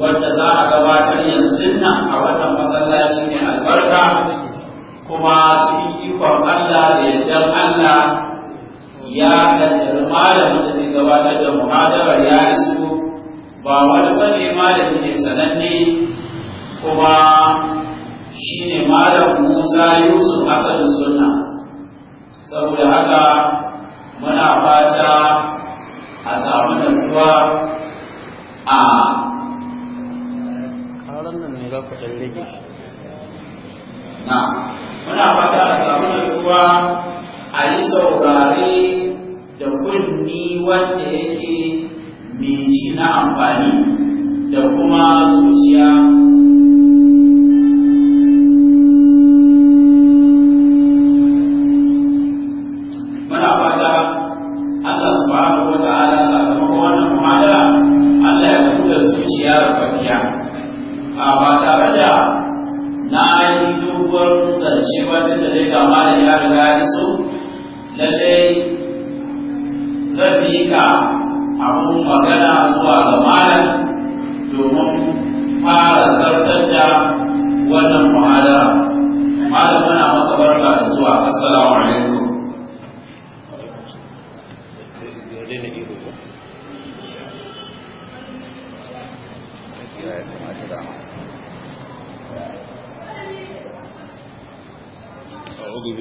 wanda za a gabatar yanzu nan a wannan masallaci ne albarka kuma cikin ikon Allah da yardar Allah ya kaddara malamin da zai gabatar da muhadara ya isu ba wani bane malami ne sananne kuma shine malam Musa Yusuf Asadu Sunna saboda haka muna fata a samu nutsuwa a dan rage shi na muna fata a samu nutsuwa a yi saurare da kunni wanda yake mai ci na amfani da kuma zuciya da cewa tun da dai kama da ya riga ya iso lallai zan magana zuwa ga malam domin fara zartar da wannan muhadara malam muna maka barka da zuwa assalamu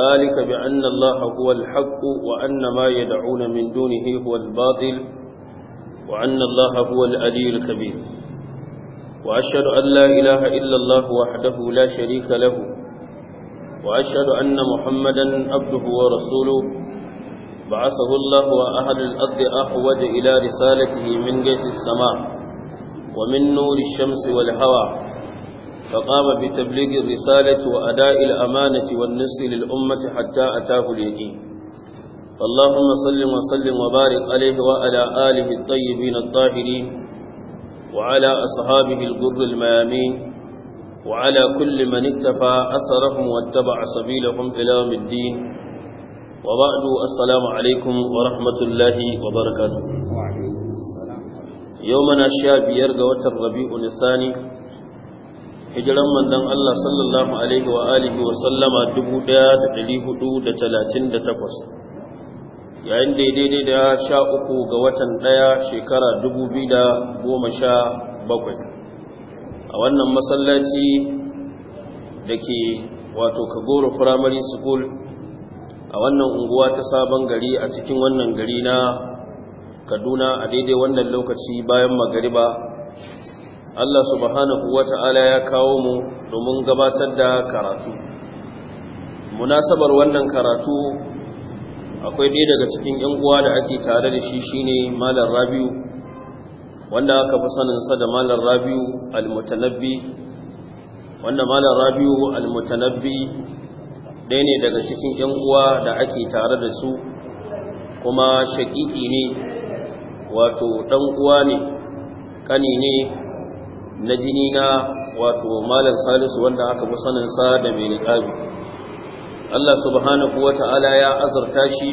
ذلك بأن الله هو الحق وأن ما يدعون من دونه هو الباطل وأن الله هو الألي الكبير وأشهد أن لا إله إلا الله وحده لا شريك له وأشهد أن محمدا عبده ورسوله بعثه الله وأهل الأرض أحوج إلى رسالته من جيش السماء ومن نور الشمس والهواء فقام بتبليغ الرسالة وأداء الأمانة والنصر للأمة حتى أتاه اليقين اللهم صل وسلم وبارك عليه وعلى آله الطيبين الطاهرين وعلى أصحابه الغر الميامين وعلى كل من اكتفى أثرهم واتبع سبيلهم إلى يوم الدين وبعد السلام عليكم ورحمة الله وبركاته يومنا الشاب يرقى الربيع الثاني hijiran mandan Allah sallallahu alaihi wa alihi wa sallama 1438 yayin da daidai da uku ga watan ɗaya shekara 2017 a wannan masallaci ke wato Kagoro Primary School a wannan unguwa ta sabon gari a cikin wannan gari na Kaduna a daidai wannan lokaci bayan magariba Allah subhanahu wata'ala ya kawo mu domin gabatar da karatu munasabar wannan karatu akwai ɗaya daga cikin yan uwa da ake tare da shi shine malam Rabiu wanda aka fi sanin sa da malam Rabiu al-Mutanabbi wanda malam Rabiu al-Mutanabbi ɗaya ne daga cikin yan uwa da ake tare da su kuma shaƙiƙi ne wato ɗan uwa ne ƙani ne na jini na wato malam salisu wanda aka fi saninsa da mai niƙabi Allah subhanahu wa ta'ala ya azurta shi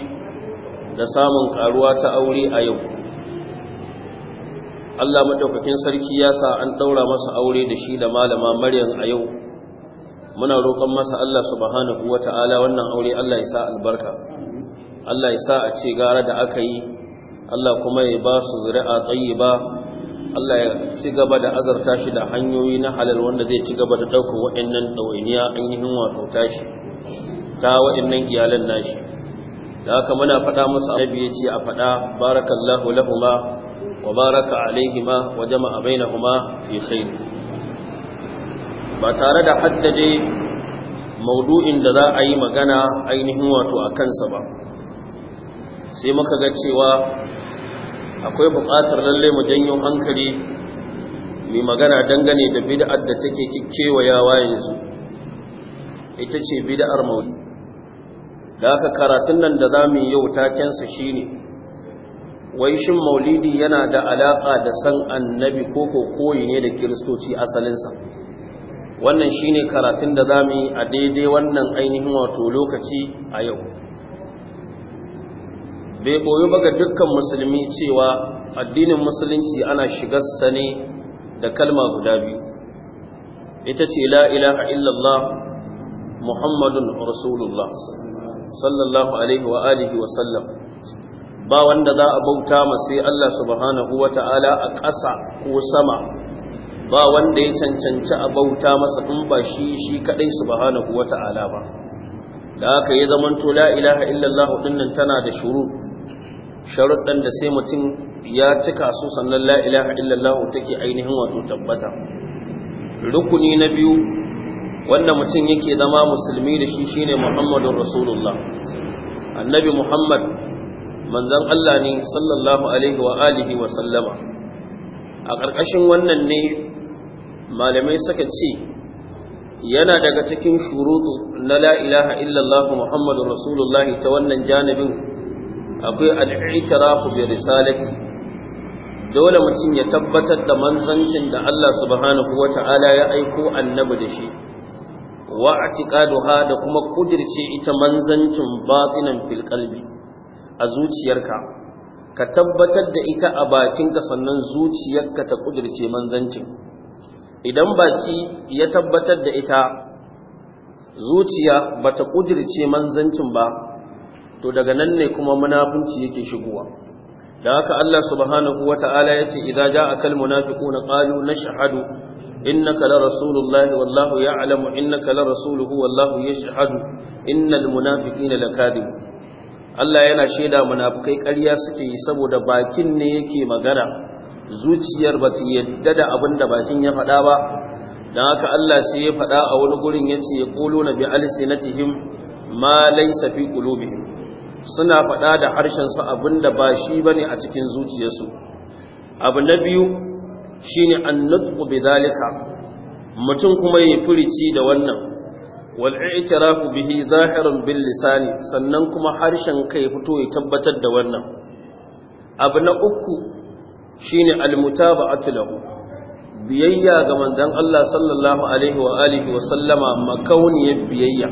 da samun karuwa ta aure a yau Allah madaukakin sarki ya sa an daura masa aure da shi da malama Maryam a yau muna roƙon masa Allah subhanahu wa ta'ala wannan aure Allah ya sa albarka Allah ya sa a ce gara da aka yi Allah kuma ya ba su zuri'a tayyiba Allah ya ci gaba da azarta shi da hanyoyi na halal wanda zai ci gaba da ɗaukar waɗannan ɗawainiya ainihin wato tashi ta waɗannan iyalan nashi da haka muna faɗa musu annabi ya ce a faɗa barakallahu lahuma wa baraka alaihima wa jama'a bainahuma fi khair ba tare da haddade maudu'in da za a yi magana ainihin wato a kansa ba sai muka ga cewa akwai buƙatar lalle mu janyo hankali mai magana dangane da bid'ar da take kewayawa yanzu ita ce bid'ar mauli da aka karatun nan da za mu yau takensa shi ne wai shin maulidi yana da alaƙa da san annabi ko ko koyi ne da kiristoci asalinsa wannan shi ne karatun da za mu yi a daidai wannan ainihin wato lokaci a yau bai koyo maka dukkan musulmi cewa addinin musulunci ana shigarsa ne da kalma guda biyu ita ce la ilaha illallah muhammadun rasulullah sallallahu alaihi wa alihi wa sallam ba wanda za a bauta ma sai Allah subhanahu wa ta'ala a ƙasa ko sama ba wanda ya cancanci a bauta masa in ba shi shi kaɗai subhanahu wa ta'ala ba da aka yi zaman to la ilaha illallah tana da shuru sharuɗan da sai mutum ya cika su sannan la ilaha illallah take ainihin wato tabbata rukuni na biyu wanda mutum yake zama musulmi da shi shine muhammadun rasulullah annabi muhammad manzan Allah ne sallallahu alaihi wa alihi wa sallama a ƙarƙashin wannan ne malamai suka ce yana daga cikin shurutu na la ilaha illallah muhammadu rasulullahi ta wannan janibin akwai al'itirafu bi risalati dole mutum ya tabbatar da manzancin da Allah subhanahu wata'ala ya aiko annabi da shi wa atiqaduha da kuma kudirce ita manzancin batinan fil qalbi a zuciyarka ka tabbatar da ita a bakinka sannan zuciyarka ta kudirce manzancin idan baki ya tabbatar da ita zuciya bata kudirce manzancin ba to daga nan ne kuma munafunci yake shigowa da haka Allah subhanahu wata'ala yace idza jaa kal munafiquna qalu nashhadu innaka la rasulullahi wallahu ya'lamu innaka la rasuluhu wallahu yashhadu innal munafiqina lakadib Allah yana shaida munafikai ƙarya suke yi saboda bakin ne yake magana zuciyar ba ta yadda da abin da bakin ya faɗa ba don haka Allah sai ya faɗa a wani gurin ya ce ya kulo na bi alsinatihim ma laisa fi kulubi suna faɗa da harshensu abin da ba shi ba ne a cikin zuciyarsu abu na biyu shi shine bi bidalika mutum kuma ya furici da wannan wal i'tirafu bihi zahirun bil lisani sannan kuma harshen kai fito ya tabbatar da wannan abu na uku shine almutaba'atu lahu biyayya ga manzon Allah sallallahu alaihi wa alihi wa sallama makauniyar biyayya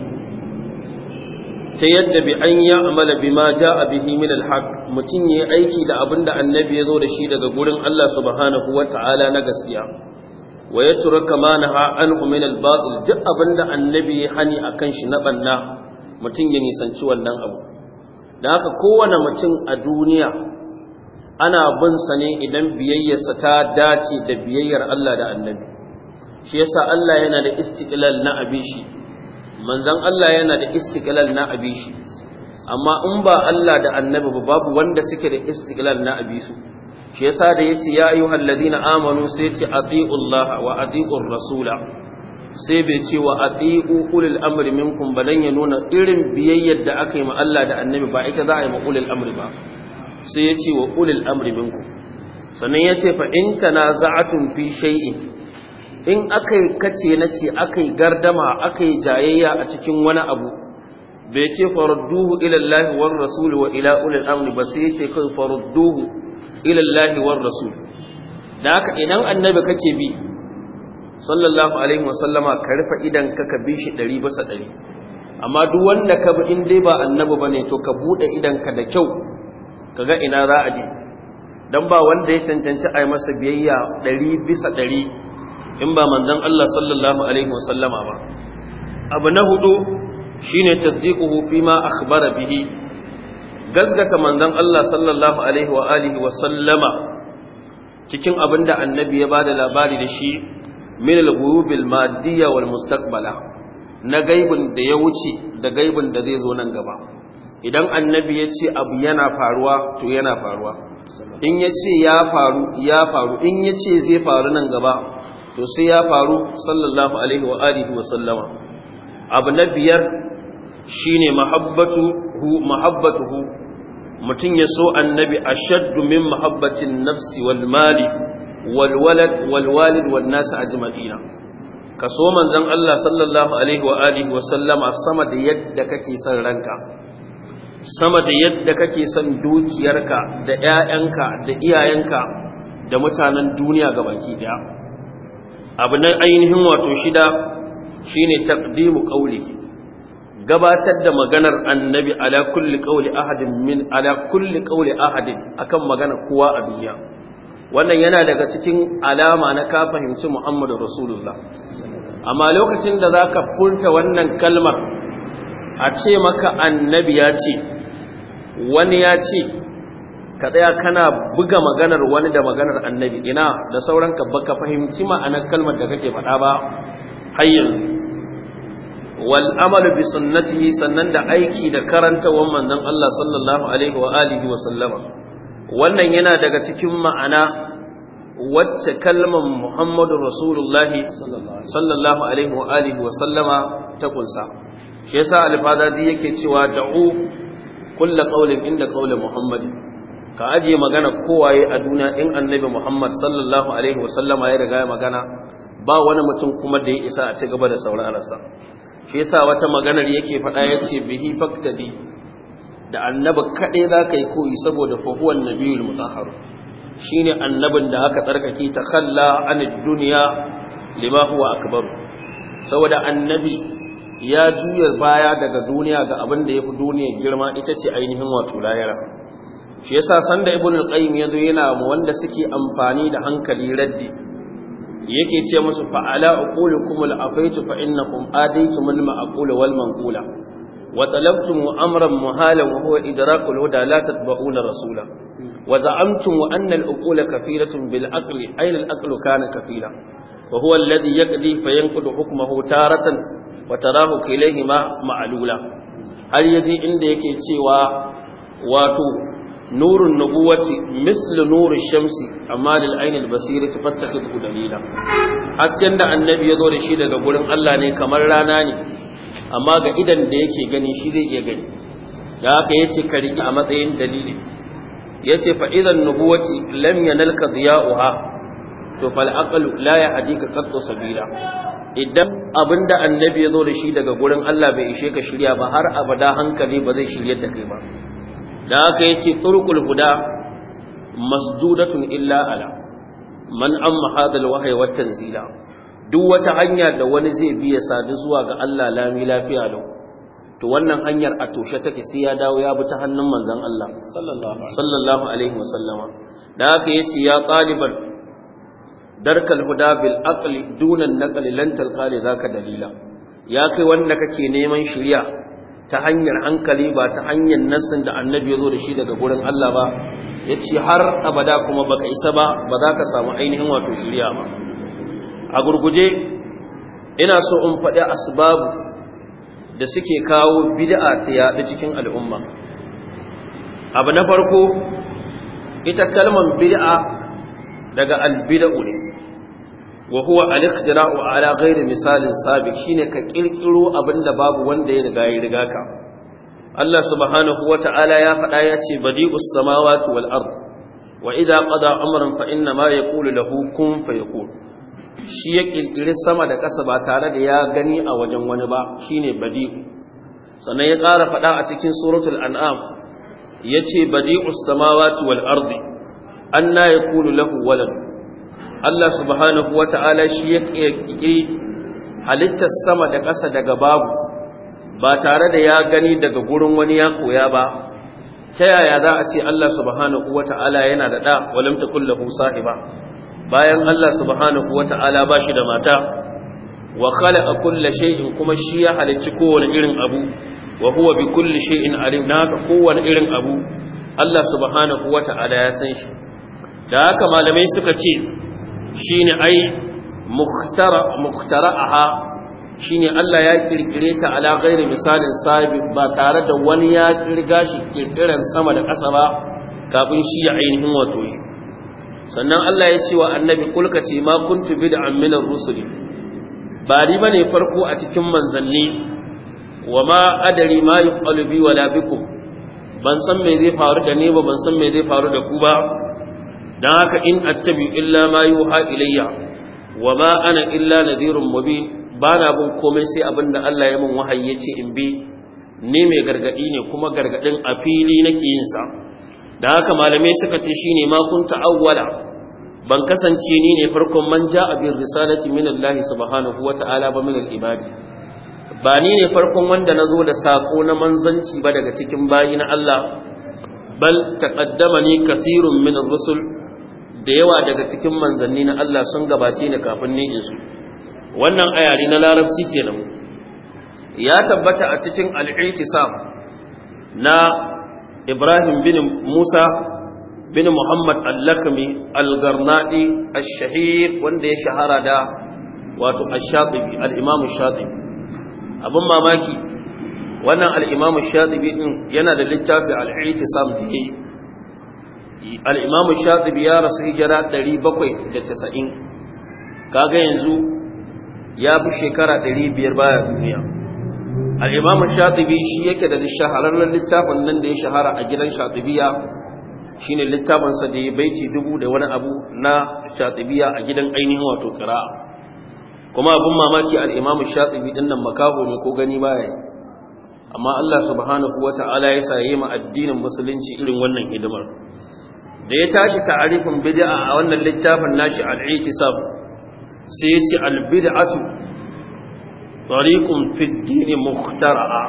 ta yadda bi an ya amala bima jaa bihi min alhaq mutun yayi aiki da abinda annabi ya zo da shi daga gurin Allah subhanahu wataala na gaskiya wa yatruka ma naha anhu min albatil duk abinda annabi ya hani akan shi na banna mutun ya nisanci wannan abu dan haka kowane mutum a duniya ana bin sa ne idan biyayyarsa ta dace da biyayyar Allah da annabi shi yasa Allah yana da istiqlal na abishi, manzon Allah yana da istiqlal na abishi. amma in ba Allah da annabi ba babu wanda suke da istiqlal na abisu. shi yasa da yace ya ayyuhal ladina amanu sai yace atiullaha wa atiur rasula sai bai ce wa atiu ulul amri minkum balan ya nuna irin biyayyar da aka yi ma Allah da annabi ba ita za a yi ma ulul amri ba sai ya ce wa ulil amri minku sannan ya ce fa na za’atun fi shay'in in aka yi kace na ce aka yi gardama aka yi jayayya a cikin wani abu bai ce faruduhu ilallahi Allah war wa ila ulil amri ba sai ya ce kai faruduhu ilallahi Allah war da aka idan annabi kake bi sallallahu alaihi wasallama ka rufe idan ka ka bi shi ɗari bisa ɗari. amma duk wanda ka bi in dai ba annabi ne to ka bude idan ka da kyau kaga ina za a je dan ba wanda ya cancanci a yi masa biyayya ɗari bisa ɗari in ba manzon Allah sallallahu alaihi wasallama ba abu na hudu shine tasdiquhu ma akhbara bihi ka manzon Allah sallallahu alaihi wa alihi wasallama sallama cikin abinda annabi ya bada labari da shi min al-ghuyub wal mustaqbala na gaibin da ya wuce da gaibin da zai zo nan gaba idan annabi ya ce abu yana faruwa to yana faruwa in ya ce ya faru ya faru in ya ce zai faru nan gaba to sai ya faru sallallahu alaihi wa alihi wa sallama abu na biyar shine mahabbatuhu mahabbatuhu mutum ya so annabi ashaddu min mahabbatin nafsi wal mali wal walad wal walid wal nas ajma'ina ka so manzon Allah sallallahu alaihi wa alihi wa sallama sama da yadda kake son ranka sama da yadda kake son dukiyarka da 'ya'yanka da iyayenka da mutanen duniya ga baki ɗaya. abu nan ainihin wato shida shi ne taɗimu ƙauli gabatar da maganar annabi ala kulli qawli ahadin min ala kulli ahadin akan magana kowa a duniya wannan yana daga cikin alama na ka fahimci Muhammadu Rasulullah amma lokacin da za ka furta wannan kalmar a ce maka annabi ya ce wani ya ce ka tsaya kana buga maganar wani da maganar annabi ina da sauran ka baka fahimci ma'anar kalmar da kake faɗa ba har yanzu Wal'amalu bi sunnatihi sannan da aiki da karantawan manzon Allah sallallahu alaihi wa alihi wa sallama wannan yana daga cikin ma'ana wacce kalmar Muhammadu Rasulullah sallallahu alaihi wa alihi wa sallama ta kunsa shi yasa alfadadi yake cewa da'u kulla qaulin inda qauli muhammadin ka ajiye magana kowaye a duniya in annabi muhammad sallallahu alaihi wasallama ya riga magana ba wani mutum kuma da ya isa a ci gaba da sauraronsa shi yasa wata maganar yake faɗa yace bihi faktadi da annabi kaɗai za yi koyi saboda fahuwan nabiyul mutahharu shine annabin da aka tsarkake ta kalla an duniya lima huwa akbar saboda annabi ya juya baya daga duniya ga abin da ya fi duniyar girma ita ce ainihin wato layara shi yasa sanda ibn al-qayyim ya zo yana mu wanda suke amfani da hankali raddi yake ce musu fa ala aqulukum al-afaitu fa innakum adaytum al-ma'qul wal manqula wa talabtum amran muhalan wa huwa idraku huda la tatba'una rasula wa za'amtum anna al-uqula kafiratun bil aqli ayna al-aqlu kana kafila wa huwa alladhi yaqdi fa yanqudu hukmahu taratan wa tarahu kilayhima ma'lula har yaji inda yake cewa wato nurun nubuwati mislu nuri shamsi amma lil ainil basiri tafattakhidhu dalila hasken da annabi ya zo da shi daga gurin Allah ne kamar rana ne amma ga idan da yake gani shi zai iya gani da haka ka riki a matsayin dalili yace fa idan nubuwati lam yanalka diya'uha to fal aqlu la yahdika qattu sabila idan abinda annabi ya zo da shi daga gurin Allah bai ishe ka shirya ba har abada hankali ba zai shiryar da kai ba da haka yace turqul huda masdudatun illa ala man amma hadal wahyi wat tanzila duk wata hanya da wani zai bi ya sadu zuwa ga Allah lami lafiya lau to wannan hanyar a toshe take sai ya dawo ya bi ta hannun manzon Allah sallallahu alaihi wasallama da haka yace ya taliban darkal huda bil aqli dunan naqli lan talqa li zaka dalila ya kai wanda kake neman shiriya ta hanyar hankali ba ta hanyar nassin da annabi yazo da shi daga gurin Allah ba ya ce har abada kuma baka isa ba ba za ka samu ainihin wato shiriya ba a gurguje ina so in faɗi asbabu da suke kawo bid'a ta yaɗa cikin al'umma abu na farko ita kalmar bid'a daga albida'u ne wa huwa al-ikhtira'u ala ghairi misalin sabiq shine ka kirkiro abinda babu wanda ya riga ya riga ka Allah subhanahu wata'ala ya faɗa yace, badi'us samawati wal ard wa idza qada amran fa inna ma yaqulu lahu kun fayakun shi ya kirkiri sama da ƙasa ba tare da ya gani a wajen wani ba shine badi'u sannan ya ƙara faɗa a cikin suratul an'am yace badi'us samawati wal ardi anna yakulu lahu walad Allah subhanahu wata'ala shi ya kike halittar sama da ƙasa daga babu ba tare da ya gani daga gurin wani ya koya ba ta yaya za a ce Allah subhanahu wata'ala yana da da walam takul lahu sahiba bayan Allah subhanahu wata'ala ba shi da mata wa khalaqa kulla shay'in kuma shi ya halicci kowane irin abu wa huwa bi kulli shay'in alim naka kowane irin abu Allah subhanahu wata'ala ya san shi da haka malamai suka ce shi ne ai shi ne Allah ya kirkire ta ala da misalin sabi ba tare da wani ya kirga shi kirkiren sama da ƙasa ba kafin shi ya ainihin wato yi sannan Allah ya ce wa annabi kulka ce ma kun tubi da amminan rusuli ba ni ne farko a cikin manzanni wa ma adari ma yi bi wa labiku ban san me zai faru da ni ba ban san me zai faru da ku ba dan haka in attabi illa ma yuha ilayya wa ma ana illa nadhirun ba bana bin komai sai abinda Allah ya min wahayi ce in bi ne mai gargaɗi ne kuma gargaɗin a fili nake yin sa dan haka malamai suka ce shine ma kun awwala ban kasance ni ne farkon manja a bin risalati min Allah subhanahu wa ta'ala ba min ibadi ba ni ne farkon wanda na zo da sako na manzanci ba daga cikin bayi na Allah bal taqaddama ni kasirun min rusul da yawa daga cikin manzanni na Allah sun gabace ni kafin ni insu wannan ayari na larabci kenan ya tabbata a cikin al-i'tisam na Ibrahim bin Musa bin Muhammad al-Lakmi al-Garnadi ash-shahir wanda ya shahara da wato ash-Shatibi al-Imam ash-Shatibi abun mamaki wannan al-Imam ash-Shatibi din yana da littafi al-i'tisam da yake al'imamu shatibi ya rasu hijira 790 kaga yanzu ya fi shekara 500 baya duniya al'imamu shatibi shi yake da shahararren littafin nan da ya shahara a gidan shatibiya shi ne littafinsa da ya baiti dubu da wani abu na shatibiya a gidan ainihin wato ƙira'a kuma abin mamaki al'imamu shatibi ɗin nan makaho ne ko gani baya yi amma Allah subhanahu wata ala ya saye ma addinin musulunci irin wannan hidimar da ya tashi ta'arifin bid'a a wannan littafin nashi al-i'tisab sai ya ce al-bid'atu tariqun fi ad-din mukhtara'a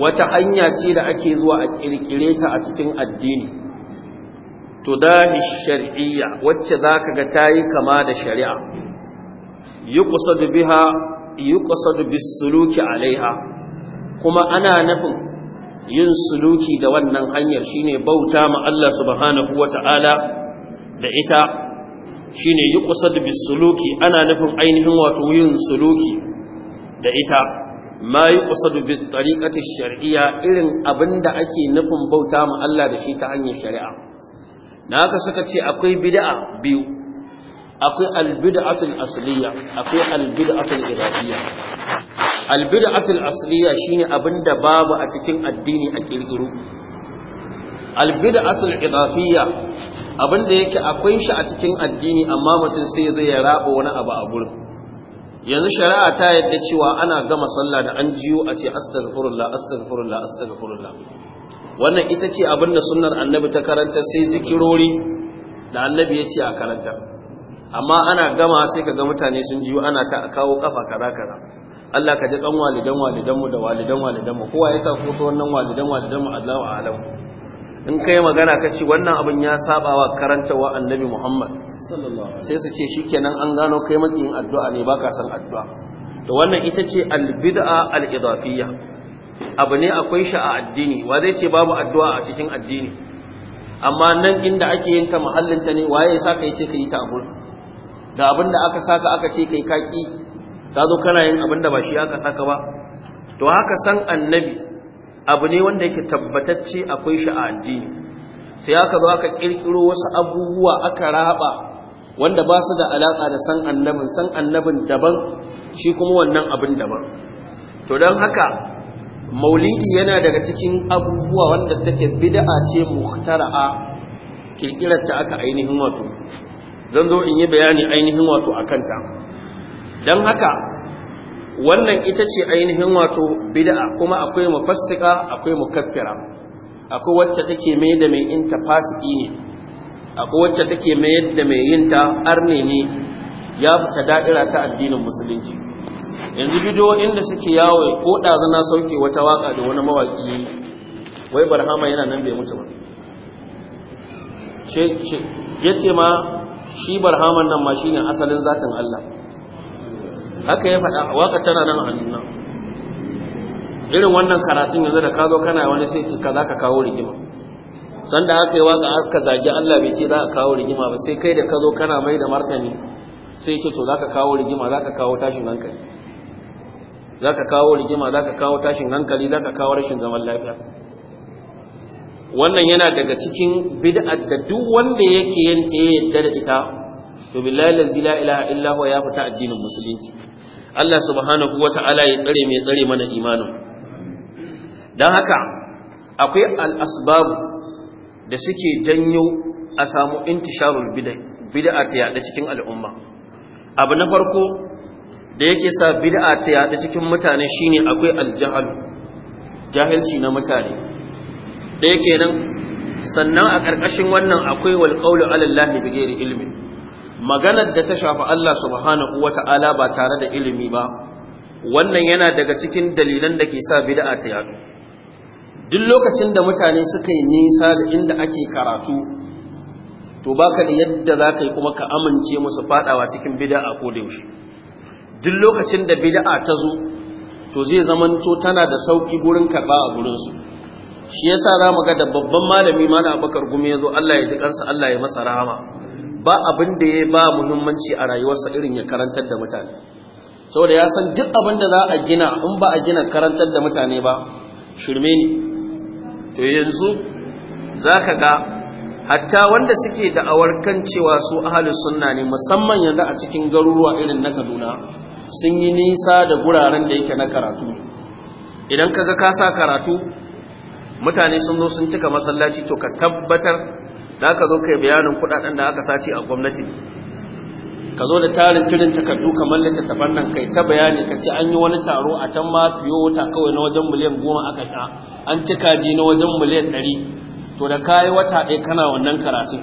wata hanya ce da ake zuwa a kirkire ta a cikin addini tudahi shar'iyya wacce zaka ga tayi kama da shari'a yuqsadu biha yuqsadu bis-suluki alaiha kuma ana nufin yin suluki da wannan hanyar shine bauta ma Allah subhanahu wata'ala da ita shine da bis suluki ana nufin ainihin wato yin suluki da ita ma yi da bit tariqati shari'a irin abinda ake nufin bauta ma Allah da shi ta hanyar shari'a na haka suka ce akwai bida'a biyu akwai albid'atul asliya akwai albid'atul iradiya albid'atul asliya shine abinda babu a cikin addini a kirkiro albid'atul idafiyya abinda yake akwai shi a cikin addini amma mutum sai zai ya wani abu a gurin yanzu shari'a ta yadda cewa ana gama sallah da an jiyo a ce astaghfirullah astaghfirullah astaghfirullah wannan ita ce abinda sunnar annabi ta karanta sai zikirori da annabi ya ce a karanta amma ana gama sai ka ga mutane sun jiyo ana ta a kawo kafa kaza kaza Allah ka ji kan walidan walidan walidanmu da walidan walidanmu kowa ya sa ko so wannan walidan walidanmu Allahu a'lam in kai magana ka ce wannan abin ya saba wa karantawa annabi Muhammad sai su ce shikenan an gano kai makiyin addu'a ne baka san addu'a to wannan ita ce albid'a al-idafiyya abu ne akwai shi a addini wa zai ce babu addu'a a cikin addini amma nan inda ake yin ta mahallin ne waye yasa sa ka ce ka yi ta abu da abin da aka saka aka ce kai kaki ta zo kana yin abin da ba shi aka saka ba to haka san annabi abu ne wanda yake tabbatacce akwai shi a addini sai aka zo aka kirkiro wasu abubuwa aka raba wanda ba su da alaka da san annabin san annabin daban shi kuma wannan abin daban to don haka maulidi yana daga cikin abubuwa wanda take bid'a ce muhtara'a kirkirar ta aka ainihin wato zan zo in yi bayani ainihin wato a kanta don haka wannan ita ce ainihin wato bid'a kuma akwai fasika akwai mukaffira akwai wacce take mai da mai inta fasiki ne akwai wacce take mai da mai yinta arne ne ya fita da'ira ta addinin musulunci yanzu bidiyoyin da suke yawo ko ɗazana sauke wata waka da wani mawaƙi wai barhama yana nan bai mutu ba ya ce ma shi barhaman nan ma shine asalin zatin Allah haka ya faɗa waka tana nan a hannuna irin wannan karatun yanzu da ka zo kana wani sai ce za ka kawo rigima sanda aka yi waka aka zagi Allah bai ce za ka kawo rigima ba sai kai da kazo kana mai da martani sai ce to za kawo rigima za kawo tashin hankali za ka kawo rigima za ka kawo tashin hankali za ka kawo rashin zaman lafiya wannan yana daga cikin bid'ar da duk wanda yake yanke ya yadda da ita to billahi la ilaha illa huwa ya fita addinin musulunci Allah subhanahu wata'ala ya tsare mai tsare mana imanin dan haka akwai al-asbab da suke janyo a samu intisharul bid'a bid'a ta yada cikin al'umma abu na farko da yake sa bid'a ta yada cikin mutane shine akwai al-jahl jahilci na mutane ɗaya kenan sannan a ƙarƙashin wannan akwai wal qawlu ala Allah bi ghairi ilmi maganar da ta shafi Allah subhanahu wata'ala ba tare da ilimi ba wannan yana daga cikin dalilan da ke sa bid'a ta yadu duk lokacin da mutane suka yi nisa da inda ake karatu to baka da yadda za ka yi kuma ka amince musu faɗawa cikin bid'a ko da yaushe duk lokacin da bid'a ta zo to zai zamanto tana da sauki gurin karba a gurinsu shi yasa za mu ga da babban malami malam abakar gumi ya zo Allah ya ji kansa Allah ya masa rahama ba abin da ya ba muhimmanci a rayuwarsa irin ya karantar da mutane saboda ya san duk abin da za a gina in ba a gina karantar da mutane ba shirme ne to yanzu za ka ga hatta wanda suke da'awar kan cewa su ahalus sunna ne musamman yanzu a cikin garuruwa irin na kaduna sun yi nisa da guraren da yake na karatu idan ka ga ka sa karatu mutane sun zo sun cika masallaci to ka tabbatar da ka zo kai bayanin kudaden da aka sace a gwamnati ka zo da tarin tunin takardu kamar littattafan nan kai ta bayani ka ce an yi wani taro a can ma fiye wata kawai na wajen miliyan goma aka sha an cika ji na wajen miliyan ɗari to da ka yi wata ɗaya kana wannan karatu.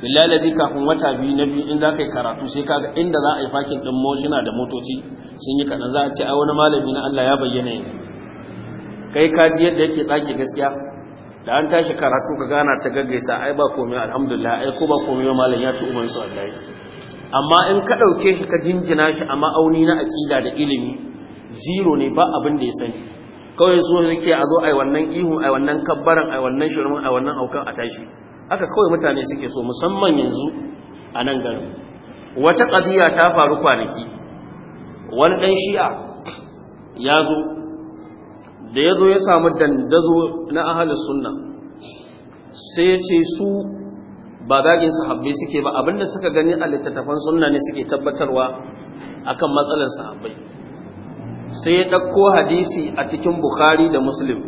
billahi kafin wata biyu na biyu in za ka yi karatu sai kaga inda za a yi fakin ɗin moshina da motoci sun yi kaɗan za a ce ai wani malami na Allah ya bayyana yanzu kai kaji yadda yake tsaki gaskiya da an tashi karatu ka gana ta gaggaisa ai ba komai alhamdulillah ai ko ba komai ba malam ya ci uban su wallahi amma in ka dauke shi ka jinjina shi a ma'auni na aqida da ilimi zero ne ba abin da ya sani kawai su yake a zo ai wannan ihu ai wannan kabbaran ai wannan shirmin ai wannan aukan a tashi haka kawai mutane suke so musamman yanzu a nan garin wata qadiya ta faru kwanaki wani dan shi'a ya zo da ya zo ya samu dandazo na ahalus sunna sai ya ce su ba zagin sahabbai suke ba abinda suka gani a littattafan sunna ne suke tabbatarwa akan matsalar sahabbai sai ya ɗauko hadisi a cikin bukhari da muslim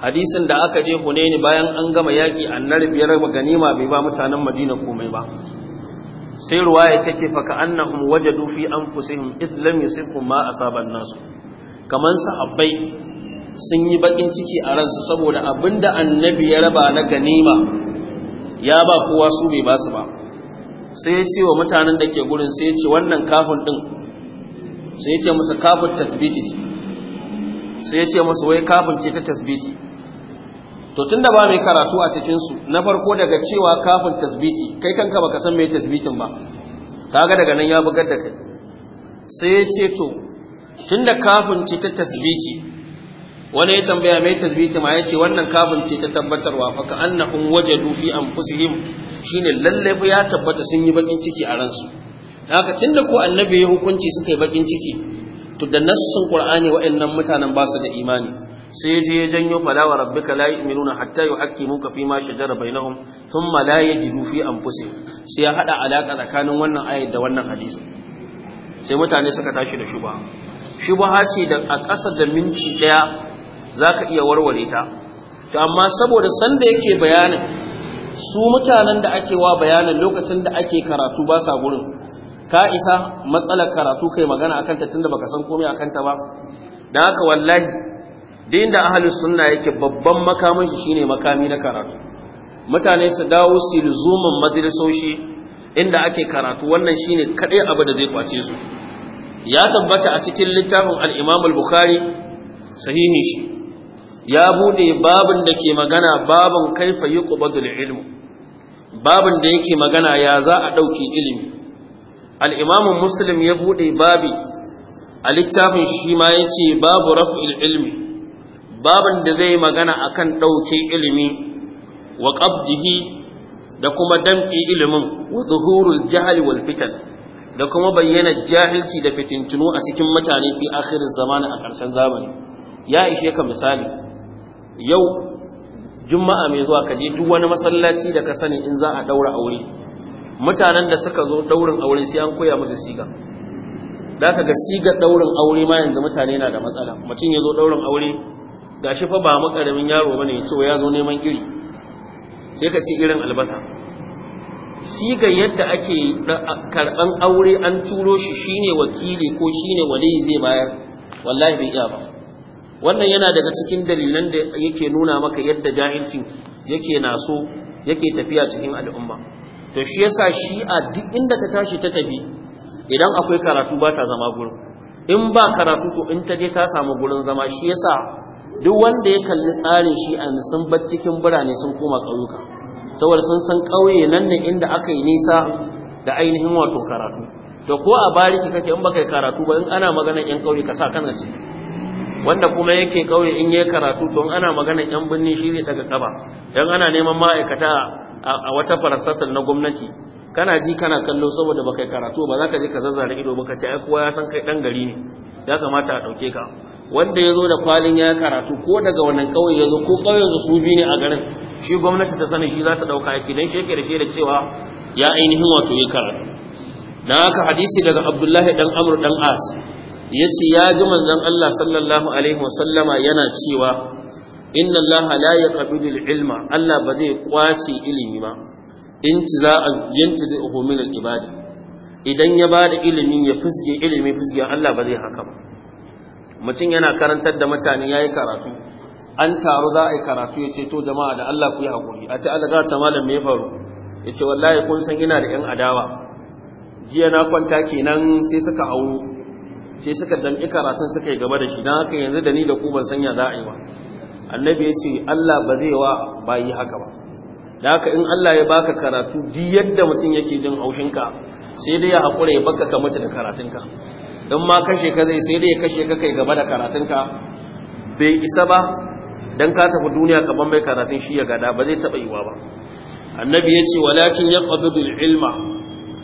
hadisin da aka je hunaini bayan an gama yaƙi annar biyar ganima bai ba mutanen madina komai ba sai ruwaya take fa ka annahum wajadu fi anfusihim idh lam yusibhum ma sabon nasu kaman sahabbai sun yi bakin ciki a ransu saboda abinda annabi ya raba na ganima ya ba kowa su bai ba su ba sai ya ce wa mutanen da ke gurin sai ya ce wannan kafin din sai ya ce musu kafin tasbiti sai ya ce musu wai kafin ce ta tasbiti to tunda ba mai karatu a cikinsu na farko daga cewa kafin tasbiti kai kanka baka san mai tasbitin ba kaga daga nan ya bugar da kai sai ya ce to tunda kafin ce ta tasbiti wani ya tambaya mai tasbiti ma ce wannan kafin ce ta tabbatarwa fa ka annahum wajadu fi anfusihim shine lalle fa ya tabbata sun yi bakin ciki a ransu haka da ko annabi ya hukunci suka yi bakin ciki to da nassin qur'ani wa'annan mutanen ba su da imani sai je ya janyo fala wa rabbika la yu'minuna hatta yuhaqqimuka fi ma shajara bainahum thumma la yajidu fi anfusihim sai ya hada alaka tsakanin wannan ayat da wannan hadisi sai mutane suka tashi da shubha shubha ce da a ƙasa da minti daya za ka iya warware ta To amma saboda sanda yake bayanin su mutanen da ake wa bayanin lokacin da ake karatu ba sa gurin ka isa matsalar karatu kai magana akan ta tunda baka san komai akan ta ba dan haka wallahi din da ahlus sunna yake babban makamin shi shine makami na karatu mutane su dawo su luzumin majalisoshi inda ake karatu wannan shine kadai abu da zai kwace su ya tabbata a cikin littafin al-Imam al-Bukhari sahihin shi ya bude babin da ke magana babin kaifa yi ƙubadul ilmu babin da yake magana ya za a ɗauki ilimi al'imamun musulun ya bude babi a littafin shi ma ya ce babu raf'il ilmi babin da zai magana a kan ɗauke ilimi wa ƙabdihi da kuma damƙi ilimin wa zuhurul jahali wal fitan da kuma bayyana jahilci da fitintunu a cikin mutane fi akhirin zamani a ƙarshen zamani ya ishe ka misali yau juma'a mai zuwa ka je duk wani masallaci da ka sani in za a daura aure mutanen da suka zo daurin aure sai an koya musu siga da ka ga sigar daurin aure ma yanzu mutane na da matsala mutum ya zo daurin aure gashi fa ba makarimin yaro bane ya ce ya zo neman iri sai ka ci irin albasa siga yadda ake karban aure an turo shi shine wakili ko shine wali zai bayar wallahi bai iya ba wannan yana daga cikin dalilan da yake nuna maka yadda jahilcin yake naso yake tafiya cikin al'umma to shi yasa shi'a duk inda ta tashi ta tafi idan akwai karatu ba ta zama gurin in ba karatu to in ta je ta samu gurin zama shi yasa duk wanda ya kalli tsarin Shi'a sun bar cikin birane sun koma ƙauyuka saboda sun san ƙauye nan ne inda aka yi nisa da ainihin wato karatu to ko a bariki kake in baka yi karatu ba in ana magana yan ƙauye ka sa kan ce wanda kuma yake kauye in yi karatu to ana magana yan binni shi ne daga kaba dan ana neman ma'aikata a wata farastatal na gwamnati kana ji kana kallo saboda baka karatu ba za ka je ka zazzara ido ba ka ce ai kowa ya san kai dan gari ne ya kamata a dauke ka wanda ya zo da kwalin ya karatu ko daga wannan kauye ya zo ko kauyen su su ne a garin shi gwamnati ta sani shi za ta dauka aiki dan shi da shi da cewa ya ainihin wato ya karatu dan haka hadisi daga Abdullahi dan amru dan As ya ce ya ji manzon Allah sallallahu alaihi wasallama yana cewa inna Allah la yaqbidu ilma Allah ba zai kwace ilimi ba a yanci da al ibada. idan ya bada ilimi ya fuske ilimi fuske Allah ba zai haka ba mutum yana karantar da mutane yayi karatu an taru za a yi karatu ya ce to jama'a da Allah ku yi hakuri a ce Allah za ta malam me faru ya ce wallahi kun san ina da yan adawa jiya na kwanta kenan sai suka auru sai suka damƙi karatun suka yi gaba da shi don haka yanzu da ni da ku ban sanya za a yi ba annabi ya ce Allah ba zai wa bayi haka ba da haka in Allah ya baka karatu duk yadda mutum yake jin haushinka sai dai ya haƙura ya baka ka mace da karatunka don ma kashe ka zai sai dai ya kashe ka kai gaba da karatunka bai isa ba don ka tafi duniya ban mai karatun shi ya gada ba zai taɓa yiwa ba annabi ya ce walakin ya ƙabidu ilma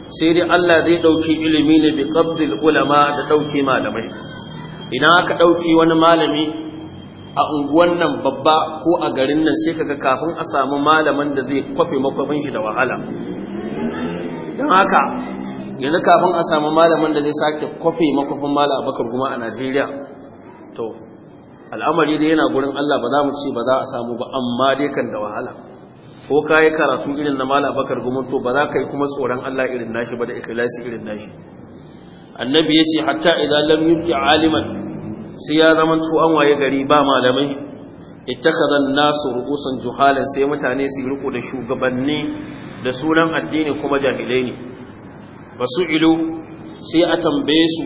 sai dai Allah zai ɗauki ilimi ne bi qabdil ulama da ɗauki malamai ina aka ɗauki wani malami a unguwan nan babba ko a garin nan sai kaga kafin a samu malaman da zai kwafe makwafin shi da wahala don haka yanzu kafin a samu malaman da zai sake kwafe makwafin malam abakar kuma a Najeriya to al'amari dai yana gurin Allah ba za mu ci ba za a samu ba amma dai kan da wahala ko ka yi karatu irin na mala bakar gumanto ba za ka yi kuma tsoron Allah irin nashi ba da Ikilasi irin nashi annabi ya ce hatta idan lam a aliman sai ya zama to an waye gari ba malamai ittakhadha an-nasu ru'usan juhalan sai mutane su riko da shugabanni da sunan addini kuma jahilai ne fasu'ilu sai a tambaye su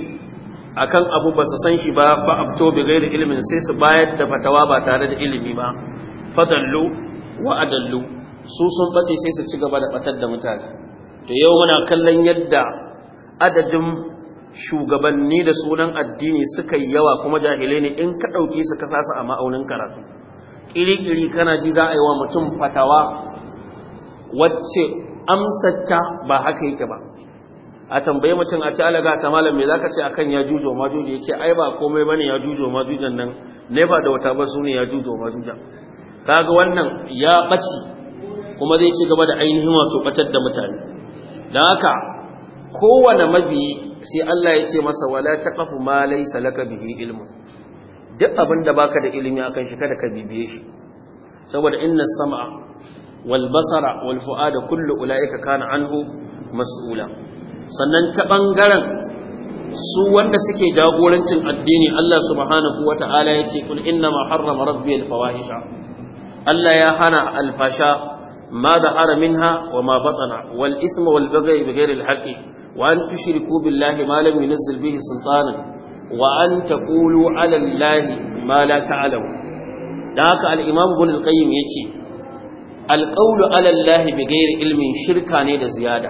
akan abu ba su san shi ba fa afto bi ghairi ilmin sai su bayar da fatawa ba tare da ilimi ba fadallu wa adallu su sun bace sai su ci gaba da batar da mutane to yau muna kallon yadda adadin shugabanni da sunan addini suka yi yawa kuma jahilai ne in ka ɗauki su ka su a ma'aunin karatu ƙiri-ƙiri kana ji za a yi wa mutum fatawa wacce amsatta ba haka yake ba a tambaye mutum a ci alaga ta malam me zaka ce akan ya jujo majuji yace ai ba komai bane ya jujo jujan nan ne ba da wata ba sune ya jujo jujan kaga wannan ya ɓaci. kuma zai ci gaba da ainihin wato batar da mutane don haka kowane mabi sai Allah ya ce masa wala taqafu ma laysa laka bihi ilmu. duk abin da baka da ilimi akan shi kada ka bibiye shi saboda inna sam'a wal basara wal fu'ada kullu ulaika kana anhu mas'ula sannan ta bangaren su wanda suke jagorancin addini Allah subhanahu wata'ala yace kul inna ma harrama rabbi al fawahisha Allah ya hana al fasha ما ظهر منها وما بطن والإثم والبغي بغير الحق وأن تشركوا بالله ما لم ينزل به سلطانا وأن تقولوا على الله ما لا تعلموا ذاك الإمام ابن القيم يجي القول على الله بغير علم شركة نيد زيادة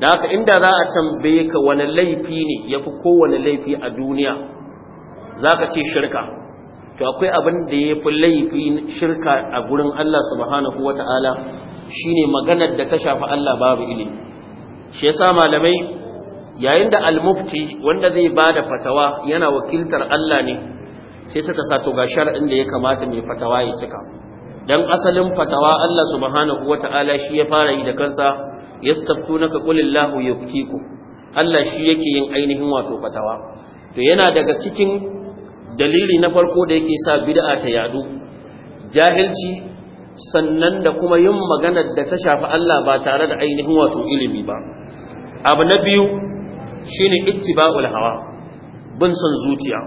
ذاك عند ذا أتنبيك ونليفيني يفكو ونليفي الدنيا ذاك تي شركة to akwai abin da ya fi laifi shirka a gurin Allah subhanahu wa ta'ala shi ne maganar da ta shafi Allah babu ilimi shi ya sa malamai yayin da almufti wanda zai ba da fatawa yana wakiltar Allah ne sai suka sa to ga shar'in da ya kamata mai fatawa ya cika Don asalin fatawa Allah subhanahu wa ta'ala shi ya fara yi da kansa ya fi ku, Allah shi yake yin ainihin wato fatawa to yana daga cikin dalili na farko da yake sa bid'a ta yadu jahilci sannan da kuma yin maganar da ta shafi Allah ba tare da ainihin wato ilimi ba abu na biyu shine ittiba'ul hawa bin son zuciya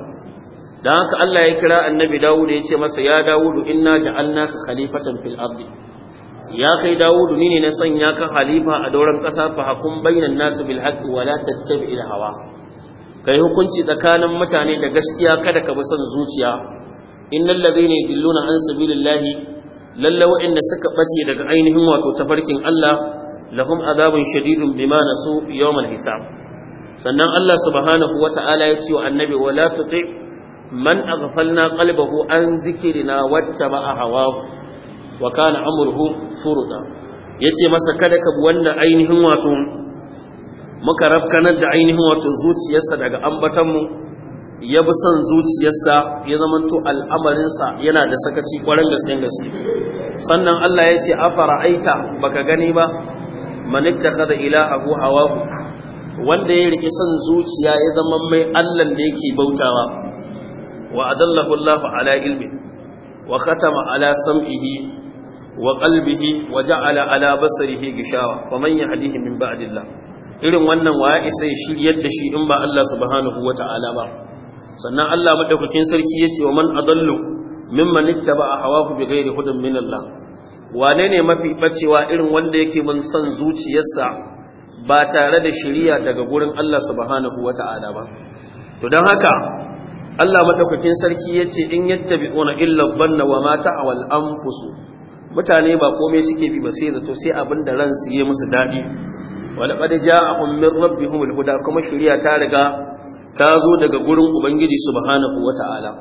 dan haka Allah ya kira annabi Dawud ya ce masa ya Dawud inna ja'alnaka khalifatan fil ardi ya kai Dawud ni ne na sanya ka khalifa a doron kasa fa hakum bainan nas bil haqq wa la tattabi'il hawa kai hukunci tsakanin mutane da gaskiya kada ka bi son zuciya innal ladhina yudilluna an sabilillahi lalla wa'inda suka bace daga ainihin wato tafarkin Allah lahum azabin shadidun bima nasu yawmal hisab sannan Allah subhanahu wata'ala ya ce wa annabi wala tuti man aghfalna qalbahu an dhikrina wattaba hawahu wa kana amruhu furuda yace masa kada ka bi wanda ainihin wato muka rafkanar da ainihin wato zuciyarsa daga ambatanmu ya bi son zuciyarsa ya zamanto al'amarinsa yana da sakaci kwarin gasken gaske sannan Allah ya ce afara aita baka gani ba manitta kada ilahu hawahu wanda ya riki son zuciya ya zama mai Allah da yake bautawa wa adallahu Allah ala ilmi wa khatama ala sam'ihi wa qalbihi wa ja'ala ala basarihi gishawa faman yahdihi min ba'dillah irin wannan waya isa ya shiryar da shi in ba Allah subhanahu wata'ala ba sannan Allah madaukakin sarki ya ce wa man adallu mimman ittaba hawahu bighairi hudan min Allah wane ne mafi bacewa irin wanda yake mun son zuciyarsa ba tare da shiriya daga gurin Allah subhanahu wata'ala ba to dan haka Allah madaukakin sarki ya ce in yattabi'una illa dhanna wa ma awal anfusu mutane ba komai suke bi ba sai zato sai abin da ransu yi musu daɗi walaqad ja'ahum min rabbihim alhuda kuma shari'a ta riga ta zo daga gurin ubangiji subhanahu wata'ala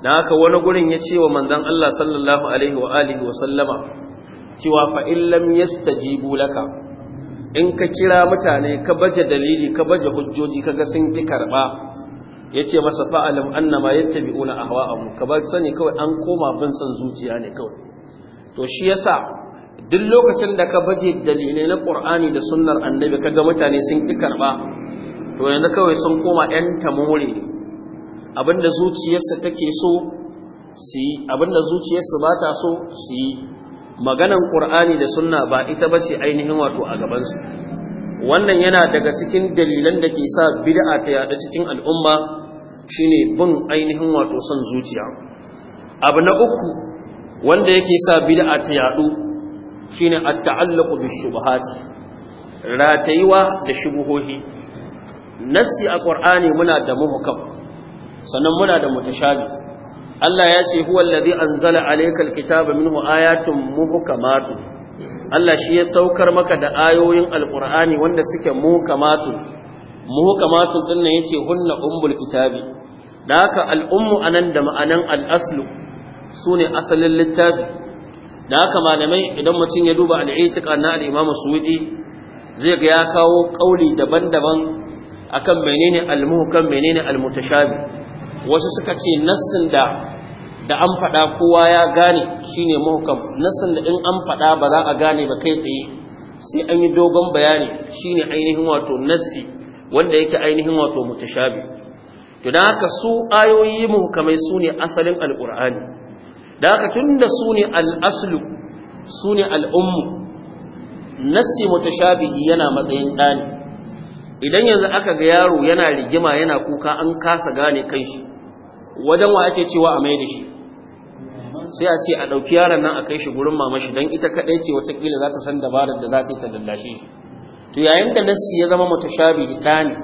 dan haka wani gurin ya ce wa manzon Allah sallallahu alaihi wa alihi wa sallama cewa fa in yastajibu laka in ka kira mutane ka baje dalili ka baje hujjoji ka ga sun ki karba yace masa fa'alam annama yattabi'una ahwa'ahum ka bar sani kawai an koma bin son zuciya ne kawai to shi yasa duk lokacin da ka baje dalilai na ƙur'ani da sunnar annabi ka ga mutane sun ƙi karɓa to yanzu kawai sun koma 'yan tamore ne abinda zuciyarsa take so su yi abinda zuciyarsa ba ta so su yi maganan ƙur'ani da sunna ba ita ba ce ainihin wato a gabansu wannan yana daga cikin dalilan da ke sa bid'a ta yaɗa cikin al'umma shine bin ainihin wato son zuciya abu na uku wanda yake sa bid'a ta yaɗu shine at-ta'allaqu bi-shubuhat ratayuwa da shubuhohi nassi a qur'ani muna da muhkam sannan muna da mutashabi Allah ya ce huwa allazi anzala alaykal kitaba minhu ayatun muhkamatun Allah shi ya saukar maka da ayoyin alqur'ani wanda suke muhkamatun muhukamatun din nan yace hunna umbul kitabi da haka al'ummu anan da ma'anan al'aslu sune asalin littafi da haka malamai idan mutum ya duba al'itika na al'imam su Suwidi zai ga ya kawo kauli daban-daban akan menene almuhu kan menene al wasu suka ce nassin da da an faɗa kowa ya gane shine muhkam nassin da in an faɗa ba za a gane ba kai tsaye sai an yi dogon bayani shine ainihin wato nassi wanda yake ainihin wato mutashabi to haka su ayoyi muhkamai sune asalin al da haka tun da su ne al'aslu su ne al'ummu nassi mutashabihi yana matsayin ɗani idan yanzu aka ga yaro yana rigima yana kuka an kasa gane kai shi wajen wa ake cewa a mai da shi sai a ce a ɗauki yaron nan a kai shi gurin shi, don ita kaɗai ce watakila za ta san dabarar da za ta yi ta dallashe shi to yayin da nassi ya zama mutashabihi ɗani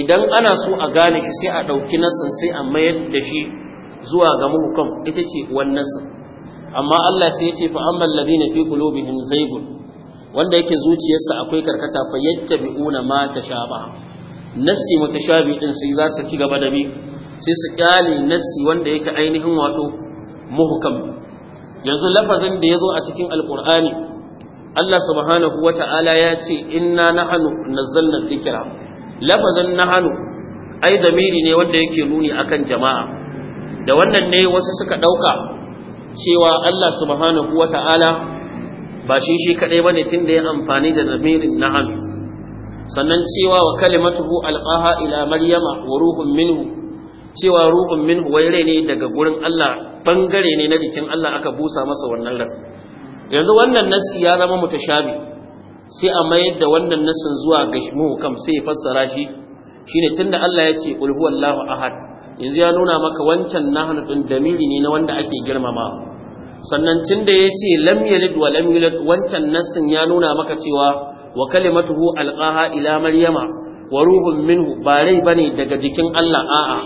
idan ana so a gane shi sai a ɗauki nassin sai a mayar da shi zuwa ga muhkam ita ce wannan sa amma Allah sai ya ce fa amman ladina fi qulubihim zaygun wanda yake zuciyarsa akwai karkata fa yattabi'una ma tashaba nassi mutashabi din sai za su ci gaba da bi sai su kyale nassi wanda yake ainihin wato muhkam yanzu lafazin da yazo a cikin alqur'ani Allah subhanahu wata'ala ya ce inna nahnu nazzalna dhikra lafazin nahnu ai damiri ne wanda yake nuni akan jama'a da wannan ne wasu suka ɗauka cewa Allah subhanahu wa ta'ala ba shi shi kaɗai ba ne tun da ya amfani da zamirin na'am sannan cewa wa kalimatuhu alqaha ila maryama wa ruhun minhu cewa ruhun minhu wai rai ne daga gurin Allah bangare ne na jikin Allah aka busa masa wannan rai yanzu wannan nassi ya zama mutashabi sai a mayar da wannan nassin zuwa ga muhkam sai ya fassara shi shine tunda Allah ya ce qul huwallahu ahad yanzu ya nuna maka wancan nahnu din damiri ne na wanda ake girmama sannan tunda da yace lam yalid wa lam yulad wancan nassin ya nuna maka cewa wa kalimatuhu alqaha ila maryama wa ruhun minhu ba rai bane daga jikin Allah a'a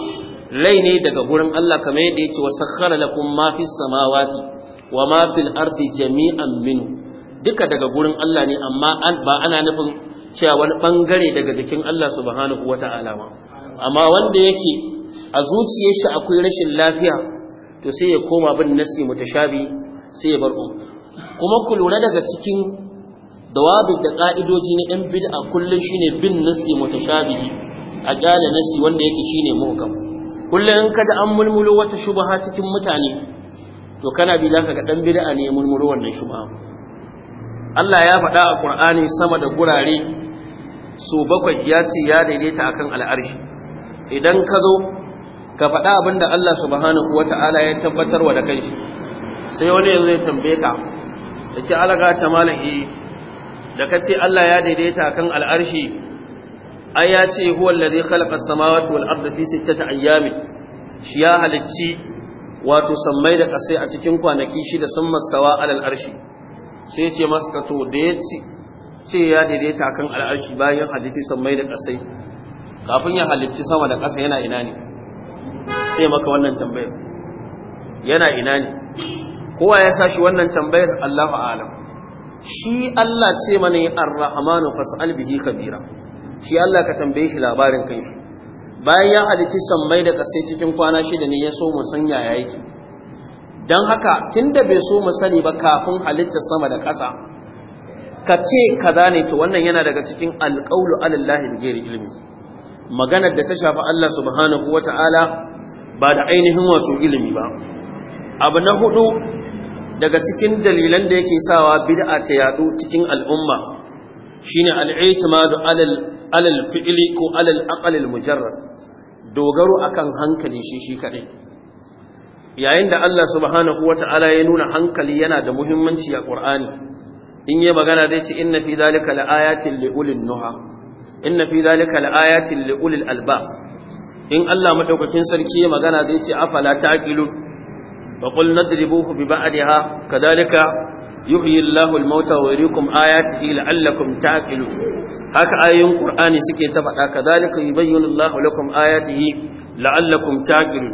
rai ne daga gurin Allah kamar yadda yace wa sakhkhara lakum ma fis samawati wa ma fil ardi jami'an minhu duka daga gurin Allah ne amma ba ana nufin cewa wani bangare daga jikin Allah subhanahu wata'ala ba amma wanda yake a zuciyar shi akwai rashin lafiya to sai ya koma bin nasi mutashabi sai ya bar kuma ku lura daga cikin dawabi da ka'idoji na yan bid'a kullun shine bin nasi mutashabi a kyale nasi wanda yake shine muhkam kullun in kada an mulmulo wata shubha cikin mutane to kana bi zaka ga dan bid'a ne mulmulo wannan shubha Allah ya faɗa a Qur'ani sama da gurare su bakwai ya ce ya daidaita akan al'arshi idan ka zo ka faɗa abin da Allah subhanahu ta'ala ya tabbatar wa da kanshi sai wani yanzu ya tambaye ka ya ce alaga ta malam eh, da ka ce Allah ya daidaita kan al'arshi ai ya ce huwa allazi khalaqa as-samawati wal arda fi sittati ayyamin shi ya halicci wato sammai da ƙasai a cikin kwanaki shida sun mastawa alal arshi sai ce masa to da ya ce ya daidaita kan al'arshi bayan halitti sammai da ƙasai kafin ya halicci sama da ƙasa yana ina ne sai maka wannan tambayar yana ina ne kowa ya sashi wannan tambayar Allahu a'lam shi Allah ce mana ar-rahmanu fas'al bihi kabira shi Allah ka tambaye shi labarin kanshi bayan ya halitti sammai da kasai cikin kwana shida ne ya so mu san yaya yake dan haka tunda bai so mu sani ba kafin halitta sama da ƙasa ka ce kaza ne to wannan yana daga cikin alqawlu Alillahi bi ghairi ilmi maganar da ta shafi Allah subhanahu wata'ala ba da ainihin wato ilimi ba abu na hudu daga cikin dalilan da yake sawa bid'a ta yadu cikin al'umma shine al'itimadu alal alal fi'li ko alal aqal mujarrad dogaro akan hankali shi shi yayin da Allah subhanahu wata'ala ya nuna hankali yana da muhimmanci a Qur'ani in yi magana zai ce inna fi zalika laayatin liulil nuha inna fi zalika laayatin liulil albab in Allah madaukakin sarki ya magana zai ce afala taqilu wa qul nadribuhu bi ba'daha kadhalika yuhyi Allahu al-mauta wa yuriikum ayatihi la'allakum ta'qilun haka ayoyin Qur'ani suke ta faɗa kadhalika yubayyinu Allahu lakum ayatihi la'allakum ta'qilun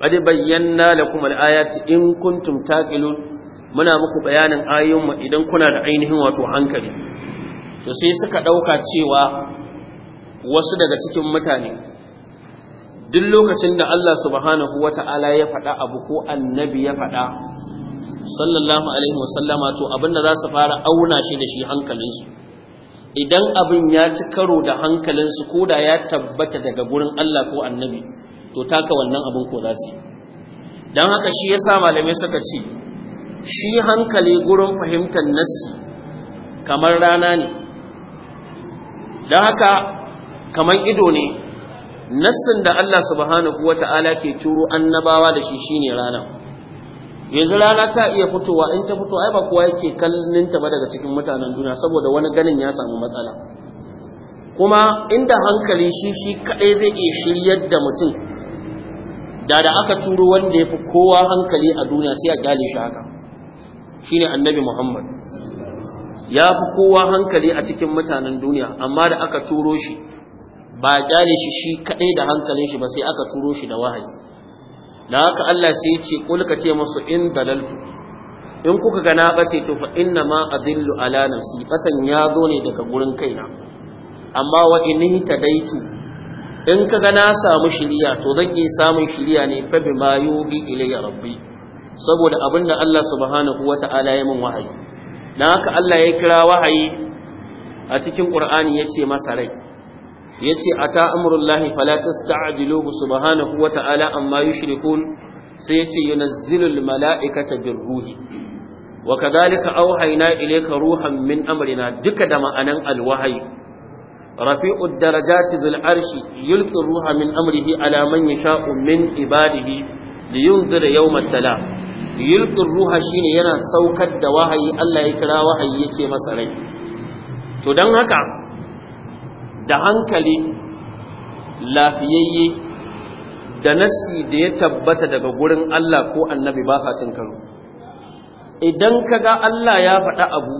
qad bayyana lakum al-ayati in kuntum ta'qilun muna muku bayanin ayoyinmu idan kuna da ainihin wato hankali to sai suka ɗauka cewa wasu daga cikin mutane duk lokacin da Allah subhanahu wa Ta'ala ya faɗa abu ko annabi ya faɗa sallallahu alaihi wasallama to abin da za su fara auna shi da shi hankalinsu idan abin ya ci karo da hankalinsu ko da ya tabbata daga gurin Allah ko annabi to taka wannan abin ko za su yi don haka shi ya sa malamai suka ce shi hankali gurin fahimtar nassi kamar rana ne don haka kamar ido ne nassin da Allah subhanahu Ta'ala ke turo annabawa da shi shi ne rana yanzu rana ta iya fitowa in ta fito ai ba kowa yake kallon ta ba daga cikin mutanen duniya saboda wani ganin ya samu matsala kuma inda hankali shi shi kadai zai iya shiryar da mutum da da aka turo wanda ya fi kowa hankali a duniya sai a kyale shi haka shine annabi Muhammad ya fi kowa hankali a cikin mutanen duniya amma da aka turo shi ba kyale shi shi kadai da hankalin shi ba sai aka turo shi da wahayi da haka Allah sai ya ce kul ka ce musu in dalaltu in kuka ga na bace to fa inna ma adillu ala nafsi batan ya zo ne daga gurin kaina amma wa in tadaitu in ka ga na samu shiriya to zan iya samun shiriya ne fa ma yubi ilayya rabbi saboda abinda Allah subhanahu wata'ala ya min wahayi dan haka Allah ya kira wahayi a cikin Qur'ani yace masa rai yace ata amrullahi fala tasta'jiluhu subhanahu wa ta'ala amma yushrikun sai yace yunazzilul mala'ikata birruhi wa kadhalika awhayna ilayka ruhan min amrina duka da ma'anan alwahyi rafi'ud darajati dhul arshi yulqi ruha min amrihi ala man yasha'u min ibadihi liyunzira yawma tala yulqi ruha shine yana saukar da wahayi Allah ya kira wahayi yace masa rai to dan haka da hankali lafiyayye da nasi da ya tabbata daga gurin Allah ko annabi ba sa cin karo idan ka ga Allah ya faɗa abu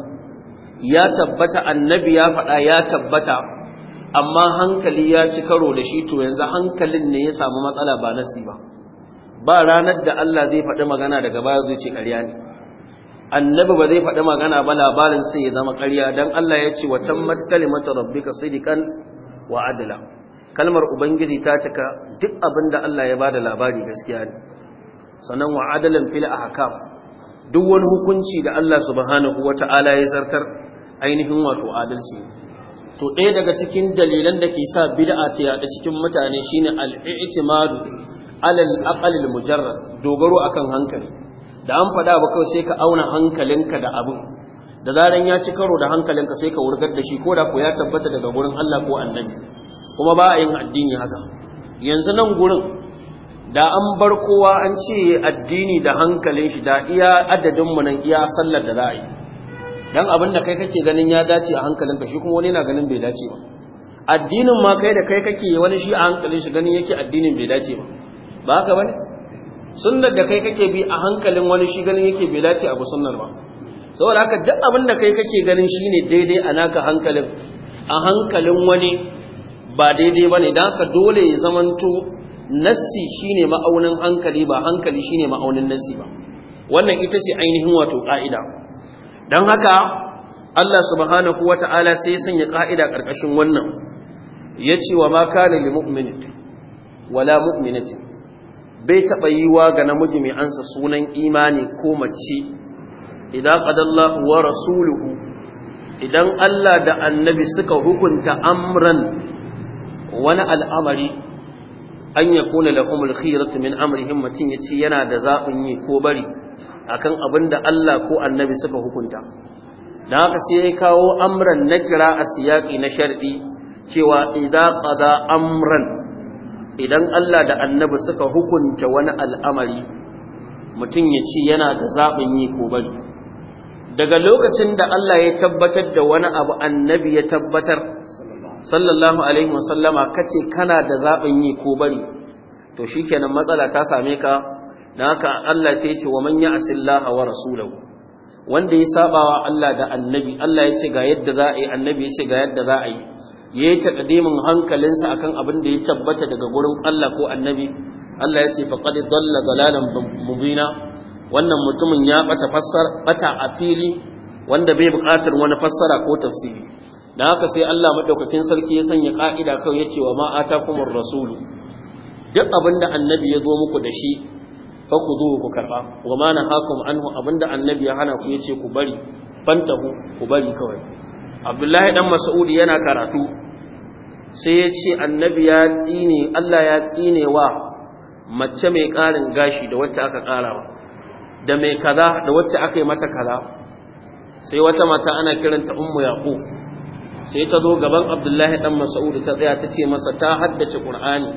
ya tabbata annabi ya faɗa ya tabbata amma hankali ya ci karo da shi to yanzu hankalin ne ya samu matsala ba nasi ba ba ranar da Allah zai faɗi magana daga baya zai ce ƙarya ne annabi ba zai faɗi magana ba labarin sai ya zama ƙarya don Allah ya ce wa tammat kalimatu rabbika sidqan wa adla kalmar ubangiji ta cika duk abinda Allah ya ba da labari gaskiya ne sannan wa adalan a haka. duk wani hukunci da Allah subhanahu wata'ala ya zartar ainihin wato adalci to ɗaya daga cikin dalilan da ke sa bid'a ta yaɗa cikin mutane shine al-i'timadu alal aqal al-mujarrad dogaro akan hankali da an faɗa ba kawai sai ka auna hankalinka da abin da zaran ya ci karo da hankalinka sai ka wurgar da shi ko da ku ya tabbata daga gurin Allah ko annabi kuma ba a yin addini haka yanzu nan gurin da an bar kowa an ce addini da hankalin shi da iya adadin mu nan iya sallar da za a dan abin da kai kake ganin ya dace a hankalinka shi kuma wani na ganin bai dace ba addinin ma kai da kai kake wani shi a hankalin shi ganin yake addinin bai dace ba ba haka bane sunnar da kai kake bi a hankalin wani shi ganin yake bai dace abu sunnar ba saboda haka duk abin da kai kake ganin shine daidai a naka hankalin a hankalin wani ba daidai ba ne don haka dole ya zamanto nassi shine ma'aunin hankali ba hankali shine ma'aunin nassi ba wannan ita ce ainihin wato ƙa'ida don haka Allah subhanahu wa ta'ala sai ya sanya ka'ida ƙarƙashin wannan ya ce wa ma kana li mu'minin wala mu'minatin bai taɓa yiwa ga namiji mai ansa sunan imani ko mace idan qadallahu wa rasuluhu idan Allah da annabi suka hukunta amran wani al'amari an ya kula lahumul khiyaratu min amrihim mutum ce yana da zaɓin yi ko bari akan abin da Allah ko annabi suka hukunta da haka sai ya kawo amran na kira a siyaƙi na sharɗi cewa idan ƙada amran idan Allah da annabi suka hukunta wani al'amari mutum ya ce yana da zaɓin yi ko bari daga lokacin da Allah ya tabbatar da wani abu annabi ya tabbatar sallallahu alaihi wasallama kace kana da zaɓin yi ko bari to shi kenan matsala ta same ka na haka Allah sai ce wa manya ya'sillaha wa rasulahu wanda ya saba wa Allah da annabi Allah ya ce ga yadda za a yi annabi ya ce ga yadda za a yi ya yi taƙadimin hankalinsa akan abin da ya tabbata daga gurin Allah ko annabi Allah ya ce faqad dalla dalalan mubina wannan mutumin ya bata fassar a fili wanda bai buƙatar wani fassara ko tafsiri da haka sai Allah madaukakin sarki ya sanya ka'ida kan ya ce wa ma atakumur rasulu duk abin da annabi ya zo muku da shi fa ku zo ku karba wa ma nahakum anhu abin da annabi ya hana ku ya ce ku bari fantahu ku bari kawai abdullahi dan mas'udi yana karatu sai ya ce annabi ya tsine Allah ya tsine wa mace mai ƙarin gashi da wacce aka karawa da mai kaza da wacce aka yi mata kaza sai wata mata ana kiranta ummu yaqub sai ta zo gaban abdullahi dan mas'udi ta tsaya ta ce masa ta haddace qur'ani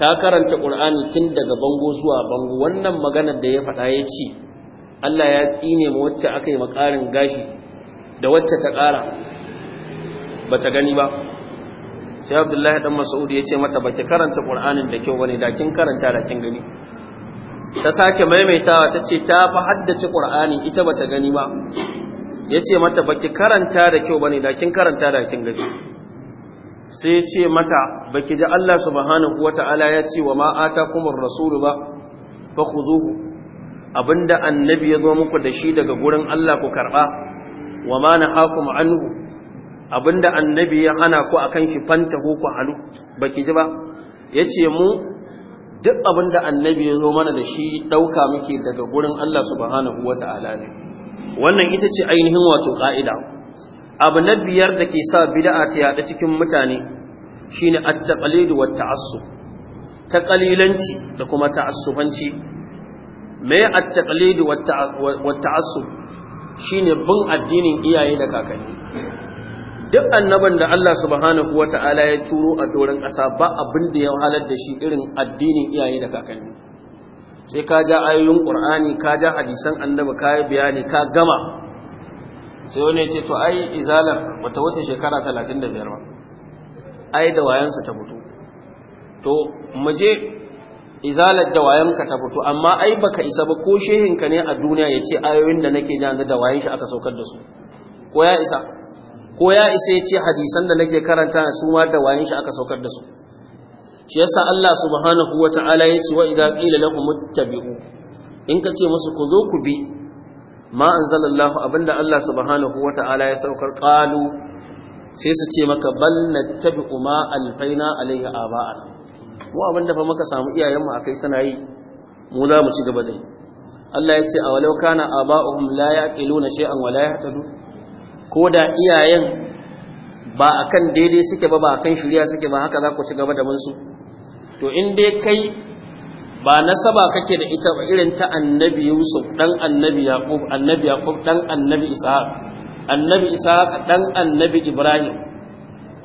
ta karanta ƙur'ani tun daga bango zuwa bango wannan maganar da ya faɗa ya ce Allah ya tsine wa wacce aka yi makarin gashi da wacce ta ƙara ba ta gani ba sai abdullahi dan mas'ud ya ce mata baki karanta qur'anin da kyau bane da kin karanta da kin gani ta sake maimaitawa ta ce ta fi haddace qur'ani ita bata gani ba ya ce mata baki karanta da kyau bane da kin karanta da kin gani sai ya ce mata baki ji Allah subhanahu wata'ala ya ce wa ma atakumur rasul ba fakhuzuhu abinda annabi ya zo muku da shi daga gurin Allah ku karba wa ma nahakum anhu abinda annabi ya hana ku akan shi fantahu ku halu baki ji ba yace mu duk abinda annabi ya zo mana da shi dauka muke daga gurin Allah subhanahu wataala ne wannan ita ce ainihin wato ƙa'ida. abu na biyar da ke sa bid'a ta yada cikin mutane shine at-taqlid wa ta'assub ta da kuma ta'assubanci me at-taqlid wa ta'assub shine bin addinin iyaye da kakanni duk annaban da Allah subhanahu Ta'ala ya turo a doron ƙasa ba abin da ya halar da shi irin addinin iyaye da kakanni sai ka ja ayoyin ƙur'ani ka ja hadisan annabi ka yi bayani ka gama sai wani ce to ai izalar wata wata shekara 35 ba ai da wayansa ta mutu to mu je izalar wayan ka ta fito amma ai baka isa ba ko shehin ka ne a duniya ya ce ayoyin da nake jana dawayen shi aka saukar da su ko ya isa ko ya isa ya ce hadisan da nake karanta su ma dawayen shi aka saukar da su shi yasa Allah subhanahu wata'ala ya ce wa idza qila lahum muttabi'u in ka ce musu ku zo ku bi ma anzalallahu abinda Allah subhanahu wata'ala ya saukar qalu sai su ce maka bal nattabi'u ma alfaina alaihi aba'ana mu abinda fa muka samu iyayenmu akai suna yi mu za mu ci gaba da Allah ya ce a walau kana aba'uhum la yaqiluna shay'an wa la yahtadu ko da iyayen ba akan daidai suke ba ba akan shirya suke ba haka za ku ci gaba da mun su to in dai kai ba nasaba kake da ita ba irin ta annabi yusuf dan annabi yaqub annabi yaqub dan annabi isa annabi isa dan annabi ibrahim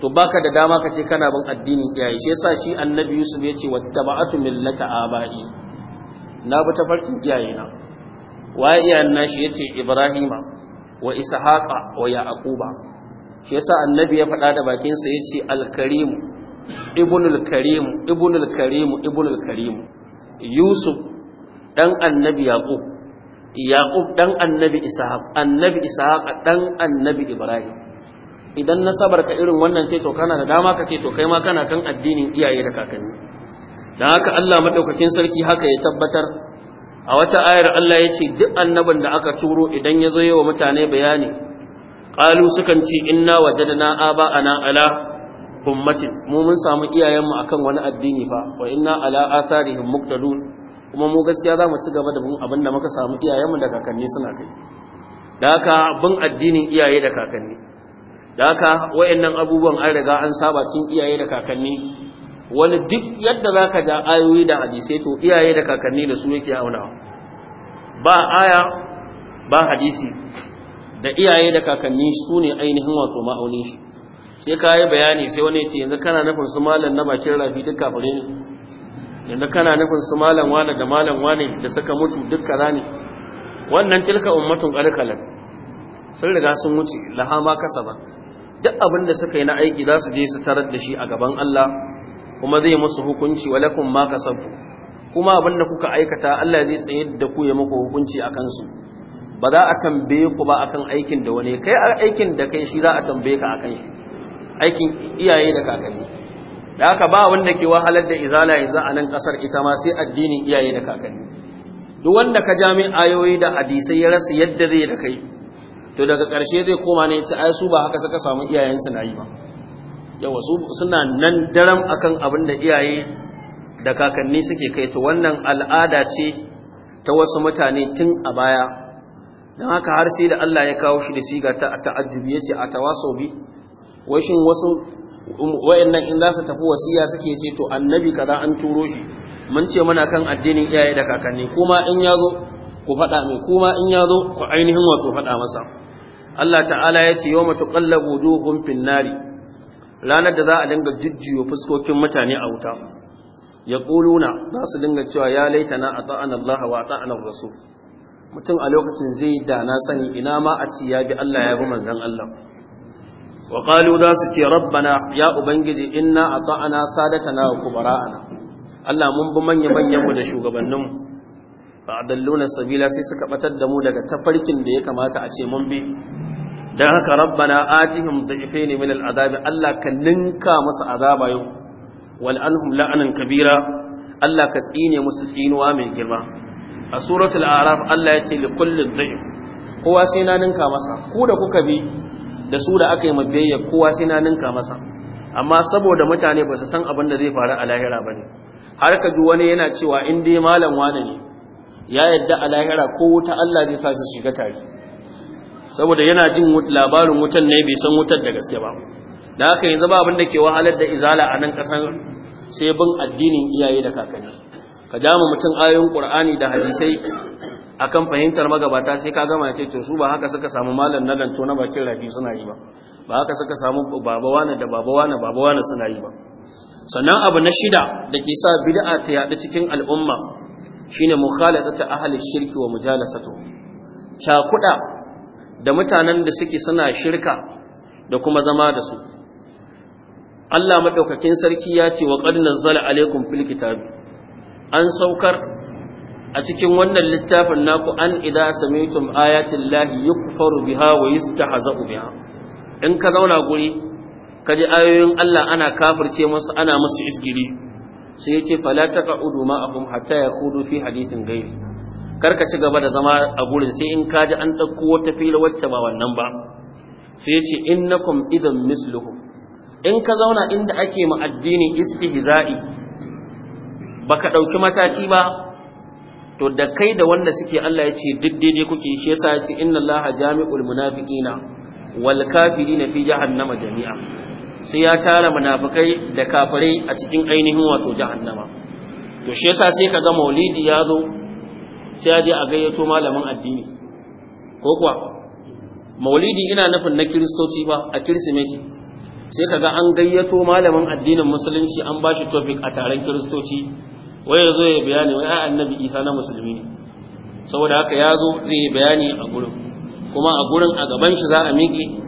to baka da dama ka ce kana bin addinin iyaye shi yasa shi annabi yusuf ya ce wattaba'atu millata aba'i na bi ta farkin iyaye na waye iyayen nashi yace ibrahima wa ishaqa wa yaquba shi yasa annabi ya faɗa da bakin sa yace al-karim ibnul karim ibnul karim ibnul karim yusuf dan annabi yaqub yaqub dan annabi ishaq annabi ishaq dan annabi ibrahim idan nasabar ka irin wannan ce to kana da dama ka ce to kai ma kana kan addinin iyaye da kakanni dan haka Allah madaukakin sarki haka ya tabbatar a wata ayar Allah ya ce duk annabin da aka turo idan ya zo yi wa mutane bayani qalu sukan ce inna wajadna ana ala ummatin mu mun samu iyayenmu akan wani addini fa wa inna ala atharihim muqtadun kuma mu gaskiya za mu ci gaba da bin abin da muka samu iyayenmu da kakanni suna kai da haka bin addinin iyaye da kakanni da haka wayannan abubuwan an riga an saba cikin iyaye da kakanni wani duk yadda za ka ja ayoyi da hadisai to iyaye da kakanni da su yake aunawa ba aya ba hadisi da iyaye da kakanni su ne ainihin wato ma'auni shi sai ka yi bayani sai wani ce yanzu kana nufin su malam na bakin rafi duk kafare ne yanzu kana nufin su malam wane da malam wane da suka mutu duk kaza ne wannan tilka ummatun alkalan sun riga sun wuce lahama ba. duk abin da suka yi na aiki za su je su tarar da shi a gaban Allah kuma zai musu hukunci lakum ma kasabtu kuma abin da kuka aikata Allah zai tsaye da ku ya muku hukunci a kansu ba za a tambaye ku ba akan aikin da wani kai aikin da kai shi za a tambaye ka akan shi aikin iyaye da kakanni da haka ba wanda ke wahalar da izala yanzu a nan kasar ita ma sai addinin iyaye da kakanni duk wanda ka min ayoyi da hadisai ya rasa yadda zai da kai to daga ƙarshe zai koma ne ci ayasu su ba haka suka samu iyayensu na yi ba yawa su suna nan daram akan abin da iyaye da kakanni suke kai to wannan al'ada ce ta wasu mutane tun a baya don haka har sai da Allah ya kawo shi da siga ta ta'ajjubi ce, a tawaso bi washin wasu um, wayannan in za su tafi wasiya suke ce to annabi kaza an turo shi mun ce mana kan addinin iyaye da kakanni kuma in yazo ku faɗa mai kuma in yazo ku ainihin wato faɗa masa Allah ta'ala ya ce yawma tuqallabu wujuhum fin nari ranar da za a dinga jujjuyo fuskokin mutane a wuta yaquluna za su dinga cewa ya a ata'ana Allah wa ata'ana rasu. mutum a lokacin zai da na sani ina ma a ci ya bi Allah ya bi manzan Allah wa qalu za su ce rabbana ya ubangiji inna ata'ana sadatana wa kubara'ana Allah mun bi manya manyan mu da shugabanninmu adalluna sabila sai suka batar da mu daga tafarkin da ya kamata a ce mun bi dan haka rabbana atihim dhifain min al'adabi Allah ka ninka musu azaba yau wal anhum la'anan kabira Allah ka tsine musu tsinuwa mai girma a suratul a'raf Allah ya ce li kulli dhif kowa sai na ninka masa ku da kuka bi da su da aka yi mabiyayya kowa sai na ninka masa amma saboda mutane ba su san abin da zai faru a lahira bane har ka ji wani yana cewa in dai malam wani ne ya yadda a lahira ko wuta Allah zai sa shiga tare saboda yana jin labarin wutan ne bai san wutar da gaske ba da haka yanzu ba abin da ke wahalar da izala a nan ƙasar sai bin addinin iyaye da kakanni ka jama mutum ayoyin qur'ani da hadisai akan fahimtar magabata sai ka gama ce to su ba haka suka samu malam na lanto na bakin rafi suna yi ba ba haka suka samu baba wani da baba wani baba wani suna yi ba sannan abu na shida da ke sa bid'a ta yaɗu cikin al'umma shine mukhalatata ahli shirki wa mujalasatu cakuda da mutanen da suke suna shirka da kuma zama da su Allah madaukakin sarki ya ce wa qad nazzala alaikum fil kitab an saukar a cikin wannan littafin naku an idza sami'tum ayatin lahi yukfaru biha wa yustahza'u biha in ka zauna guri kaji ayoyin Allah ana kafirce musu ana musu isgiri sai yace fala taqudu ma'ahum hatta yakhudu fi hadithin ghairi karka ci gaba da zama a gurin sai in ka ji an dauko wata fila wacce ba wannan ba sai yace innakum idan misluhum in ka zauna inda ake ma addini istihza'i baka dauki mataki ba to da kai da wanda suke Allah yace, ce duk daidai kuke shi yasa yace ce jami'ul munafiqina wal kafirina fi jahannama jami'a sai ya tara munafikai da kafirai a cikin ainihin wato jahannama to shi yasa sai kaga maulidi ya zo sai ya je a gayyato malamin addini ko kuwa maulidi ina nufin na kiristoci ba a kirsimeti sai kaga an gayyato malamin addinin musulunci an ba shi topic a taron kiristoci wai ya zo ya bayani wai annabi isa na musulmi ne saboda haka ya zo zai yi bayani a gurin kuma a gurin a gaban shi za a miƙe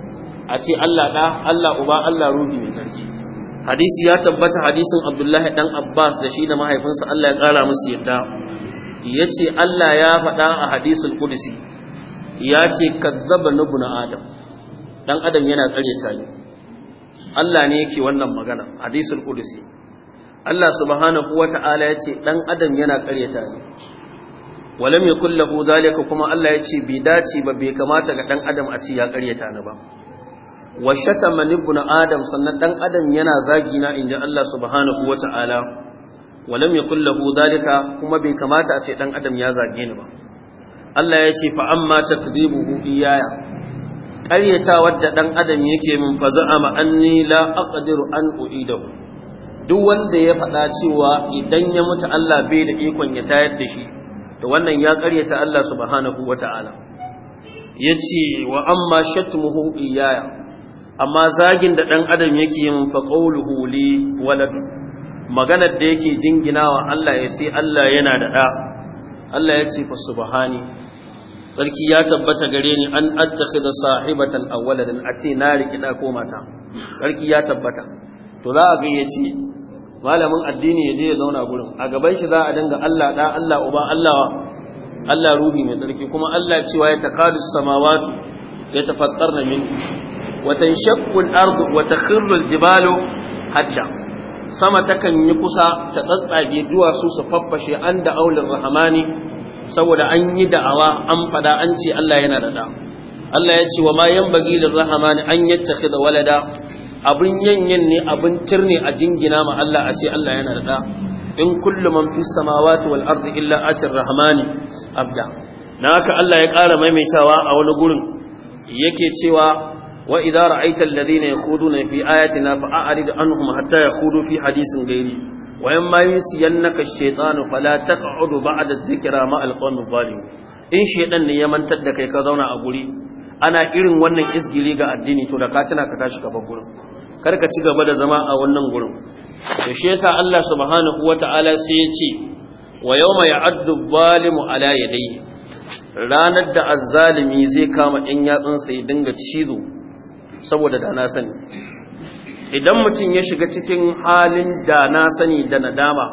a ce Allah ɗa Allah uba Allah ruhi mai sarki hadisi ya tabbata hadisin Abdullahi dan Abbas da shi da mahaifinsa Allah ya ƙara musu yadda Ya ce Allah ya faɗa a ce ka zaba kazzaba na adam dan adam yana ƙaryata ni Allah ne yake wannan magana hadisul qudsi Allah subhanahu ya ce dan adam yana ƙaryata ni walam yakul lahu zalika kuma Allah yace bai dace ba bai kamata ga dan adam a ce ya ƙaryata ni ba wa shatama ibnu adam sannan dan adam yana zagi na inda Allah subhanahu wata'ala lam yakul lahu dalika kuma bai kamata a ce dan adam ya zage ni ba Allah ya ce fa amma takdibuhu iyaya ƙaryatawar da ɗan adam yake min fa za'ama anni la aqdiru an u'idahu duk wanda ya faɗa cewa idan ya mutu Allah bai da ikon ya tayar da shi to wannan ya karyata Allah subhanahu wata'ala yace wa amma shatmuhu iyaya amma zagin da ɗan adam yake yin faƙauluhu li waladu maganar da yake jinginawa Allah ya sai Allah yana da ɗa Allah ya ce fa subhani sarki ya tabbata gare ni an attakhidha sahibatan aw waladan a ce na riki da ko mata sarki ya tabbata to za a ya ce malamin addini ya je ya zauna gurin a gaban shi za a danga Allah da Allah uba Allah Allah ruhi mai tsarki kuma Allah cewa ya takadu samawati ya tafattarna min watanshaqu al-ardu wa takhirru jibalu hadda sama takan yi kusa ta tsatsage duwatsu su faffashe an da aulin rahamani saboda an yi da'awa an fada an ce Allah yana da da Allah ya ce wa ma yanbaghi lirrahmani an da walada abin yanyan ne abin tirne a jingina ma Allah a ce Allah yana da da in kullu man fis samawati wal ardi illa atir rahmani abda na haka Allah ya ƙara maimaitawa a wani gurin yake cewa wa idza ra'aita alladhina yakhuduna fi ayatina fa'arid anhum hatta yakhudu fi hadisin ghairi wa yamma yusiyannaka ash-shaytanu fala taq'ud ba'da dhikra ma al-qawmi in shaytan ne ya mantar da kai ka zauna a guri ana irin wannan isgiri ga addini to da ka tana ka tashi gaba gurin kar ka ci gaba da zama a wannan gurin to shi yasa Allah subhanahu ta'ala sai ya ce wa yawma ya'addu adh ala yadayhi ranar da azzalumi zai kama ɗan yatsunsa ya dinga cizo saboda da na sani idan mutum ya shiga cikin halin da na sani da nadama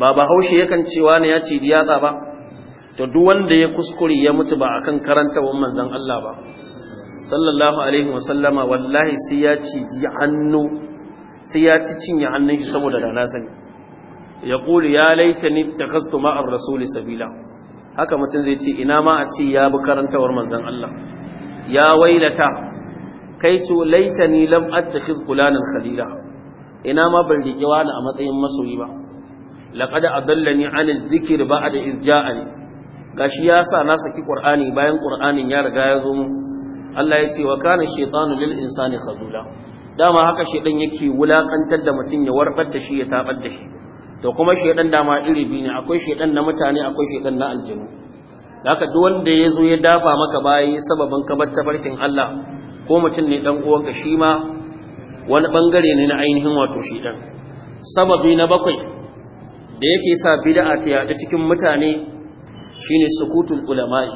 ba bahaushe yakan cewa ne ya ci yatsa ba to duk wanda ya kuskure ya mutu ba akan karantawan manzon Allah ba sallallahu alaihi wasallama wallahi sai ya ci hannu sai ya ci cinye hannun shi saboda da na sani ya kuli ya laita ni ta ma'ar rasuli sabila haka mutum zai ce ina ma a ce ya bi karantawar manzon Allah ya wailata kai ce laitani lam attakhiz fulanan khalila ina ma ban riƙe wani a matsayin masoyi ba laqad adallani anil dhikri ba'da irja'ani gashi ya sa na saki qur'ani bayan qur'anin ya riga ya zo mu Allah ya ce wa kana shaytanu lil insani khazula dama haka shaydan yake wulakantar da mutum ya warbar da shi ya tabar da shi to kuma shaydan dama iri biyu ne akwai shaydan na mutane akwai shaydan na aljinu haka duk wanda ya zo ya dafa maka baya sababin kabar tafarkin Allah ko mutum ne dan uwanka shi ma wani bangare ne na ainihin wato shi dan sababi na bakwai da yake sa bid'a ta yaɗa cikin mutane shine sukutul ulama'i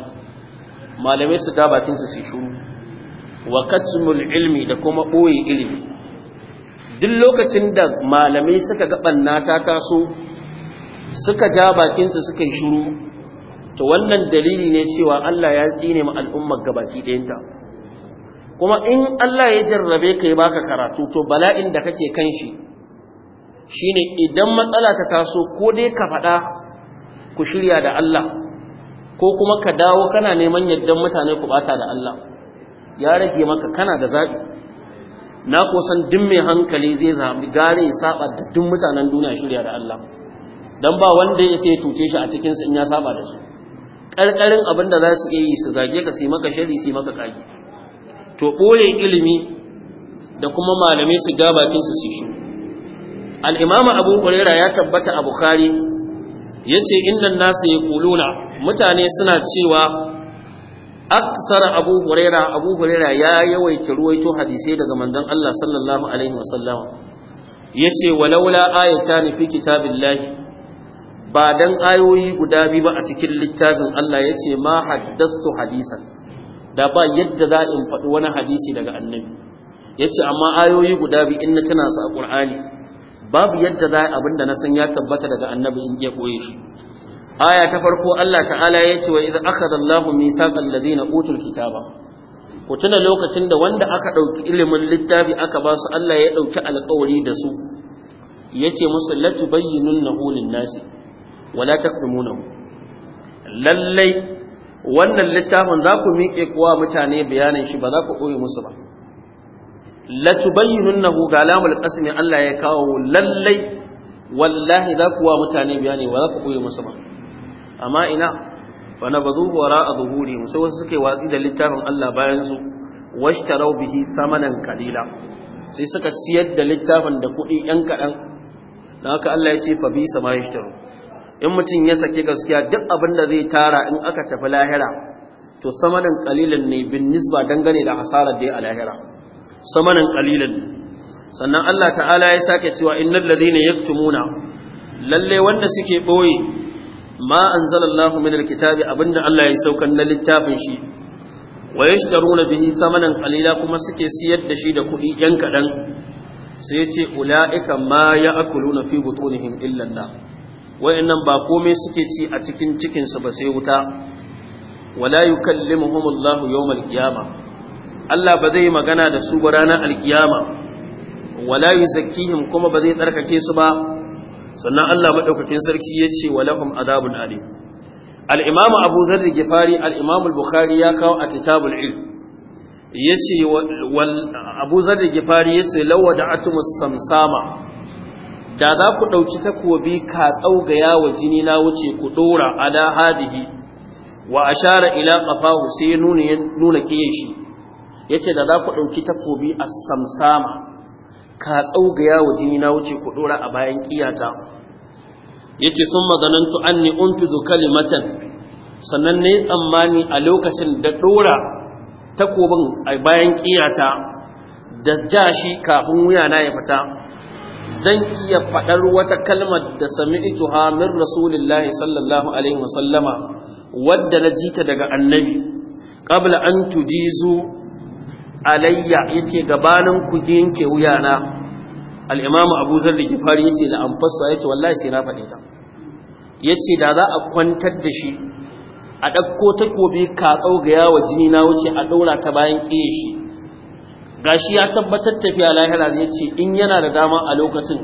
malamai su da bakin su su wa katmul ilmi da kuma ɓoye ilimi duk lokacin da malamai suka ga banna ta taso suka ja bakin su suka yi shuru to wannan dalili ne cewa Allah ya tsine mu al'ummar gabaki ɗayanta kuma in Allah ya jarrabe ka ya baka karatu to bala'in da kake kan shi shine idan matsala ta taso ko dai ka faɗa ku shirya da Allah ko kuma ka dawo kana neman yaddan mutane ku bata da Allah ya rage maka kana da zaɓi na ko duk mai hankali zai zaɓi gare ya saba da duk mutanen duniya shirya da Allah dan ba wanda ya sai tuce shi a cikin in ya saba da su ƙarƙarin abin da za su iya yi su zage ka su maka shari su maka kage to ɓoye ilimi da kuma malamai su ga kin su shi al'imama abu ya tabbata a bukari ya ce innan nasa ya kuluna mutane suna cewa aksar abu huraira abu ya yawaita ruwaito hadisai daga Mandan Allah sallallahu alaihi wasallam laula walaula ne fi lahi ba dan ayoyi guda biyu ba a cikin littafin Allah Ya ce, ma haddastu hadisan da ba yadda za in faɗi wani hadisi daga annabi ya ce amma ayoyi guda biyu in na tana su a ƙur'ani babu yadda za abin da na san ya tabbata daga annabi in ya koye shi aya ta farko Allah ta'ala ya ce wa idza akhadha Allahu mithaqal ladina utul kitaba ku tuna lokacin da wanda aka ɗauki ilimin littafi aka ba su Allah ya ɗauki alƙawari da su yace musu latubayyinunnahu lin-nasi wala taktumuna lallai wannan littafin za ku miƙe kuwa mutane bayanin shi ba za ku koyi musu ba latubayyinunnahu ga lamul qasmi Allah ya kawo lallai wallahi za ku wa mutane bayani ba za ku koyi musu ba amma ina fa nabadhu wara adhuri musu wasu suke watsi da littafin Allah bayan su washtarau bihi samanan qalila sai suka siyar da littafin da kuɗi yan kaɗan da haka Allah ya ce fa bi sama yashtaru in mutum ya sake gaskiya duk abin da zai tara in aka tafi lahira to samanin kalilin ne bin nisba dangane da hasarar da ya a lahira samanin kalilin ne sannan Allah ta'ala ya sake cewa innal ladhina yaktumuna lalle wanda suke boye ma anzalallahu min alkitabi abinda Allah ya saukar na littafin shi wa yashtaruna bihi samanan qalila kuma suke siyar da shi da kuɗi yan kadan sai ya ce ulaika ma ya'kuluna fi butunihim illa an wayannan ba komai suke ci a cikin cikinsu ba sai wuta wala yukallimuhum Allah yawmal qiyama Allah ba zai magana da su ranar alkiyama wala yuzakkihim kuma ba zai tsarkake su ba sannan Allah madaukakin sarki ya ce, walahum adabun alim al-imam Abu Dharr Gifari al-imam bukhari ya kawo a kitabul ilm yace Abu Dharr Gifari yace lawa da'atumus samsama da za ku ɗauki takobi ka tsaugaya wa jini na wuce ku ɗora ala hadihi wa ashara ila qafahu sai nuna kiyan shi yace da za ku ɗauki takobi a samsama ka tsaugaya wa jini na wuce ku ɗora a bayan kiyata yace sun maganantu anni unfizu kalimatan sannan ne tsammani a lokacin da ɗora takobin a bayan kiyata da ja shi kafin wuya na ya fita zan iya faɗar wata kalmar da sami'tuha min rasulillahi sallallahu alaihi wasallama wadda na jita daga annabi kabla an tujizu alayya yace gabanin ku yanke wuyana al-imam Abu Zar al-Ghifari yace da anfasa yace wallahi sai na faɗe ta yace da za a kwantar da shi a ɗauko takobi ka ga yawa jini na wuce a ɗaura ta bayan ƙiye shi gashi ya tabbatar tafiya lahira ya ce in yana da dama a lokacin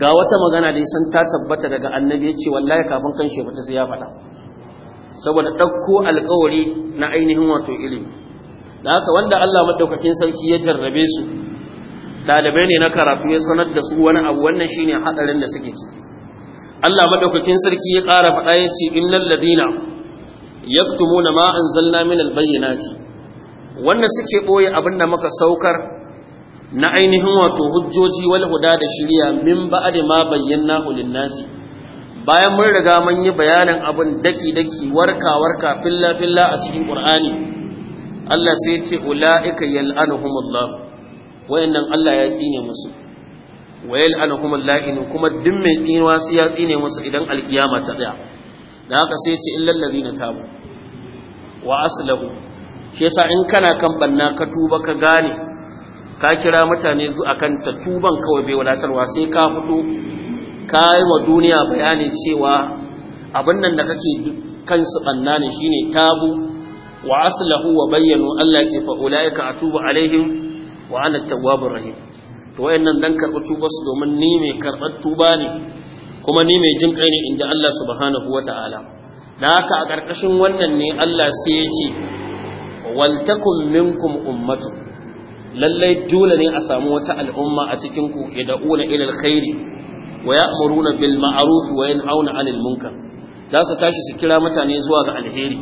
ga wata magana da san ta tabbata daga annabi ya ce wallahi kafin kan shi fita sai ya faɗa saboda ɗauko alkawari na ainihin wato ilimi da haka wanda Allah madaukakin sarki ya jarrabe su ɗalibai ne na karatu ya sanar da su wani abu wannan shine hadarin da suke ciki Allah madaukakin sarki ya ƙara faɗa ya ce innal ladina yaktumuna ma anzalna min albayyinati Wannan suke ɓoye abin da muka saukar na ainihin wato hujjoji wal huda da shirya min da ma bayyana hulin nasi bayan mun riga mun yi bayanin abin daki daki warka warka filla filla a cikin qur'ani Allah sai ya ce ulaika yal'anuhumullah wayannan Allah ya tsine musu wa yal'anuhumul la'in kuma duk mai tsinewa sai ya tsine musu idan alkiyama ta tsaya da haka sai ya ce illal ladina tabu wa aslahu shi yasa in kana kan banna ka tuba ka gane ka kira mutane akan ta tuban kawai bai wadatarwa sai ka fito ka yi wa duniya bayanin cewa abin nan da kake kansu banna ne shine tabu wa aslahu wa bayyanu Allah ya ce fa ulaika atubu alaihim wa ana tawwabur rahim to wayannan dan karɓi tuba su domin ni mai karɓar tuba ne kuma ni mai jin kai ne inda Allah subhanahu wataala dan haka a ƙarƙashin wannan ne Allah sai ya ce waltakun minkum ummatu lallai dole ne a samu wata al'umma a cikin ku ya da'una ilal khairi wa ya'muruna bil ma'ruf wa yanhauna 'anil munkar za su tashi su kira mutane zuwa ga alheri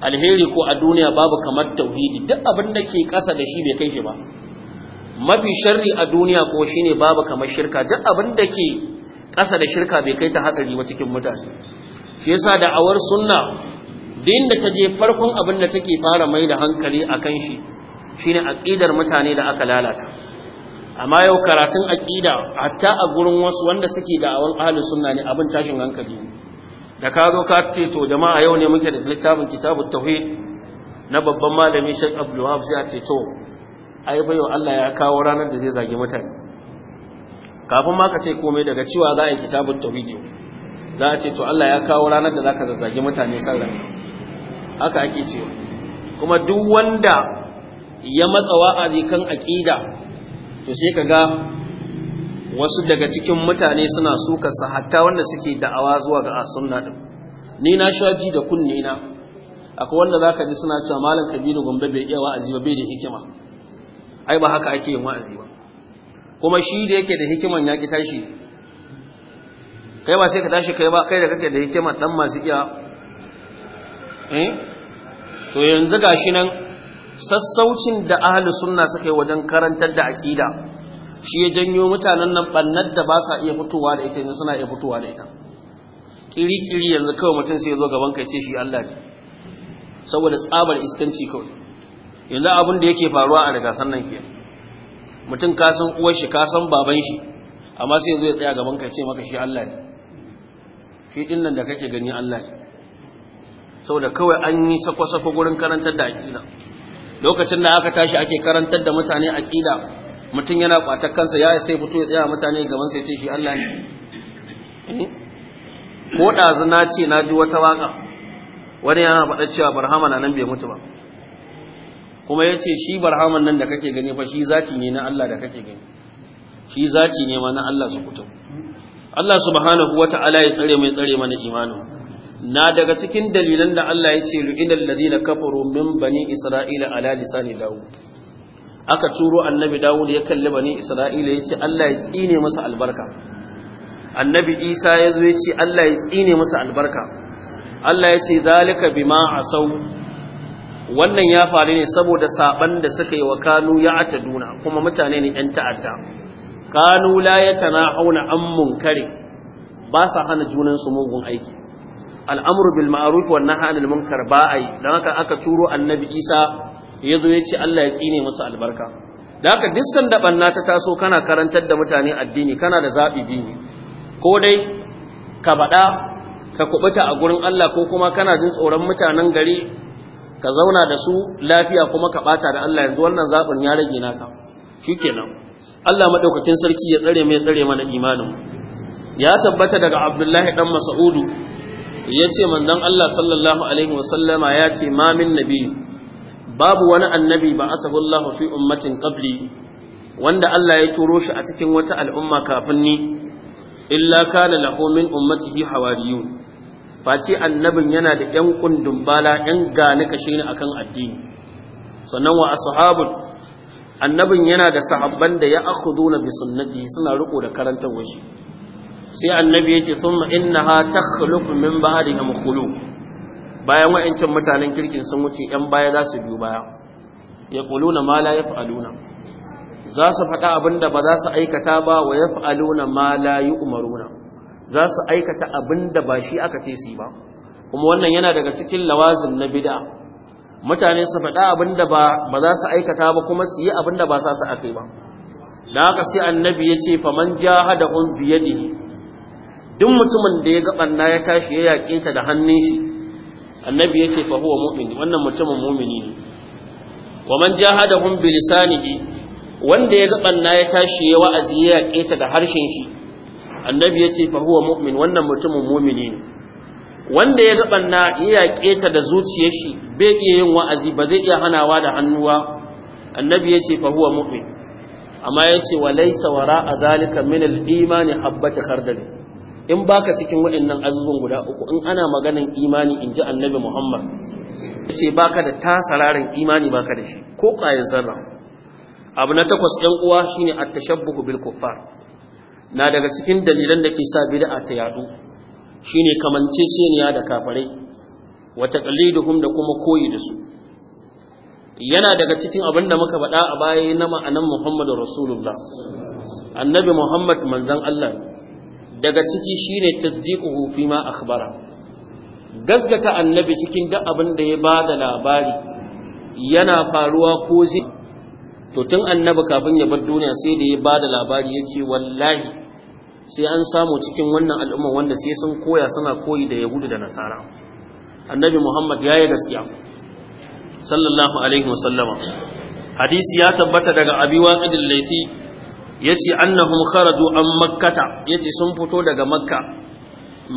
alheri ko a duniya babu kamar tauhidi duk abin da ke kasa da shi bai kai shi ba mafi sharri a duniya ko shine babu kamar shirka duk abin da ke kasa da shirka bai kai ta hatsari ba cikin mutane shi yasa awar sunna din da ta je farkon abin da take fara mai da hankali a kan shi shine aqidar mutane da aka lalata amma yau karatun aqida hatta a gurin wasu wanda suke da awan ahlus sunna ne abin tashin hankali da ka zo ka ce to jama'a yau ne muke da littafin kitabut tauhid na babban malami Sheikh Abdul Wahab sai a ce to ai yau Allah ya kawo ranar da zai zage mutane kafin ma ka ce komai daga cewa za a yi kitabut tauhid za a ce to Allah ya kawo ranar da zaka zazzage mutane sallah haka ake cewa kuma duk wanda ya matsawa a jikan aƙida to sai ka ga wasu daga cikin mutane suna suka sa hatta wanda suke da'awa zuwa ga sunna din ni na shaji da kunne na akwai wanda zaka ji suna cewa malam kabiru gombe bai iya wa'azi ba bai da hikima ai ba haka ake yin wa'azi ba kuma shi da yake da hikiman ya ki tashi kai ba sai ka tashi kai ba kai da kake da hikima dan masu iya eh to yanzu gashi nan sassaucin da ahli sunna suka yi wajen karantar da aqida shi ya janyo mutanen nan bannar da ba sa iya fitowa da ita yanzu suna iya fitowa da ita kiri-kiri yanzu kawai mutum sai ya zo gaban kai ce shi Allah ne saboda tsabar iskanci kawai yanzu abin da yake faruwa a daga sannan ke mutum ka san uwar shi ka san baban shi amma sai ya zo ya tsaya gaban kai ce maka shi Allah ne shi din nan da kake gani Allah ne saboda kawai an yi sako-sako gurin karantar da aƙida lokacin da aka tashi ake karantar da mutane aƙida mutum yana ƙwatar kansa ya sai fito ya tsaya mutane gaban sai ce shi Allah ne eh? ko ɗazu na ce na ji wata waƙa wani yana faɗa cewa barhama na nan bai mutu ba kuma ya ce shi barhaman nan da kake gani fa shi zati ne na Allah da kake gani shi zati ne ma na Allah su kutu Allah subhanahu wa ta'ala ya tsare mai tsare mana imanin na daga cikin dalilan da Allah ya ce ru'inal ladina kafaru min bani isra'ila ala lisani dawud aka turo annabi dawud ya kalli bani isra'ila ya ce Allah ya tsine masa albarka annabi isa ya zo ya ce Allah ya tsine masa albarka Allah ya ce zalika bima asau wannan ya faru ne saboda saban da suka yi wa kanu ya ataduna kuma mutane ne yan ta'adda kanu la yatanahuna an munkari ba sa hana junan su mugun aiki al'amru bil ma'ruf wan nahy anil munkar ba ai dan haka aka turo annabi Isa yazo ya ce Allah ya tsine masa albarka dan haka duk da banna ta taso kana karantar da mutane addini kana da zabi biyu ko dai ka bada ka kubuta a gurin Allah ko kuma kana jin tsoron mutanen gari ka zauna da su lafiya kuma ka bata da Allah yanzu wannan zabin ya rage naka shikenan Allah madaukakin sarki ya tsare mai tsare mana imanin ya tabbata daga Abdullahi dan Mas'udu ya ce manzon Allah sallallahu alaihi wasallama ya ce mamin min nabi babu wani annabi ba a asabullahu fi ummatin qabli wanda Allah ya turo shi a cikin wata al'umma kafin ni illa kana lahu min ummatihi hawariyun face annabin yana da yan kundin bala yan gane kashe ni akan addini sannan wa ashabun annabin yana da sahabban da ya akhuduna bi sunnati suna riko da karantar washi sai annabi yace thumma innaha takhluqu min ba'dihim khuluq bayan wa'ancin mutanen kirkin sun wuce yan baya za su biyu baya Ya yaquluna ma la aluna. za su faɗa abinda ba za su aikata ba wa ya aluna ma la umaruna za su aikata abinda ba shi aka ce su ba kuma wannan yana daga cikin lawazin na bid'a mutane su faɗa abin da ba za su aikata ba kuma su yi abin da ba sa su aka yi ba da haka sai annabi ya ce faman jahada un biyadihi duk mutumin da ya ga na ya tashi ya yake ta da hannun shi annabi yace fa huwa mu'min wannan mutumin mu'mini ne wa man jahadahum bi lisanihi wanda ya ga na ya tashi ya wa'azi ya yake ta da harshen shi annabi yace fa huwa mu'min wannan mutumin mu'mini ne wanda ya ga na ya yake ta da zuciyar shi bai iya yin wa'azi ba zai iya hanawa da hannuwa annabi yace fa huwa mu'min amma yace wa laysa wara'a zalika min al-imani habbat khardali in baka cikin waɗannan azuzun guda uku in ana maganan imani in ji annabi muhammad ce baka da tasararin imani baka da shi ko ƙayan sarra abu na takwas ɗan uwa shine a tashabbuhu bil kuffar na daga cikin dalilan da ke sa bid'a ta yadu shine kamanceceniya da kafare, wa taqliduhum da kuma koyi da su yana daga cikin abin da muka faɗa a baya na ma'anan Muhammadu Rasulullah annabi Muhammad manzon Allah daga ciki shine tasdiquhu fi ma akhbara gaskata annabi cikin duk abin da ya bada labari yana faruwa ko zai to tun annabi kafin ya bar duniya sai da ya bada labari yace wallahi sai an samu cikin wannan al'umma wanda sai sun koya suna koyi da yahudu da nasara annabi muhammad ya yi gaskiya sallallahu alaihi wasallama hadisi ya tabbata daga abi waqidil laiti yace annahum kharaju an makkata yace sun fito daga makka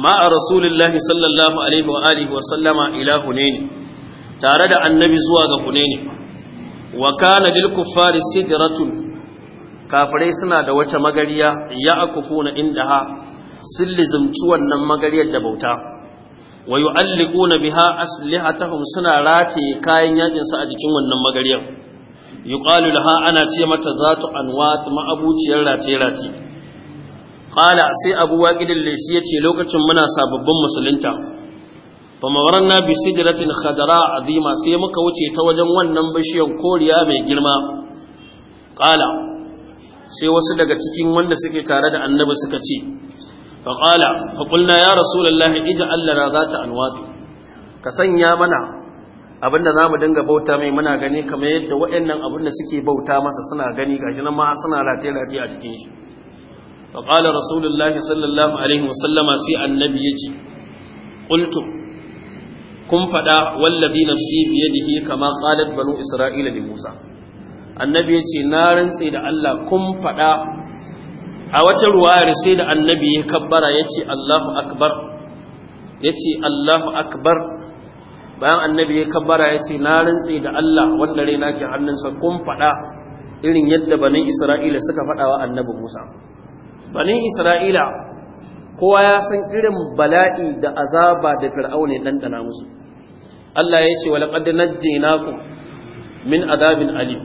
ma rasulullahi sallallahu alaihi wa alihi wa sallama ila hunaini tare da annabi zuwa ga hunaini wa kana lil kuffari sidratun kafirai suna da wata magariya ya akufuna indaha sun lizumci wannan magariyar da bauta wa yu'alliquna biha aslihatahum suna rataye kayan yakin su a jikin wannan magariyar yuqalu laha ana ce mata zatu anwat ma'abuciyar race race qala sai abu waqidin ya yace lokacin muna sababbin musulunta fa mawaranna bi sidratin khadra azima sai muka wuce ta wajen wannan bishiyar koriya mai girma qala sai wasu daga cikin wanda suke tare da annabi suka ce fa qala fa qulna ya rasulullahi ij'al lana zata anwat ka sanya mana abinda za mu dinga bauta mai muna gani kamar yadda waɗannan abinda suke bauta masa suna gani gashi nan ma suna rataye-rataye a jikin shi fa qala rasulullahi sallallahu alaihi wasallama sai annabi ya ce. qultu kun faɗa fada wallazi nafsi bi yadihi kama qalat banu isra'ila da musa annabi ya ce na rantse da Allah kun faɗa. a wata ruwayar sai da annabi ya kabbara ce Allahu akbar Ya ce Allahu akbar bayan annabi ya kabbara ya ce na rantse da Allah wanda raina ke hannunsa kun faɗa irin yadda banin Isra'ila suka faɗa wa annabi Musa banin Isra'ila kowa ya san irin bala'i da azaba da fir'auna dan dana musu Allah ya ce walaqad najjaynakum min adabin alim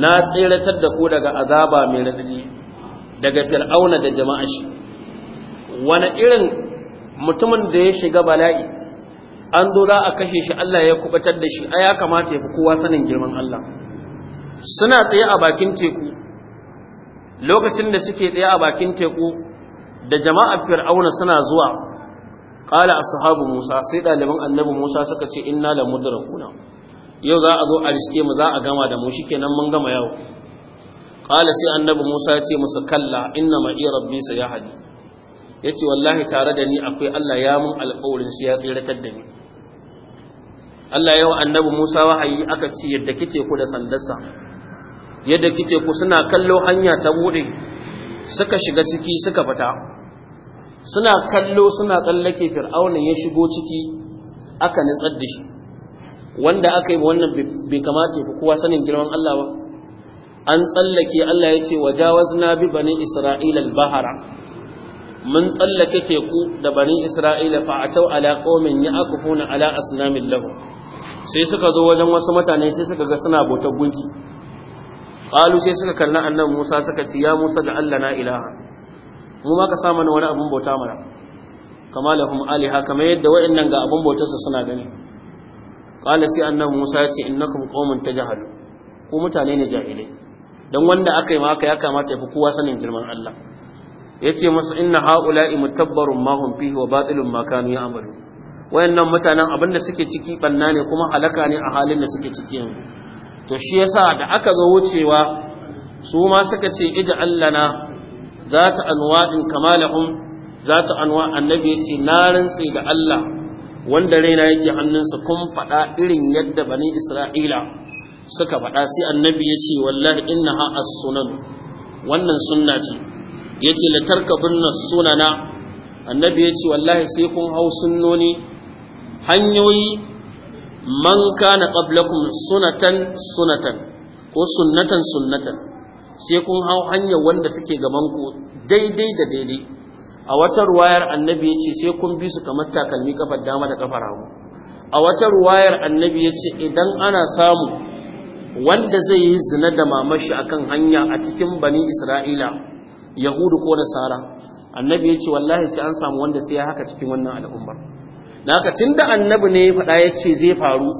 na tsiratar da ku daga azaba mai radadi daga fir'auna da jama'a shi wani irin mutumin da ya shiga bala'i an za a kashe shi Allah ya kubatar da shi a ya kamata ya fi kowa sanin girman Allah suna tsaye a bakin teku lokacin da suke tsaye a bakin teku da jama'ar fir'auna suna zuwa qala ashabu musa sai ɗaliban annabi musa suka ce inna la mudrakuna yau za a zo a riske mu za a gama da mu shikenan mun gama yau qala sai annabi musa ya ce musu kalla inna ma iya rabbi sayahdi yace wallahi tare da ni akwai Allah ya mun alƙawarin sai ya tsiratar da ni Allah yawa annabi Musa wahayi aka ce yadda kike ku da sandarsa yadda kike ku suna kallo hanya ta bude suka shiga ciki suka fita suna kallo suna tsallake fir'auna ya shigo ciki aka nitsar da shi wanda aka yi wannan bai kamata ku kowa sanin girman Allah ba an tsallake Allah ya ce wajawazna bi bani isra'ila al-bahara mun tsallake teku da bani isra'ila fa atau ala qaumin ya'kufuna ala asnamin lahu sai suka zo wajen wasu mutane sai suka ga suna bautar gunki qalu sai suka kalla annabi Musa suka ce ya Musa da Allah na ilaha mu ma ka samu wani abun bauta mana kama lahum aliha kamar yadda wayannan ga abun bautar su suna gani qala sai annabi Musa ya ce innakum qaumun tajahalu ku mutane ne jahilai dan wanda aka yi ma haka ya kamata ya fi kowa sanin girman Allah yace musu inna haula'i mutabbarun ma hum fihi wa batilun ma kanu ya'malun wayannan mutanen abin da suke ciki banna ne kuma halaka ne a halin da suke ciki to shi yasa da aka zo wucewa su ma suka ce ij'al lana zata anwa'in kamalahum zata anwa annabi ce na rantsi da Allah wanda raina yake hannunsa kun faɗa irin yadda bani Isra'ila suka faɗa sai annabi ce wallahi innaha as-sunan wannan sunna ce yace la tarkabunna sunana annabi yace wallahi sai kun hau sunnoni hanyoyi man kana qablakum sunatan sunatan ko sunnatan sunnatan sai kun hau hanyar wanda suke gaban ku daidai da daidai a wata ruwayar annabi yace sai kun bi su kamar takalmi kafar dama da kafar hagu a wata ruwayar annabi yace idan ana samu wanda zai yi zina da mamashi akan hanya a cikin bani isra'ila yahudu ko nasara annabi yace wallahi sai an samu wanda sai ya haka cikin wannan al'ummar naka tun da annabi ne faɗa ya ce zai faru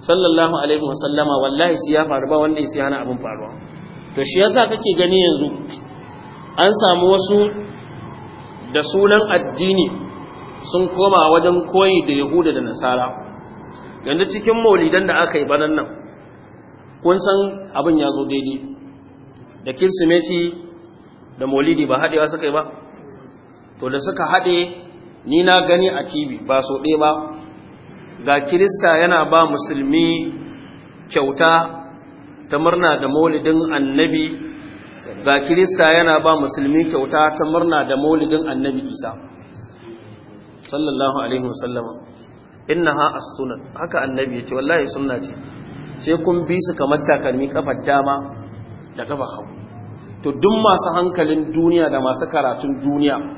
sallallahu alaihi wasallama wallahi sai ya faru ba wanda ya hana abin faruwa to shi yasa kake gani yanzu an samu wasu da sunan addini sun koma wajen koyi da yahuda da nasara yanzu cikin maulidan da aka yi banan nan kun san abin ya zo daidai da kirsimeti da maulidi ba haɗewa suka yi ba to da suka haɗe ni na gani a TV ba so ɗaya ba ga Kirista yana ba musulmi kyauta ta murna da maulidin annabi ga Kirista yana ba musulmi kyauta ta murna da maulidin annabi Isa sallallahu alaihi wasallama ha as-sunan haka annabi ya ce, wallahi sunna ce sai kun bi su kamar takalmi kafar dama da kafa hagu to duk masu hankalin duniya da masu karatun duniya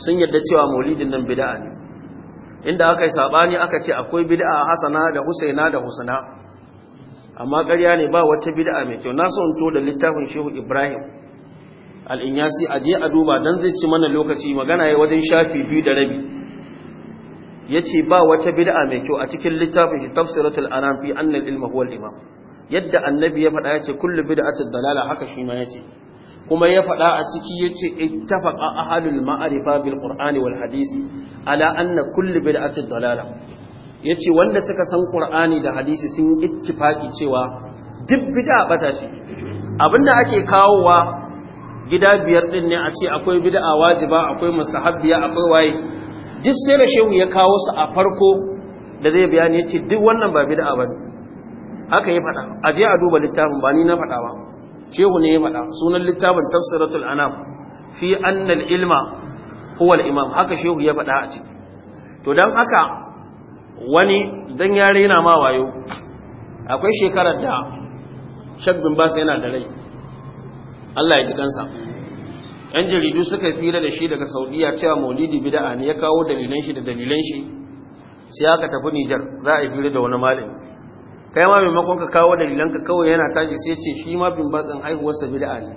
sun yarda cewa maulidin nan bid'a ne inda aka yi sabani aka ce akwai bid'a hasana da husaina da husna amma ƙarya ne ba wata bid'a mai kyau na so in to da littafin shehu ibrahim al'inyasi a je a duba don zai ci mana lokaci magana ya wajen shafi biyu da rabi ya ce ba wata bid'a mai kyau a cikin littafin shi tafsiratul anam fi annal ilma huwal imam yadda annabi ya faɗa ya ce kullu bid'atid dalala haka shi ma ya ce kuma ya faɗa a ciki ya ce ittafaqa ahlul ma'arifa bil qur'ani wal hadisi ala anna kullu bid'ati dalala yace wanda suka san qur'ani da hadisi sun ittifaki cewa duk bid'a bata shi abinda ake kawowa gida biyar din ne a ce akwai bid'a wajiba akwai mustahabbiya akwai waye duk sai da shehu ya kawo su a farko da zai bayani yace duk wannan ba bid'a bane haka ya faɗa aje a duba littafin ba ni na faɗa ba shehu ne ya faɗa sunan littafin tafsiratul anam fi annal ilma huwa al-imam haka shehu ya faɗa a ciki to dan haka wani dan ya rena ma wayo akwai shekarar da shak bin Bas yana da rai Allah ya ji kansa yan jaridu suka fira da shi daga Saudiya cewa Maulidi bid'a ne ya kawo dalilan shi da dalilan shi sai aka tafi Nijar za a yi fira da wani malami kai ma maimakon ka kawo dalilan ka kawai yana tashi sai ce shi ma bin batsin haihuwarsa bid'a ne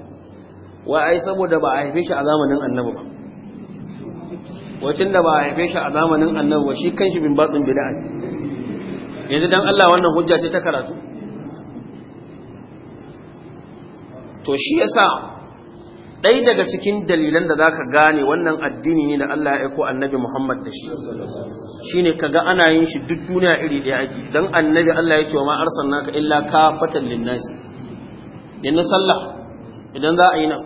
wa ai saboda ba a haife shi a zamanin annabi ba wacin da ba a haife shi a zamanin annabi ba shi kanshi bin batsin bid'a ne yanzu dan Allah wannan hujja ce ta karatu to shi yasa ɗai daga cikin dalilan da zaka gane wannan addini ne da Allah ya aiko annabi Muhammad da shi shine kaga ana yin shi duk duniya iri ɗaya ake dan annabi Allah ya ce wa ma arsalnaka illa ka fatan linnas yanzu sallah idan za a yi nan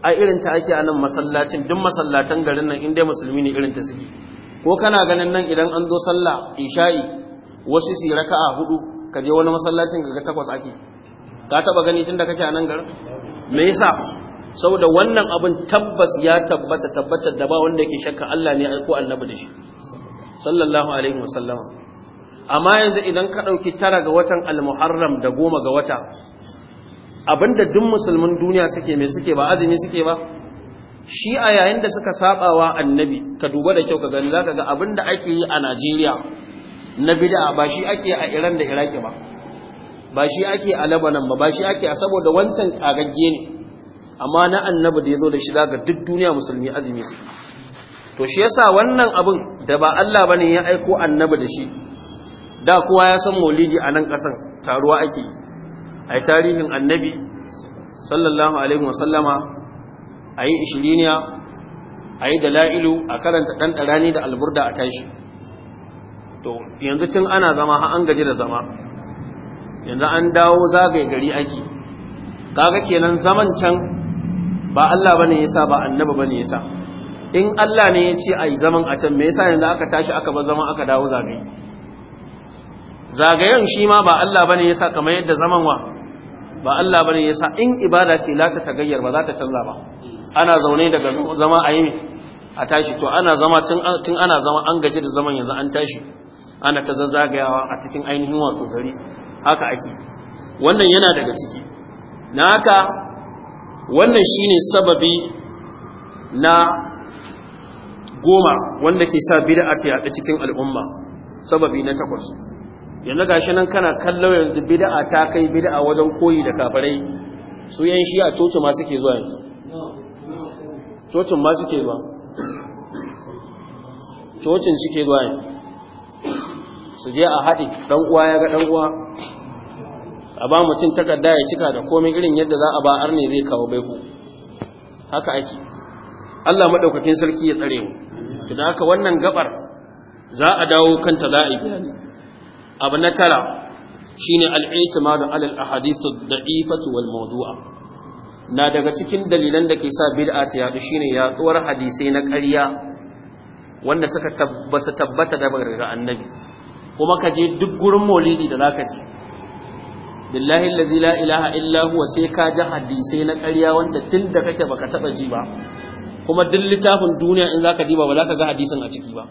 a irin ta ake a nan masallacin duk masallatan garin nan inda musulmi ne irin ta suke ko kana ganin nan idan an zo sallah isha'i wasu su raka'a hudu ka je wani masallacin ga takwas ake ka taba gani tunda kake a nan garin me yasa saboda wannan abin tabbas ya tabbata tabbata da ba wanda yake shakka Allah ne ko annabi da shi sallallahu alaihi wasallama amma yanzu idan ka ɗauki tara ga watan al-muharram da goma ga wata abinda duk musulmin duniya suke mai suke ba azumi suke ba shi a yayin da suka sabawa annabi ka duba da kyau ka gani zaka ga abinda ake yi a Najeriya na bid'a ba shi ake a Iran da Iraki ba ba shi ake a Lebanon ba ba shi ake a saboda wancan kagagge ne amma na annabi da yazo da shi zaka duk duniya musulmi azumi suke to shi yasa wannan abin da ba Allah bane ya aiko annabi da shi da kowa ya san maulidi a nan kasan taruwa ake ai tarihin annabi sallallahu alaihi wasallama ayi ishiriniya ayi dalailu a karanta dan darani da alburda a tashi to yanzu tun ana zama har an gaji da zama yanzu an dawo zagaye gari ake kaga kenan zaman can ba Allah bane yasa ba annabi bane yasa in Allah ne ya ce a yi zaman a can me yasa yanzu aka tashi aka ba zaman aka dawo zagaye zagayen shi ma ba Allah ba ne ya sa kamar yadda zaman wa ba Allah ba ne ya sa in ibada ke la ta gayyar ba za ta canza ba ana zaune daga zama a yi a tashi to ana zama tun ana zama an gaji da zaman yanzu an tashi ana ta zazzagayawa a cikin ainihin wato gari haka ake wannan yana daga ciki na haka wannan shine sababi na goma wanda ke sa bid'a ta yaɗa cikin al'umma sababi na takwas yanzu shi nan kana kallo yanzu bid'a ta kai bid'a wajen koyi da kafirai su yan shi a cocin ma suke zuwa yanzu cocin ma suke zuwa cocin suke zuwa yanzu su je a haɗi ɗan uwa ya ga ɗan uwa a ba mutum takarda ya cika da komai irin yadda za a ba arne zai kawo baiko haka ake Allah maɗaukakin sarki ya tsare mu idan da haka wannan gabar za a dawo kanta za a yi bayani abu na tara shine al-i'timadu ala al-ahadith ad wal mawdu'a na daga cikin dalilan da ke sa bid'a ta shi shine yaduwar hadisai na ƙarya wanda suka tabbata tabbata da daga annabi kuma ka je duk gurin maulidi da zaka ji billahi allazi la ilaha illa huwa sai ka ji hadisai na ƙarya wanda tun da kake baka taɓa ji ba kuma duk littafin duniya in zaka diba ba zaka ga hadisin a ciki ba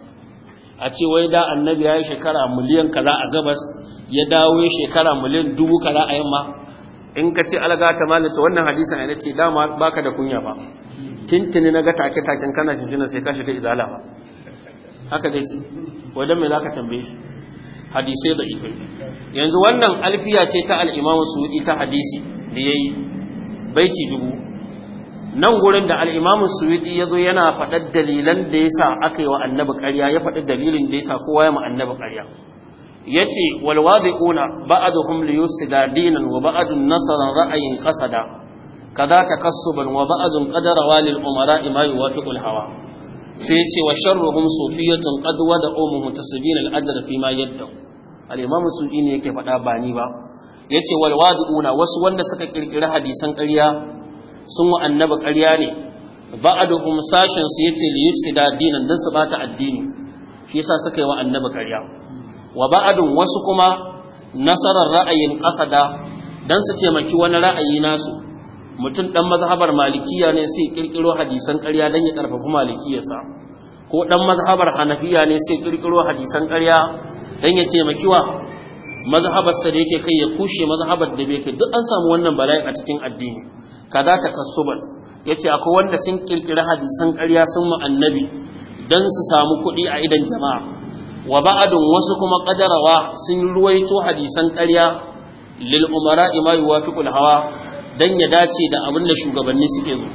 a ce wai da annabi ya yi shekara miliyan kaza a gabas ya dawo shekara miliyan dubu kaza a yamma in ka ce alga ta malata wannan hadisin ya ce dama baka da kunya ba tintini na ga take taken kana shinshina sai ka shiga izala ba haka dai ce wadan me zaka tambaye shi hadisai da ifai yanzu wannan alfiya ce ta al-Imam Suudi ta hadisi da yayi baiti dubu nan gurin da al'imamu suwiti ya zo yana faɗar dalilan da ya sa aka yi wa annabi ƙarya ya faɗi dalilin da ya sa kowa ya annabi ƙarya ya ce walwazi ƙuna ba'adu hum liyu sidadinan wa ba'adun nasarar ra'ayin ƙasada kaza ta ban wa ba'adun ƙadarawa lil umara ima yi wafi hawa sai ce wa sharruhum sufiyatun qad wada'u mutasibina al-ajra fi ma yadda al-imamu ne yake faɗa ba ni ba yace walwazi ƙuna wasu wanda suka kirkiri hadisan ƙarya sun wa annaba ƙarya ne duk musashin su yace li yusida dinan dan su bata addini shi yasa suka yi wa annabi ƙarya wa ba'adun wasu kuma nasarar ra'ayin asada dan su taimaki wani ra'ayi nasu mutum dan mazhabar malikiya ne sai kirkiro hadisan ƙarya dan ya karfafa malikiyarsa ko dan mazhabar hanafiya ne sai kirkiro hadisan ƙarya dan ya taimaki wa sa da yake kai ya kushe mazhabar da bai kai duk an samu wannan bala'i a cikin addini kaza ya yace akwai wanda sun kirkiri hadisan ƙarya sun mu annabi dan su samu kuɗi a idan jama'a wa ba'adun wasu kuma qadarawa sun ruwaito hadisan ƙarya lil umara ma yuwafiqul hawa dan ya dace da abin da shugabanni suke zo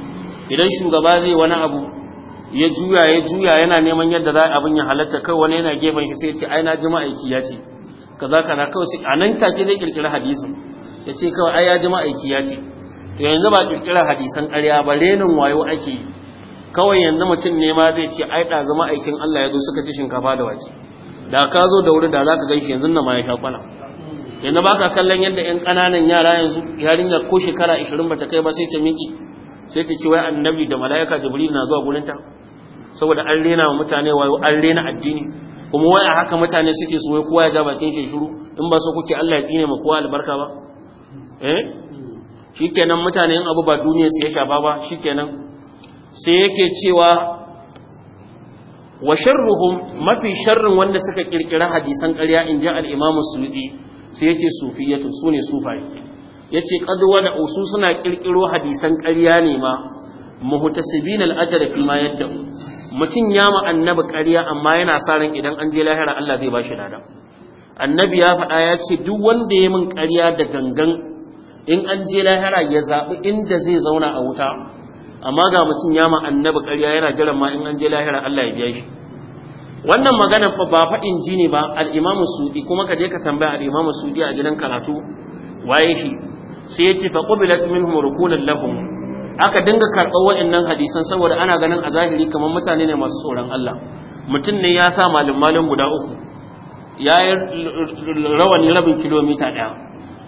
idan shugaba zai wani abu ya juya ya juya yana neman yadda za abin ya halatta kai wani yana gefen shi sai ya ce ai na ji aiki ya ce kaza kana kawai a nan take zai kirkiri hadisin ya ce kawai ai ya ji aiki ya ce to yanzu ba kirkirar hadisan ƙarya ba renin wayo ake yi kawai yanzu mutum ne ma zai ce ai zama aikin Allah ya zo suka ci shinkafa da wake da ka zo da wuri da za ka yanzu nan ma ya sha kwana yanzu ba ka kallon yadda 'yan ƙananan yara yanzu yarinyar ko shekara ishirin ba ta kai ba sai ta miƙi sai ta ci wai annabi da mala'ika jibril na zuwa gurinta saboda an rena wa mutane wayo an rena addini kuma wai a haka mutane suke so kowa ya ja bakin shi shiru in ba so kuke Allah ya tsine ma kowa albarka ba eh shikenan mutane in abu ba duniya su ya shafa ba shikenan sai yake cewa wa sharruhum mafi sharrin wanda suka kirkira hadisan ƙarya in ji al-Imam Suyuti sai yake sufiyatu sune sufai yace qad da usu suna kirkiro hadisan ƙarya ne ma muhtasibin al-ajr fi ma yadda mutum ya ma annabi ƙarya amma yana sa idan an je lahira Allah zai ba shi dada annabi ya faɗa yace duk wanda ya min ƙarya da gangan in an je lahira ya zaɓi inda zai zauna a wuta amma ga mutum ya ma annabi ƙarya yana jiran ma in an je lahira Allah ya biya shi wannan magana fa ba faɗin ji ba al-Imam Sudi kuma ka je ka tambaya al-Imam Sudi a gidan karatu waye shi sai ya ce fa qubilat minhum rukunan lahum aka dinga karɓar wa'annan hadisan saboda ana ganin a zahiri kamar mutane ne masu tsoron Allah mutum ne ya sa malin malin guda uku ya yi rawan rabin kilomita ɗaya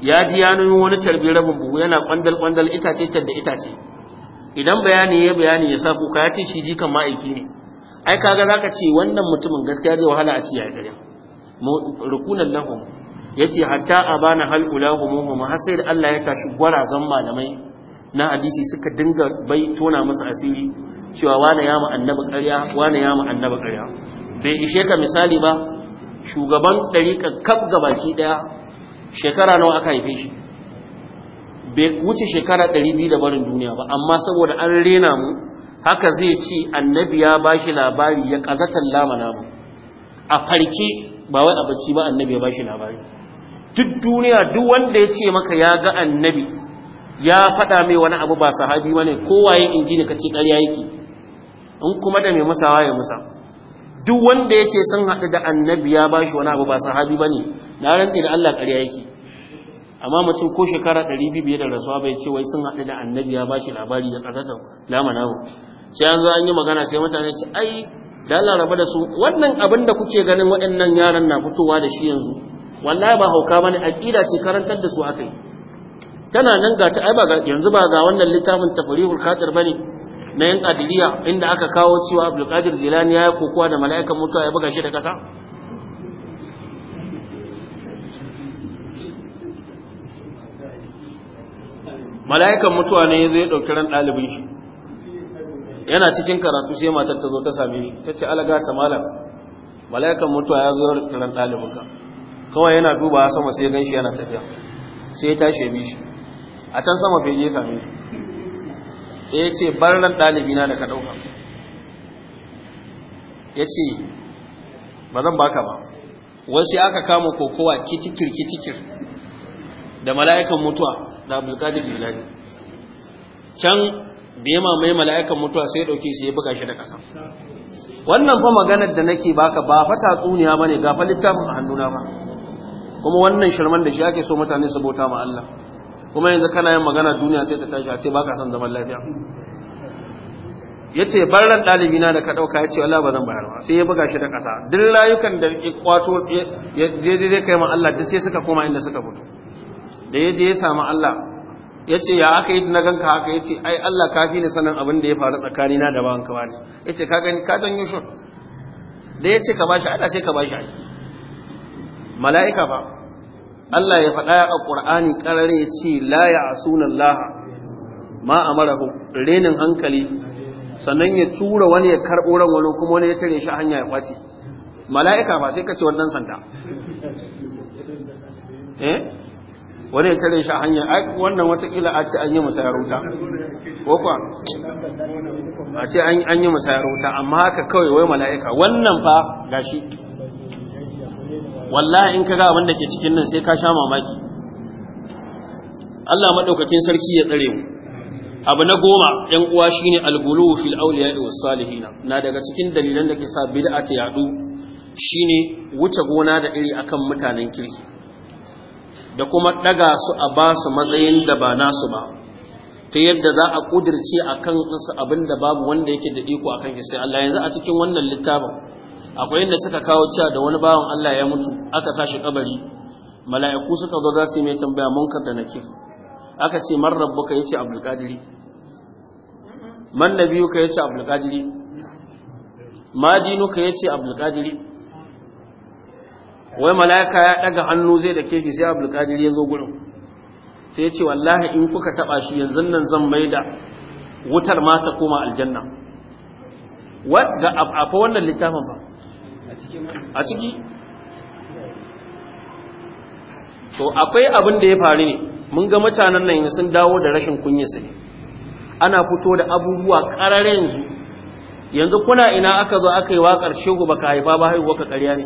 ya ji ya nuno wani tarbi rabin buhu yana kwandal kwandal itace da itace idan bayani ya bayani ya sa kuka ya ce shi jikan ma'aiki ne ai kaga zaka ce wannan mutumin gaskiya zai wahala a ci ya gare rukunan lahum ce, hatta a abana hal ulahum har sai da Allah ya tashi gwarazan malamai na hadisi suka dinga bai tona masa asiri cewa wane ya mu annabi ƙarya wane ya mu annabi ƙarya bai ishe ka misali ba shugaban ɗariƙa kaf gabaki ɗaya shekara nawa aka haife shi bai wuce shekara 200 da barin duniya ba amma saboda an rena mu haka zai ce annabi ya bashi labari ya kazatan lamana mu a farke ba wai a bacci ba annabi ya bashi labari duk duniya duk wanda ya ce maka ya ga annabi ya faɗa mai wani abu ba sahabi bane kowaye ji ne kace ƙarya yake in kuma da mai musawa ya musa duk wanda ya ce sun haɗu da annabi ya bashi wani abu ba sahabi ne na rantsi da Allah ƙarya yake amma mutum ko shekara 200 da rasuwa bai ce wai sun haɗu da annabi ya bashi labari da kasatan lamanawo sai an zo an yi magana sai mutane ce ai da Allah raba da su wannan abin da kuke ganin waɗannan yaran na fitowa da shi yanzu wallahi ba hauka ba ne aqida ce karantar da su akai tana nan ga ta ai ba yanzu ba ga wannan littafin tafrihul khatir bane na yan adiliya inda aka kawo cewa abdulkadir zilani ya yi kokowa da mala'ikan mutuwa ya buga shi da ƙasa mala'ikan mutuwa ne zai ɗauki ran ɗalibin shi yana cikin karatu sai matar ta zo ta same shi ta ce alaga ta malam mala'ikan mutuwa ya zo ran ɗalibinka kawai yana duba sama sai gan shi yana tafiya sai ya tashi ya bi shi a can sama je same shi sai ya ce bar nan na da ka ɗauka ya ce ba zan baka ba wasu aka kama kokowa kitikir kitikir da mala'ikan mutuwa da abdulkadir jilani can bai mamaye mala'ikan mutuwa sai ɗauki ɗauke sai ya buga shi da ƙasa wannan fa maganar da nake baka ba tsuniya tatsuniya ne ga fa littafin a hannuna ba kuma wannan shirman da shi ake so mutane su bauta ma Allah kuma yanzu kana yin magana duniya sai ta tashi a ce ka son zaman lafiya Ya ce barran dalibi na da ka Ya ce Allah ba zan bayar ba sai ya buga shi da ƙasa. duk rayukan da ya kwato ya je dai kai ma Allah duk sai suka koma inda suka fito da ya je ya samu Allah Ya ce ya aka yi na ganka haka ce ai Allah ka fi ni sanin abin da ya faru tsakani na da bawan ka wani ce ka gani ka yi shun da ya ce ka bashi Allah sai ka bashi mala'ika ba Allah ya faɗa a Qur'ani karare ya ce la sunan laha ma a amarahu renin hankali sannan ya tura wani ya karɓo ran wani kuma wani ya tare shi hanya ya kwace mala'ika ba sai ka ce wannan sanda eh wani ya tare shi hanya wannan watakila a ce an yi musayar wuta ko a ce an yi musayar wuta amma haka kawai wai mala'ika wannan fa gashi wallahi in ka ga abin da ke cikin nan sai ka sha mamaki Allah madaukakin sarki ya tsare mu abu na goma yan uwa shine algulu fil awliya was salihina, na daga cikin dalilan da ke sa bid'a ta yadu shine wuce gona da iri akan mutanen kirki da kuma daga su a ba su matsayin da ba nasu ba ta yadda za a kudirce akan su abin da babu wanda yake da iko akan shi sai Allah yanzu a cikin wannan littafin akwai inda suka kawo cewa da wani bawan Allah ya mutu aka sashi kabari mala'iku suka zo za su yi mai tambaya munkar da nake aka ce man rabbuka yace abul qadiri man nabiyuka yace abul qadiri ma dinuka yace abul qadiri wai mala'ika ya daga hannu zai da kefi sai abul qadiri ya zo gurin sai yace wallahi in kuka taba shi yanzu nan zan maida wutar ma ta koma aljanna wadda afa wannan littafin ba a ciki to akwai abin da ya faru ne mun ga mutanen nan sun dawo da rashin kunya ne ana fito da abubuwa ƙararren yanzu yanzu kuna ina aka zo aka yi waƙar shehu baka haifa ba haihuwa ka ƙarya ne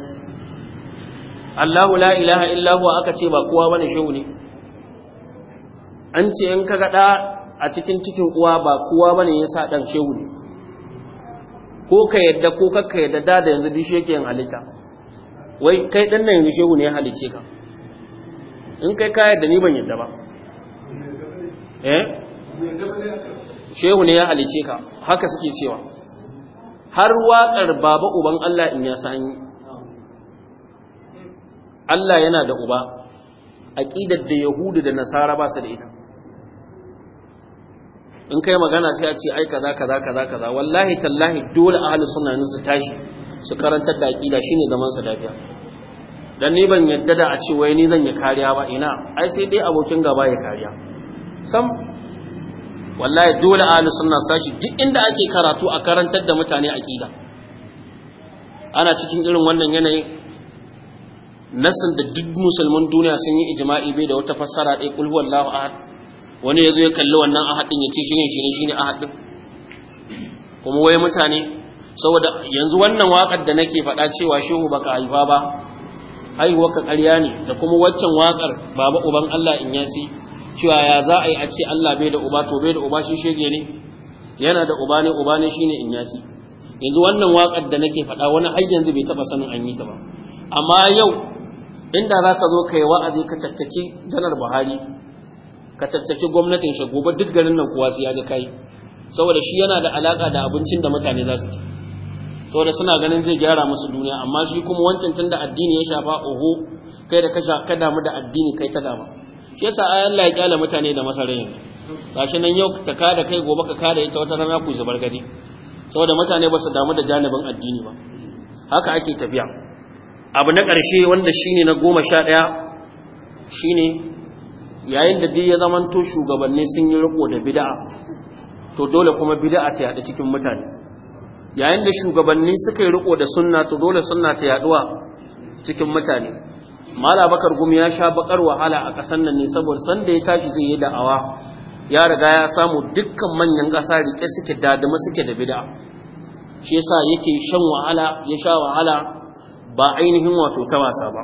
Allahu la ilaha illahu, aka ce ba kowa bane shehu ne an ce in kaga ɗa a cikin cikin uwa ba kowa bane sa ɗan shehu ne ko ka yadda ko kakka yadda da da yanzu dishe ke yin halitta wai kai ɗan nan yanzu shehu ne ya halice ka in kai ka yadda ni ban yadda ba eh shehu ne ya halice ka haka suke cewa har waƙar baba uban Allah in ya sani Allah yana da uba aqidar da yahudu da nasara ba su da ita in kai magana sai a ce ai kaza kaza kaza kaza wallahi tallahi dole ahli sunna ne su tashi su karantar da aqida shine zaman sa lafiya dan ni ban yadda da a ce wai ni zan yi kariya ba ina ai sai dai abokin gaba ya kariya sam wallahi dole ahli sunna tashi duk inda ake karatu a karantar da mutane aqida ana cikin irin wannan yanayin nasin da duk musulman duniya sun yi ijma'i bai da wata fassara ɗaya kul huwallahu ahad wani ya zo ya kalli wannan ahadin ya ce shi ne shi ne shi ne ahadin kuma wai mutane saboda yanzu wannan waƙar da nake faɗa cewa shehu baka haifa ba haihuwar ka ƙarya ne da kuma waccan waƙar baba uban Allah in yasi cewa ya za a yi a ce Allah bai da uba to bai da uba shi shege ne yana da uba ne uba ne shine in yasi yanzu wannan waƙar da nake faɗa wani har yanzu bai taɓa sanin an yi ta ba amma yau inda za ka zo ka yi wa'azi ka tattake janar buhari ka tattaki gwamnatin shi gobe duk garin nan kuwa sai ya ga kai saboda shi yana da alaka da abincin da mutane za su ci saboda suna ganin zai gyara musu duniya amma shi kuma wancan tunda addini ya shafa oho kai da ka damu da addini kai ta dama shi yasa Allah ya kyale mutane da masarai gashi nan yau ta kada kai gobe ka kada ita wata rana ku zubar gari. saboda mutane ba su damu da janibin addini ba haka ake tafiya abu na ƙarshe wanda shine na goma sha ɗaya shine yayin da biyu ya zamanto shugabanni sun yi riko da bid'a to dole kuma bid'a ta yada cikin mutane yayin da shugabanni suka yi riko da sunna to dole sunna ta yaduwa cikin mutane mala bakar gumi ya sha bakar wahala a kasan nan ne saboda sanda ya tashi zai yi da'awa ya riga ya samu dukkan manyan ƙasa rike suke dadama suke da bid'a shi yasa yake shan wahala ya sha wahala ba ainihin wato ta wasa ba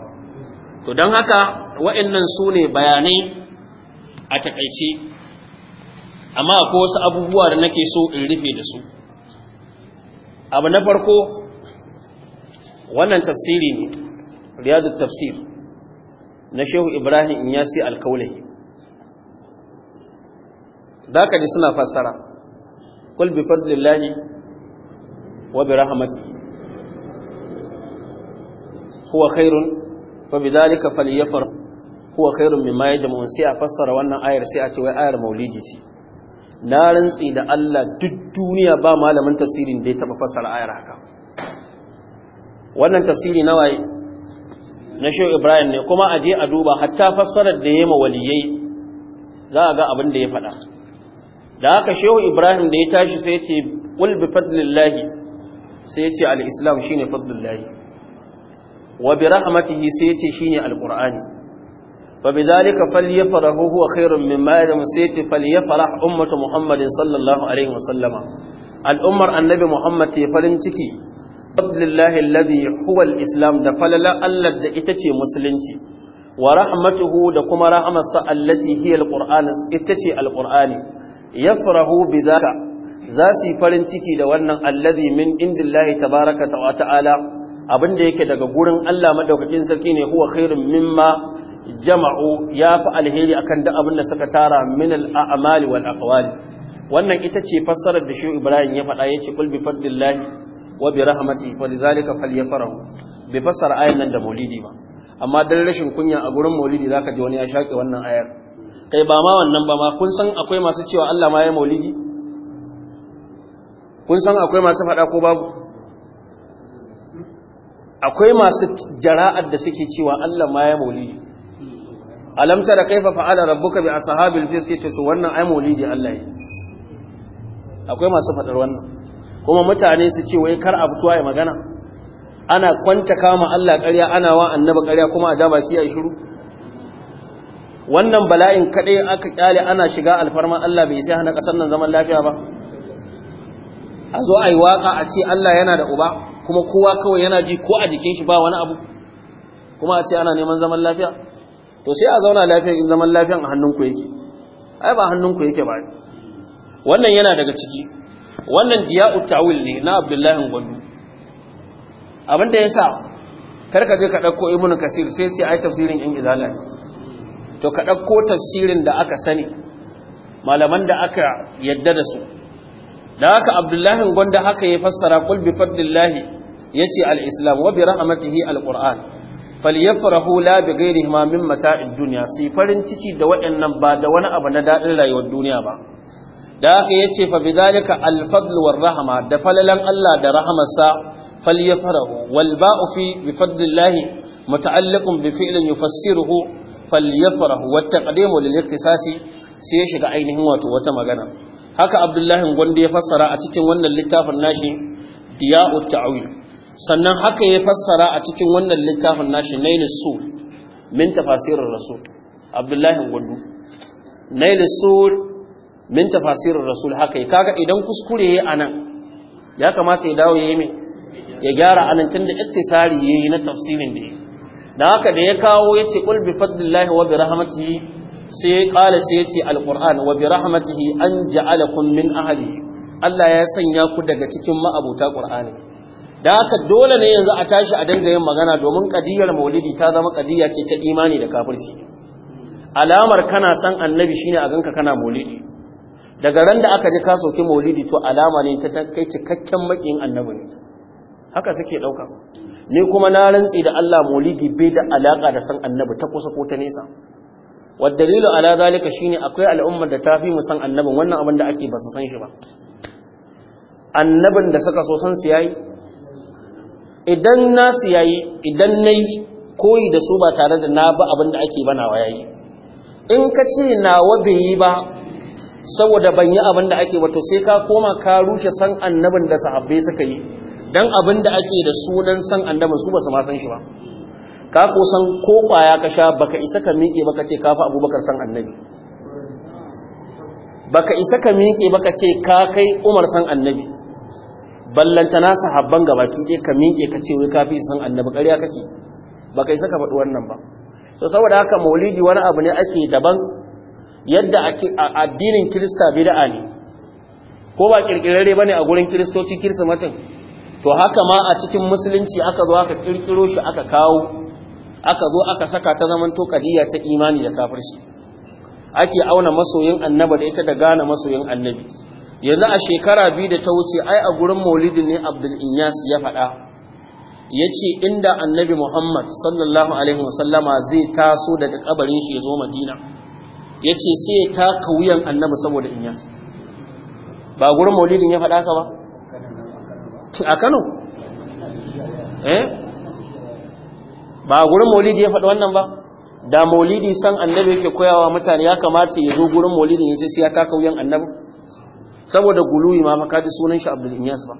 to don haka wa'annan su ne bayanai a takaice amma akwai wasu abubuwa da nake so in rufe da su abu na farko wannan tafsiri ne riyadu tafsir na shehu ibrahim in yasi alkaulai da ka ji suna fassara kul bi fadlillahi wa bi rahmati huwa khairun fa dhalika falyafrah huwa khairun mimma yajma'un sai a fassara wannan ayar sai a ce wai ayar maulidi ce na rantsi da Allah duk duniya ba malamin tafsirin da ya taba fassara ayar haka wannan tafsiri na waye na Shehu Ibrahim ne kuma aje a duba hatta fassarar da yayi waliyai za a ga abin da ya faɗa da haka Shehu Ibrahim da ya tashi sai ya ce qul bi fadlillahi sai ya ce al-islam shine fadlullahi wa bi rahmatihi sai ya ce shine al-qur'ani فبذلك فليفرح هو خير مما يمسيت فليفرح أمة محمد صلى الله عليه وسلم الأمر النبي محمد فلنتكي فضل الله الذي هو الإسلام دفلل ألد إتتي مسلنتي ورحمته دكما رحمة التي هي القرآن إتتي القرآن يفرح بذلك ذاسي فلنتكي دوانا الذي من عند الله تبارك وتعالى abin da yake daga gurin Allah madaukakin sarki ne huwa khairun mimma jama'u ya fi alheri akan da abin da suka tara min al'amali wal aqwali wannan ita ce fassarar da shi Ibrahim ya faɗa yace qul bi fadlillahi wa bi ya fara falyafrahu bai fassara ayan nan da maulidi ba amma dan rashin kunya a gurin maulidi zaka ji wani ya shaƙe wannan ayar kai ba ma wannan ba ma kun san akwai masu cewa Allah ma ya maulidi kun san akwai masu faɗa ko babu akwai masu jara'ar da suke cewa Allah ma ya maulidi alam tara kaifa fa'ala rabbuka bi ashabil fil sai to wannan ai maulidi Allah ne akwai masu fadar wannan kuma mutane su ce wai kar a fito magana ana kwanta kama Allah ƙarya ana wa annabi ƙarya kuma a daba sai ai shiru wannan bala'in kadai aka kyale ana shiga alfarma Allah bai sai hana kasar nan zaman lafiya ba a zo ai waka a ce Allah yana da uba kuma kowa kawai yana ji ko a jikin shi ba wani abu kuma a ce ana neman zaman lafiya to sai a zauna lafiyar in zaman lafiyan a hannunku yake ai ba hannunku yake ba wannan yana daga ciki wannan diya'u tawil ne na abdullahi gwandu abinda ya sa karka je ka ɗauko ibn kasir sai sai ai tafsirin yan izala to ka ɗauko tafsirin da aka sani malaman da aka yadda da su da haka abdullahi gwanda haka ya fassara qul bi ya yace al-islam wa bi rahmatihi al-qur'an falyafrahu la bighairi ma min mata'id dunya sai farin ciki da waɗannan ba da wani abu na dadin rayuwar duniya ba da haka yace fa bidalika al-fadl rahma da falalan Allah da rahamarsa falyafrahu wal ba'u fi bi fadlillahi muta'alliqun bi fi'lin yufassiruhu falyafrahu wat taqdimu sai ya shiga ainihin wato wata magana haka abdullahi gwanda ya fassara a cikin wannan littafin nashi diya'ut ta'wil sannan haka ya fassara a cikin wannan littafin nashi nailus sul min tafasirin rasul abdullahi gwandu nailus sul min tafasirin rasul haka ya kaga idan kuskure ya anan ya kamata ya dawo ya yi ya gyara anan tun da ittisari ya yi na tafsirin da ya da haka da ya kawo ya ce ƙulbi fadlillahi wa bi rahmatihi sai ya ƙala sai ya ce alƙur'an wa bi rahmatihi an ja'alakum min ahli Allah ya sanya ku daga cikin ma'abuta ƙur'ani da haka dole ne yanzu a tashi a danga yin magana domin kadiyar maulidi ta zama kadiya ce ta imani da kafirci alamar kana san annabi shine a ganka kana maulidi daga ran da aka ji ka soki maulidi to alama ne ta kai cikakken makin annabi ne haka suke dauka ni kuma na rantsi da Allah maulidi bai da alaka da san annabi ta kusa ko ta nesa dalilu ala zalika shine akwai al'ummar da tafi mu san annabin wannan abin da ake ba su san shi ba annabin da suka so san su yayi idan nasu yi, idan nayi koyi da su ba tare da na ba abin da ake banawa yayi in ka ce nawa bai yi ba saboda ban yi abin da ake wato sai ka koma ka rushe san annabin da sahabbai suka yi dan abin da ake da sunan san annabin su ba su ma san shi ba ka san ko kwaya ka sha baka isa ka miƙe baka ce ka fi abubakar san annabi baka isa ka miƙe baka ce ka kai umar san annabi ballanta na sahabban baki dai ka miƙe ka ce wai kafi san annabi ƙarya kake ba kai saka faɗi wannan ba so saboda haka maulidi wani abu ne ake daban yadda addinin kirista bid'a ne ko ba kirkirare bane a gurin kiristoci kirsimatin to haka ma a cikin musulunci aka zo aka kirkiro shi aka kawo aka zo aka saka ta zaman to kadiya ta imani da kafirci ake auna masoyin annabi da ita da gane masoyin annabi yanzu a shekara biyu da ta wuce ai a gurin maulidin ne abdul inyas ya faɗa ya ce inda annabi muhammad sallallahu alaihi wasallama zai taso daga kabarin shi ya zo madina ya ce sai ya taka wuyan annabi saboda inyas ba gurin maulidin ya faɗa ka ba a kano eh? ba gurin maulidi ya faɗi wannan ba da maulidi san annabi yake koyawa mutane ya kamata ya zo gurin maulidin ya ce sai ya taka wuyan annabi saboda guluwi ma fa kaji sunan shi Abdul Inyas ba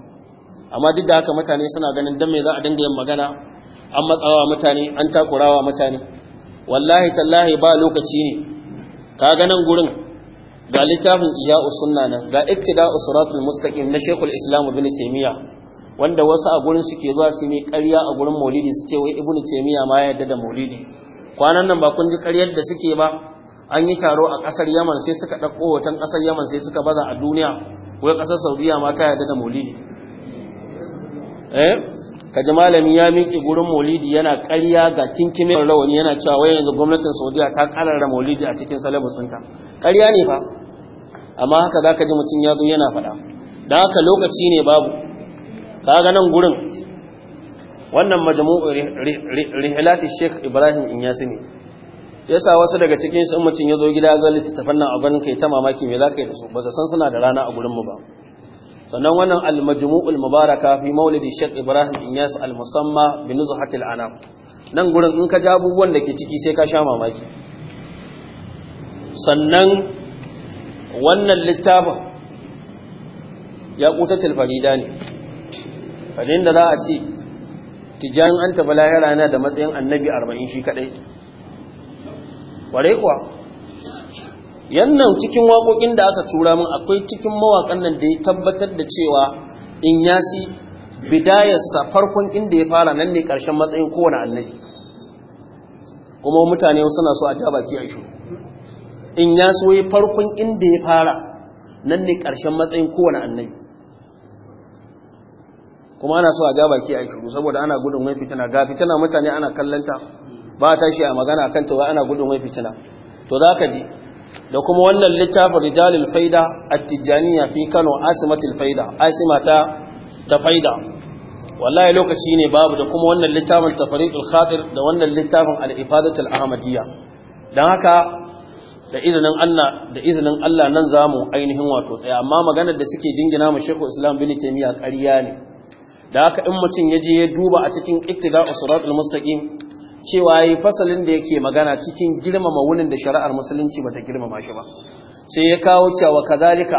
amma duk da haka mutane suna ganin dan me za a dinga yin magana an matsawa mutane an takurawa mutane wallahi tallahi ba lokaci ne ka ga nan gurin ga littafin iya usunna nan ga ittida'u siratul mustaqim na Sheikhul Islam Ibn taymiya wanda wasu a gurin suke zuwa su ne ƙarya a gurin maulidi suke wai Ibn taymiya ma ya yarda da maulidi kwanan nan ba kun ji ƙaryar da suke ba an yi taro a kasar yaman sai suka ɗauko hoton ƙasar yaman sai suka baza a duniya wai ƙasar saudiya ma ta yarda da maulidi eh? Ka kaji malami ya miƙe gurin maulidi yana ƙarya ga kinkimin rawani yana cewa wai yanzu gwamnatin saudiya ta ƙarara maulidi a cikin salabusunta ƙarya ne fa amma haka za ka ji mutum ya zo yana faɗa don haka lokaci ne babu kaga nan gurin wannan majamu rihlati shek Ibrahim Inyasi ne sai sa wasu daga cikin sun mutum ya zo gida ga littattafan nan a ganin kai ta mamaki mai zaka yi da su ba su san suna da rana a gurinmu ba sannan wannan al mubaraka fi maulidi Sheikh Ibrahim Inyas al Bin bi nuzhatil anam nan gurin in ka ji abubuwan da ke ciki sai ka sha mamaki sannan wannan littafin ya kutatul farida ne fadin da za a ce tijan an tafi lahira na da matsayin annabi arba'in shi kadai Kware kuwa yannan cikin waƙoƙin da aka tura mun akwai cikin mawaƙan nan da ya tabbatar da cewa in yasi bidayarsa farkon inda ya fara nan ne ƙarshen matsayin kowane annabi kuma mutane suna so a ja baki a in ya so yi farkon inda ya fara nan ne ƙarshen matsayin kowane annabi kuma ana so a ja baki a saboda ana gudun wani fitina ga fitina mutane ana kallanta ba ta shi a magana kan to ana gudun mai fitina to za ka ji da kuma wannan littafin rijalil faida a tijaniya fi Kano asimatul faida asimata ta faida wallahi lokaci ne babu da kuma wannan littafin tafriqul khatir da wannan littafin al-ifadatul ahmadiyya Don haka da izinin Allah da izinin Allah nan zamu ainihin wato tsaye, amma maganar da suke jingina wa Sheikh Islam bin Taymiyyah ƙarya ne da haka in mutum ya je ya duba a cikin iktida usratul mustaqim cewa ya yi fasalin da yake magana cikin girmama wunin da shari'ar musulunci ba ta girmama shi ba sai ya kawo cewa kazalika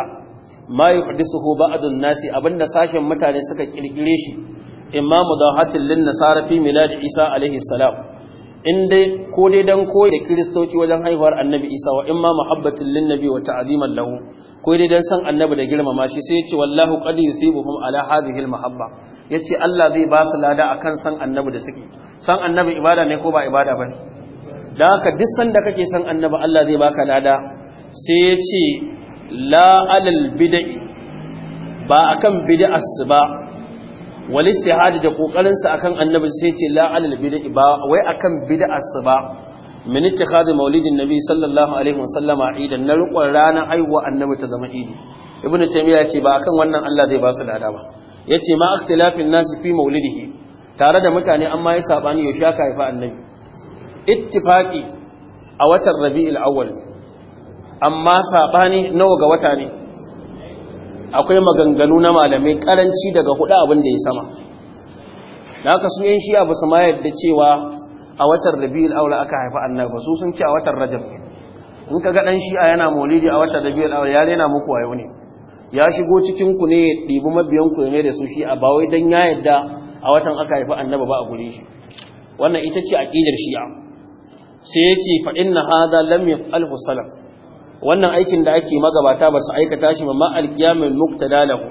ma yuhdithu ba'dun nasi abinda sashen mutane suka kirkire shi imma mudahatil lin nasara fi milad isa alaihi salam in dai ko dai dan koyi da kiristoci wajen haihuwar annabi isa wa imma muhabbatin lin nabi wa ta'ziman lahu ko dai dan san annabi da girmama shi sai yace wallahu qad yusibuhum ala hadhihi almahabba yace Allah zai ba su lada akan san annabi da suke san annabi ibada ne ko ba ibada ba ne? dan haka duk san da kake san annabi Allah zai baka lada sai yace la alal bid'i ba akan bid'as ba wal istihada da kokarin sa akan annabi sai yace la alal bid'i ba wai akan bid'arsa ba min ittikhadhi maulidin nabi sallallahu alaihi wasallama idan na rikon ranar aiwa annabi ta zama idi ibn ya ce ba akan wannan Allah zai ba su lada ba yace ma ikhtilafin nas fi maulidihi tare da mutane amma ya sabani ya shaka haifa annabi ittifaqi a watan rabi'ul awwal amma sabani nawa ga wata ne akwai maganganu na malamai karanci daga hudu abin da ya sama da haka su yan shi'a ba su ma yadda cewa a watan rabiul aula aka haifa annabi ba su sun ce a watan rajab in ka ga dan shi'a yana maulidi a watan rabiul aula ya rena muku wayo ne ya shigo cikin ku ne ɗibi mabiyan ku ne da su shi'a ba wai dan ya yadda a watan aka haifa annabi ba a gure shi wannan ita ce aqidar shi'a sai yace fa inna hadha lam yaf'alhu salaf wannan aikin da ake magabata ba su aikata shi ba ma alqiyamul muqtada lahu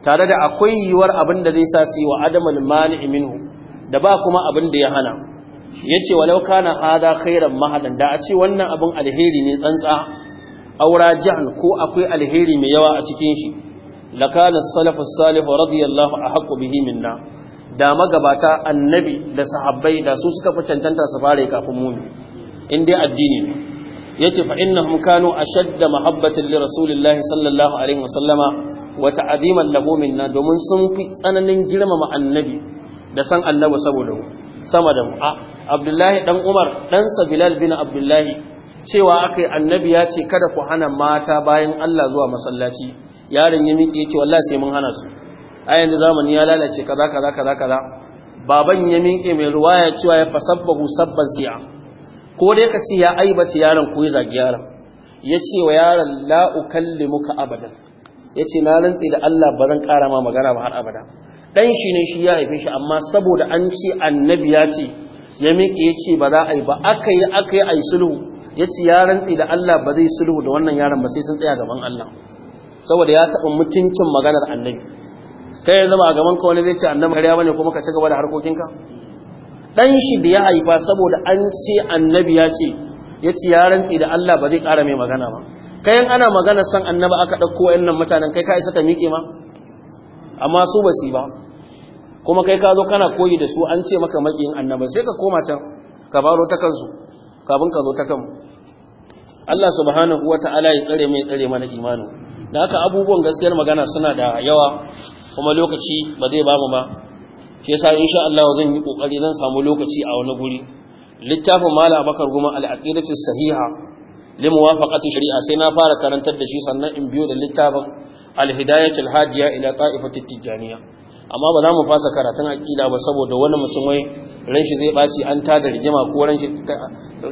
tare da akwai yiwuwar abin da zai sa su yi wa adamul mani'i minhu da ba kuma abin da ya hana yace walau kana hada khairan mahadan da a ce wannan abin alheri ne tsantsa aura jahan ko akwai alheri mai yawa a cikin shi lakana salafus Salihu radiyallahu ahqqu bihi minna da magabata annabi da sahabbai da su suka fi cancanta su fara kafin mu in dai addini ne yace fa innahum kanu ashadda mahabbatan li rasulillahi sallallahu alaihi wasallama wa ta'ziman lahu minna domin sun fi tsananin girmama annabi da san annabi saboda mu sama da mu abdullahi dan umar sa bilal bin abdullahi cewa akai annabi ya ce kada ku hana mata bayan allah zuwa masallaci yaron ya miƙe ya ce wallahi sai mun hana su a yanzu zamani ya lalace kaza kaza kaza kaza baban ya miƙe mai ruwaya cewa ya fasabbahu sabban siya ko dai ka ce ya aibata yaron ko ya zagi yaron ya ce wa yaron la muka abadan ya ce na rantsi da Allah ba zan ƙara ma magana ba har abada dan shi ne shi ya haife shi amma saboda an ce annabi ya ce ya miƙe ya ce ba za a yi ba aka yi aka yi a yi sulhu ya ce ya rantsi da Allah ba zai sulhu da wannan yaron ba sai sun tsaya gaban Allah saboda ya taɓa mutuncin maganar annabi kai yanzu ba a gaban ka wani zai ce annabi ƙarya bane kuma ka ci gaba da harkokinka dan shi da ya haifa saboda an ce annabi ya ce ya ce ya rantsi da Allah ba zai ƙara mai magana ba kayan ana magana san annaba aka ɗauko wayannan mutanen kai ka isa ka miƙe ma amma su ba su ba kuma kai ka zo kana koyi da su an ce maka makiyin annaba sai ka koma can ka baro ta kansu kafin ka zo ta kan Allah subhanahu wata'ala ya tsare mai tsare mana imani da haka abubuwan gaskiyar magana suna da yawa kuma lokaci ba zai bamu ba shi yasa insha Allah zan yi kokari zan samu lokaci a wani guri littafin malam bakar Guma al-Aqidatu sahiha li muwafaqati shari'a sai na fara karantar da shi sannan in biyo da littafin al hidayatul hadiya ila ta'ifati amma ba za mu fasa karatun aƙida ba saboda wani mutum wai ran shi zai ɓaci an ta da rigima ko ran shi ka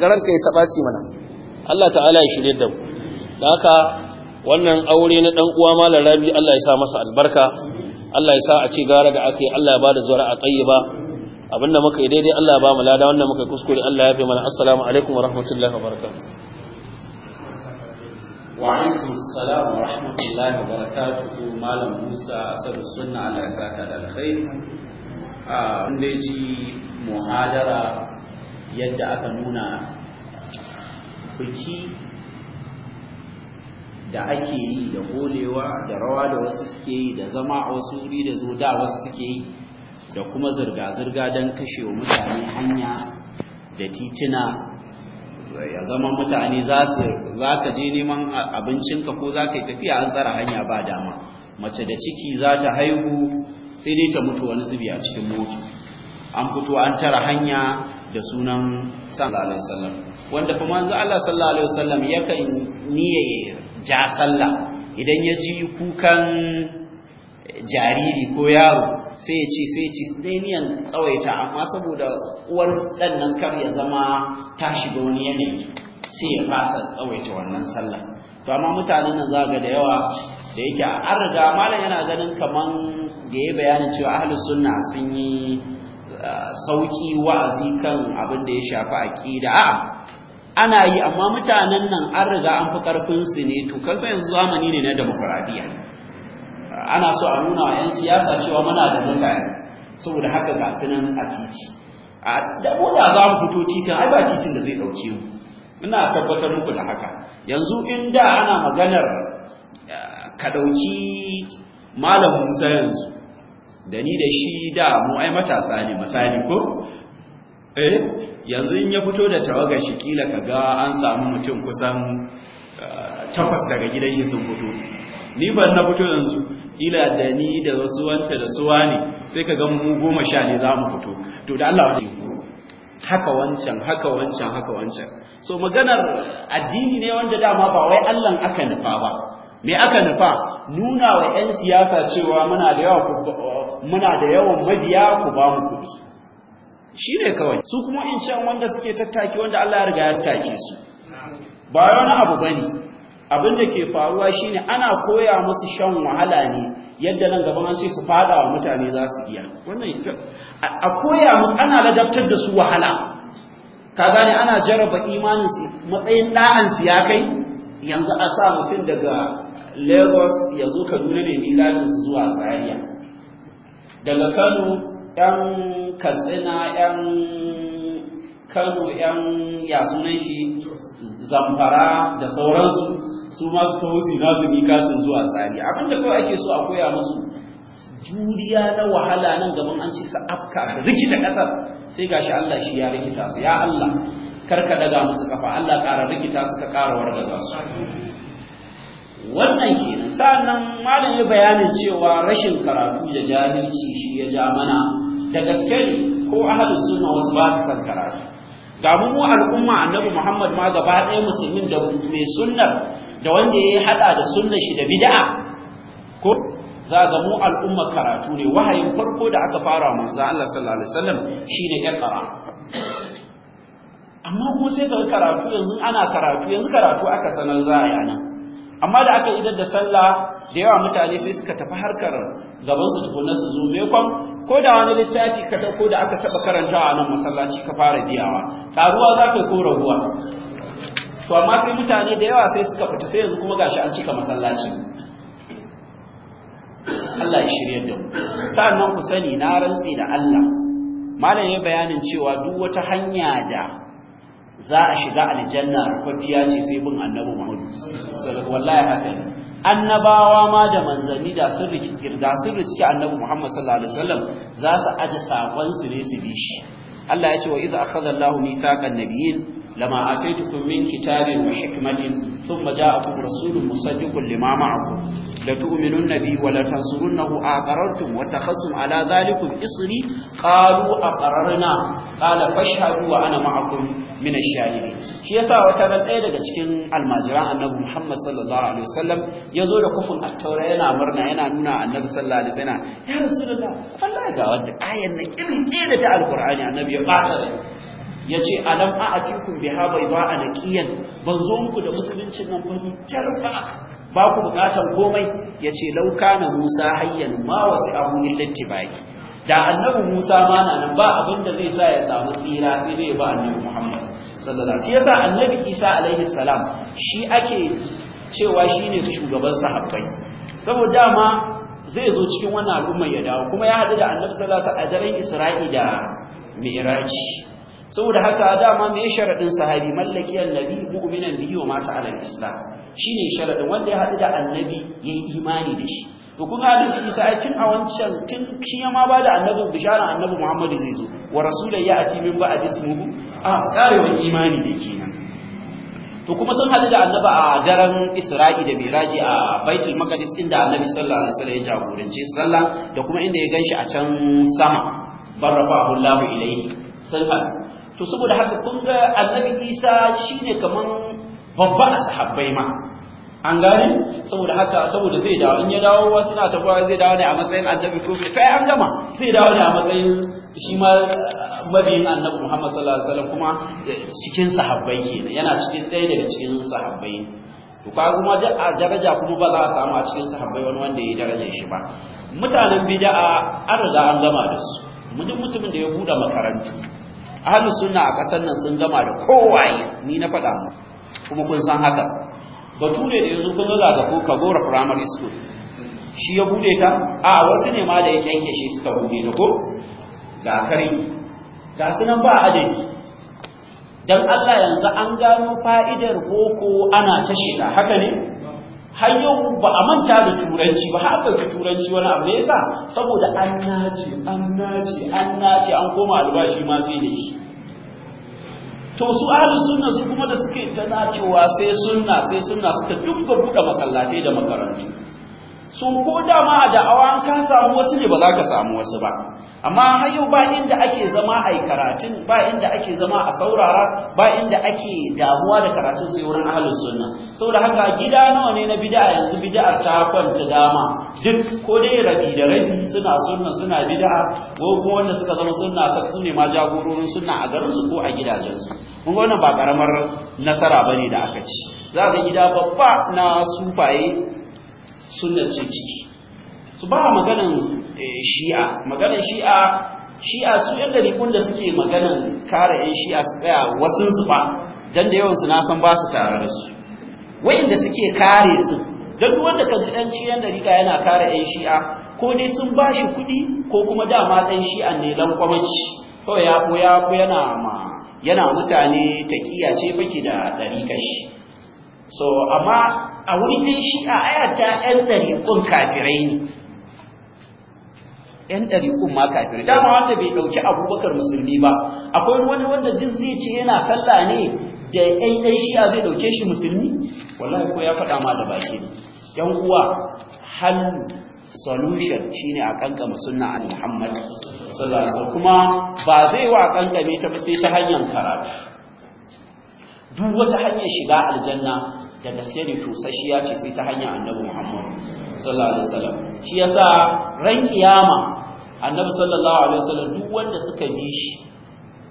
yi ta ɓaci mana Allah ta'ala ya shirye da mu da haka wannan aure na ɗan uwa malam larabi Allah ya sa masa albarka Allah ya sa a ci gara da aka yi Allah ya ba da a zuri'a tayyiba abinda muka yi daidai Allah ya ba mu lada wannan muka kuskure Allah ya fi mana assalamu alaikum wa rahmatullahi wa barakatuh وعليكم السلام ورحمة الله وبركاته مالم موسى أسر السنة على على الخير نجي محاضرة يد أكنونا بكي da ake yi da golewa da rawa da wasu suke yi da zama a wasu wuri da zo da wasu suke yi da kuma zirga-zirga don kashe wa mutane hanya da titina ya zama mutane za ka je neman abincinka ko za ka yi tafiya an tsara hanya ba dama mace da ciki za ta haihu sai dai ta mutu wani zubi a cikin mota an fito an tara hanya da sunan sallallahu alaihi wasallam wanda kuma manzo Allah sallallahu alaihi wasallam yakan niyya ja sallah idan ya ji kukan jariri ko yaro sai ya ci sai ya ci dai niyan tsawaita amma saboda uwar dan nan kar ya zama ta shiga wani yanayi sai ya fasa kawaita wannan sallah to amma mutanen nan zaga da yawa da yake an riga malam yana ganin kaman da ya bayani cewa ahlus sunna sun yi ah, sauki wa'azi kan abin da ya shafi aqida a'a ana yi amma mutanen nan an riga an fi karfin su ne to kansa yanzu zamani ne na demokradiyya ana so a nuna wa 'yan siyasa cewa muna da mutane saboda haka ga sunan a titi a da za mu fito titin ai ba titin da zai ɗauke mu ina tabbatar muku da haka yanzu in da ana maganar ka ɗauki malam musa yanzu da ni da shi da mu ai matasa ne misali ko eh yanzu in ya fito da tawagar shi kila ga an samu mutum kusan eh, takwas daga gidan shi sun fito ni ban na fito yanzu kila da ni da wasu wance da suwa ne sai ka gan mu goma sha ne za mu fito to da Allah wani haka wancan haka wancan haka wancan so maganar addini ne wanda dama ba wai Allah aka nufa ba me aka nufa nuna wa 'yan siyasa cewa muna da yawa muna da yawan mabiya ku ba mu kuɗi shi ne kawai su kuma in shan wanda suke tattaki wanda Allah ya riga ya tattake su ba wani abu bane abin da ke faruwa shine ana koya musu shan wahala ne yadda nan gaban an ce su fada wa mutane za su iya wannan a koya musu ana ladabtar da su wahala ka gane ana jaraba imanin su matsayin da'an su ya kai yanzu a sa mutum daga Lagos ya zo Kaduna ne su zuwa Zaria daga Kano yan Katsina yan Kano yan ya sunan shi Zamfara da sauransu su ma su tausi za su kasin zuwa tsari abinda kawai ake so a koya musu juriya na wahala nan gaban an ce su afka su rikita kasar sai gashi Allah shi ya rikita su ya Allah karka daga musu kafa Allah kara rikita su ka ƙara wargaza su wannan kenan sa'annan malam ya bayanin cewa rashin karatu da jahilci shi ya ja mana da gaske ne ko ahlus sunna wasu ba su san karatu ga mu al'umma annabi Muhammad ma gaba ɗaya musulmin da mai sunnar da wanda ya hada da sunna shi da bid'a ko za ga mu al'umma karatu ne wahayin farko da aka fara manzo Allah sallallahu alaihi wasallam shine iqra amma ko sai ga karatu yanzu ana karatu yanzu karatu aka sanar za a yana amma da aka idar da sallah da yawa mutane sai suka tafi harkar gaban su tukunna su zo mekon ko da wani littafi ka ko da aka taba karanta a nan masallaci ka fara biyawa karuwa za ka ko raguwa to amma sai mutane da yawa sai suka fita sai yanzu kuma gashi an cika masallaci Allah ya shirye da mu nan ku sani na rantsi da Allah malam ya bayanin cewa duk wata hanya da za a shiga aljanna kwafiya ce sai bin annabi Muhammad wallahi haka ne annabawa ma da manzanni da sun riki da sun riki annabi Muhammad sallallahu alaihi wasallam za su aje sakon su ne su bi shi Allah ya ce wa idza akhadha Allahu mithaqan nabiyyin لما آتيتكم من كتاب وحكمة ثم جاءكم رسول مصدق لما معكم لتؤمنن به ولتنصرنه أقررتم واتخذتم على ذلكم إصري قالوا أقررنا قال فاشهدوا وأنا معكم من الشاهدين شي يسا وتبل ɗaya daga cikin almajiran annabi Muhammad sallallahu alaihi wasallam yazo da kufin attaura yana murna yana nuna a sallallahu alaihi wasallam ya rasulullah wallahi ga wanda ayan nan irin ɗaya da ta alqur'ani annabi ya bata ya ce alam a atikun bi ha bai ba a naƙiyan ban zo muku da musuluncin nan ba tar ba ba ku buƙatar komai ya ce lauka na musa hayyan ma wasu abu illatti baki da annabi musa ma na nan ba abin da zai sa ya samu tsira sai dai ba annabi muhammad sallallahu alaihi yasa annabi isa alaihi salam shi ake cewa shine shugaban sahabbai saboda dama zai zo cikin wannan al'umma ya dawo kuma ya haɗu da annabi sallallahu alaihi wasallam a daren isra'i da mi'raji saboda haka dama me sharadin sahabi mallaki annabi mu'minan biyu wa mata alal islam shine sharadin wanda ya hadu da annabi yayi imani da shi to kun hadu Isa a tun a wancan tun shi ma ba da annabi bisharan annabi Muhammad zai zo wa rasulai ya ati min a dismu a karewan imani da kenan to kuma sun hadu da annabi a daren Isra'i da Miraji a Baitul Maqdis inda annabi sallallahu alaihi wasallam ya jagorance sallah da kuma inda ya ganshi a can sama barrafa Allahu ilayhi sallallahu to saboda haka kun ga annabi isa ne kaman babba a sahabbai ma an gane saboda haka saboda zai dawo in ya dawo wasu suna tafiya zai dawo ne a matsayin annabi ko kai an gama zai dawo ne a matsayin shi ma uh, mabiyin annabi Muhammad sallallahu alaihi wasallam kuma cikin sahabbai kenan yana cikin ɗaya daga cikin sahabbai to ka kuma da a daraja kuma ba za a samu a cikin sahabbai wani wanda ya daraja shi ba mutanen bid'a an riga an gama da su mutum mutumin da ya buɗe makarantu ahlu sunna a kasar nan sun gama da kowaye ni na faɗa mu kuma kun san haka bature da yanzu kun ga ka kagora primary school shi ya bude ta a wasu ne ma da ya shi suka bude da ko ga kare ga su nan ba adadi dan Allah yanzu an gano fa'idar boko ana ta shiga haka ne har yau ba a manta da turanci ba haka ɗauki turanci wani abu da yasa saboda an nace an nace an nace an koma albashi ma sai da shi to su ahli sunna su kuma da suke ta nacewa sai sunna sai sunna suka dubba buɗe masallatai da makarantu su ko dama a da'awa an ka samu wasu ne ba za ka samu wasu ba amma har yau ba inda ake zama a karatun ba inda ake zama a saurara ba inda ake damuwa da karatun sai wurin ahlus sunna saboda haka gida nawa ne na bid'a yanzu bid'a ta kwanta dama duk ko dai rabi da rabi suna sunna suna bid'a ko ko wanda suka zama sunna sa su ne ma jagororin sunna a garin su ko a gidajen su mun wannan ba karamar nasara bane da aka ci za ga gida babba na sufaye sunna ce ciki su ba maganan eh, shi'a maganan shi'a shi'a su yadda rikun da suke maganan kare yan shi'a su tsaya wasu su ba don da yawansu na san ba su tare da su wayanda suke kare su don duk wanda ka ji ɗan da rika yana kare yan shi'a ko dai sun ba shi kuɗi ko kuma dama ɗan shi'a ne kwamaci kawai ya ko ya ko yana ma yana mutane taƙiya ce baki da ɗarikar shi so amma a wurin shi'a aya ta ‘yan ɗarikun kafirai ne yan ɗariƙun ma kafirai dama wanda bai ɗauki abubakar musulmi ba akwai wani wanda duk zai ce yana sallah ne da ɗan ɗan shi'a zai ɗauke shi musulmi wallahi ko ya faɗa ma da baki yan uwa hal solution shi ne a kankama sunna an muhammad sallallahu kuma ba zai wa kankame ta fi sai ta hanyar karatu duk wata hanyar shiga aljanna da gaske ne tosashiya ce sai ta hanyar annabi muhammad sallallahu alaihi wasallam shi yasa ran kiyama annabi sallallahu alaihi wasallam duk wanda suka bi shi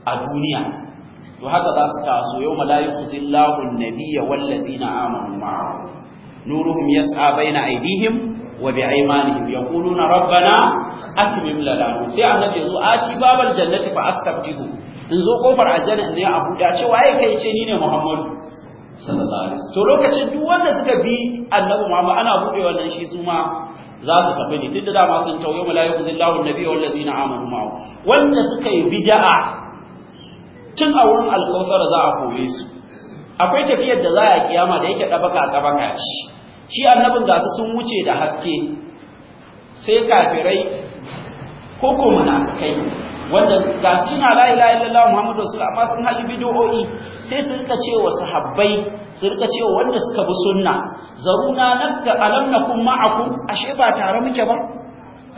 a duniya to haka za su taso yau malaiku zillahu annabiyya wallazina amanu ma'ahu nuruhum yas'a baina aydihim wa bi'aymanihim yaquluna rabbana atmim lana sai annabi yazo aci babal jannati fa astabtihu in zo kofar aljanna ne a buɗe ce waye kai ce ni ne muhammadu sallallahu alaihi wasallam to lokacin duk wanda suka bi annabi muhammad ana buɗe wannan shi su ma za su tafi ne duk da dama sun tau yau la yukhzi Allahu nabi wa wal na amanu ma'u wanda suka yi bid'a tun a wurin alkawthar za a kore su akwai tafiyar da za a kiyama da yake ɗabaka dabaka ci shi annabin gasu sun wuce da haske sai kafirai ko ko kai. wanda ga suna la ilaha illallah muhammadu rasul amma sun hali bid'o'i sai su rika cewa sahabbai su rika cewa wanda suka bi sunna zaruna nakka alam nakum ma'akum ashe ba tare muke ba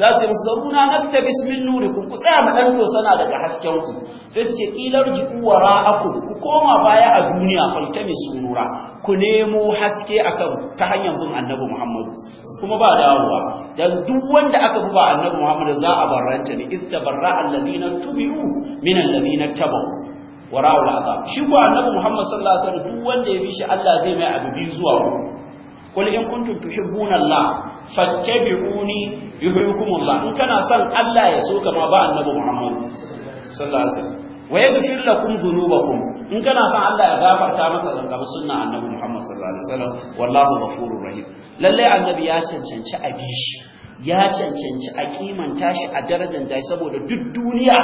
za su yi musu zaruna nakta bismin nurikum ku tsaya mu sana daga hasken ku sai su ce kilar ji'u wara'akum ku koma baya a duniya faltami sunura ku nemo haske akan ta hanyar bin annabi Muhammadu. kuma ba dawowa dan duk wanda aka bi ba annabi Muhammadu za a barranta ne idza barra alladhina tubiru, min alladhina tabu wara'ul azab shi ko annabi Muhammad sallallahu alaihi wasallam duk wanda ya bi shi Allah zai mai abu biyu zuwa uku qul in kuntum tuhibbuna Allah fattabi'uni yuhibbukumullah in kana son Allah ya so ba annabi Muhammad sallallahu alaihi wasallam wa yaghfir lakum dhunubakum in kana son Allah ya gafarta maka zanga sunna annabi Muhammad sallallahu alaihi wasallam wallahu rahim Lallai annabi ya cancanci abishi ya cancanci a kimanta shi a darajar shi saboda duk duniya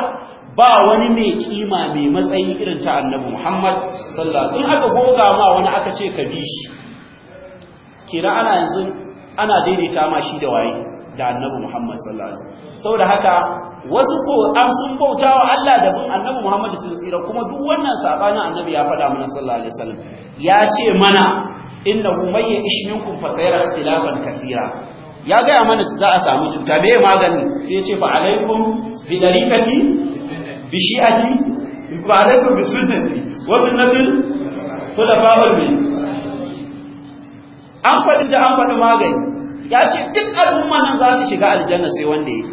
ba wani mai kima mai matsayi irin ta annabi Muhammad sallallahu alaihi wasallam in aka goga ma wani aka ce ka bi shi kenan ana yanzu ana daidaita ma shi da waye da annabi Muhammad sallallahu alaihi wasallam saboda haka wasu ko an sun bauta wa Allah da bin annabi Muhammad sun tsira kuma duk wannan sabanin annabi ya faɗa mana sallallahu alaihi wasallam ya ce mana innahu may ya'ish minkum fa sayara ikhtilafan kaseera ya gaya mana za a samu cuta me magani sai ya ce fa alaikum bi dariqati bi shi'ati wa alaikum bi sunnati wa sunnatul khulafa'ul bi an faɗi da an faɗi magani ya ce duk al'umma nan za su shiga aljanna sai wanda ya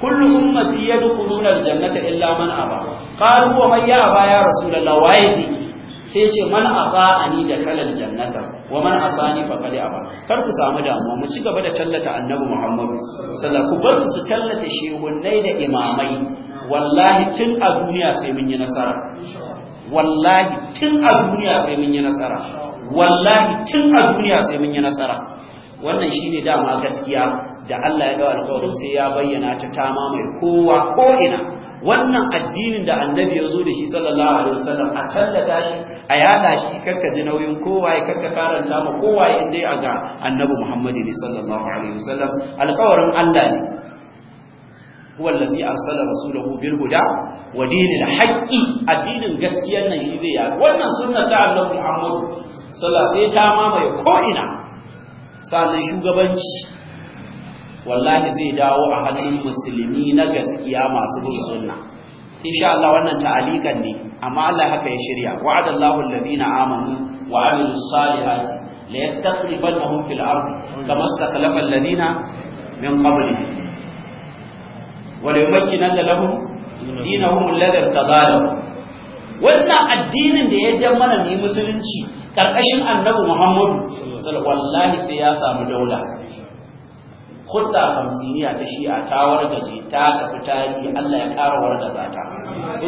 kullu ummati yadkhuluna aljannata illa man aba qalu wa man aba ya rasulullah wa yati sai ce man aba ani da kalal jannata wa man asani fa qali aba kar ku samu damuwa mu ci gaba da tallata annabi muhammadu sallallahu ku bar su tallata shehunnai da imamai wallahi tun a duniya sai mun yi nasara wallahi tun a duniya sai mun yi nasara wallahi tun a duniya sai mun yi nasara wannan shine dama gaskiya da Allah ya dawo alƙawarin sai ya bayyana ta ta mai kowa ko ina wannan addinin da annabi ya zo da shi sallallahu alaihi wasallam a tallata shi a yada shi karka ji nauyin kowa ya karka karanta ma kowa in dai a ga annabi Muhammad sallallahu alaihi wasallam alƙawarin Allah ne huwa allazi arsala rasulahu bil huda wa dinil haqqi addinin gaskiyan nan shi zai ya wannan sunna ta annabi Muhammad sallah sai ta mamaye ko'ina sannan shugabanci wallahi zai dawo a hannun musulmi na gaskiya masu bin sunna insha Allah wannan ta'alikan ne amma Allah haka ya shirya wa'adallahu alladhina amanu wa amilus salihati la yastakhlifannahum fil ardi kama istakhlafa alladhina min qablihim wa la yumakkinanna lahum dinahum alladhi tadalahum wannan addinin da ya jammana ne musulunci ƙarƙashin annabi muhammadu wallahi sai ya samu daula hudda hamsiniya ta shi'a ta wargaje ta tafi tarihi allah ya ƙara wargaza ta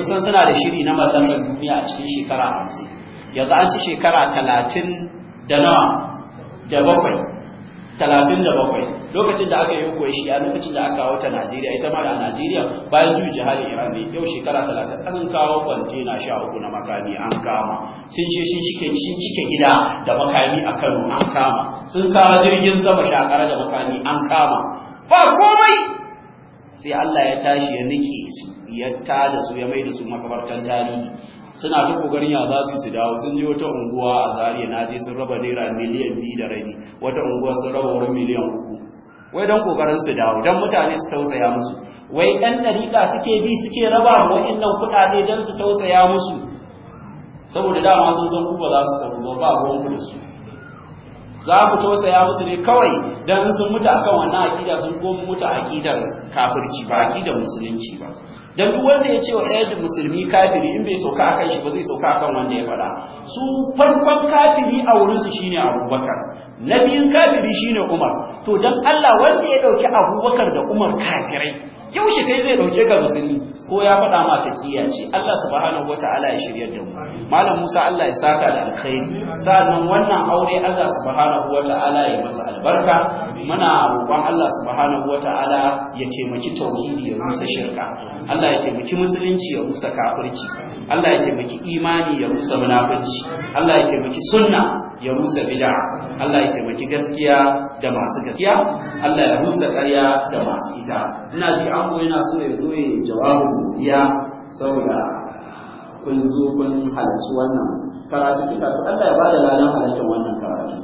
san suna da shiri na mallakar duniya a cikin shekara hamsin yanzu an ci shekara talatin da nawa da bakwai talatin da bakwai lokacin da aka yi kuwa shi a lokacin da aka kawo ta Najeriya ita ma a Najeriya bayan zuwa jihar Iran ne yau shekara talatin an kawo kwantena sha uku na makami an kama sun ce sun cike sun cike gida da makami a Kano an kama sun kawo jirgin sama shakara da makami an kama ba komai sai Allah ya tashi ya nike su ya tada su ya da su makabartan tarihi suna ta kogarin ya za su dawo sun je wata unguwa a zariya na je sun raba naira miliyan biyu da rabi wata unguwa sun raba wurin miliyan uku wai don kogarin su dawo don mutane su tausaya musu wai ɗan ɗariƙa suke bi suke raba nan kuɗaɗe don su tausaya musu saboda dama sun san kuma za su tsaro ba ruwan ku da su za ku tausaya musu ne kawai don sun mutu akan wannan aƙida sun koma mutu aƙidar kafirci ba akidar musulunci ba dan duk wanda ya ce wa ɗaya musulmi kafiri in bai sauka akan shi ba zai sauka akan wanda ya faɗa su farkon kafiri a wurin su shine Abubakar na biyun kafiri shine Umar to dan Allah wanda ya dauki Abubakar da Umar kafirai yaushe kai zai dauke ka musulmi ko ya faɗa ma kiyace? ce Allah subhanahu wataala ya shirya da mu malam Musa Allah ya saka da alkhairi sannan wannan aure Allah subhanahu wataala ya masa albarka muna roƙon Allah subhanahu wataala ya taimaki tauhidi ya rusa shirka Allah ya taimaki musulunci ya rusa kafirci Allah ya taimaki imani ya rusa munafici Allah ya taimaki sunna ya rusa bid'a Allah ya taimaki gaskiya da masu gaskiya Allah ya rusa ƙarya da masu ita ina ji an yana so ya zo ya jawabin godiya saboda kun zo kun halarci wannan karatu kika to Allah ya bada lalan halartar wannan karatu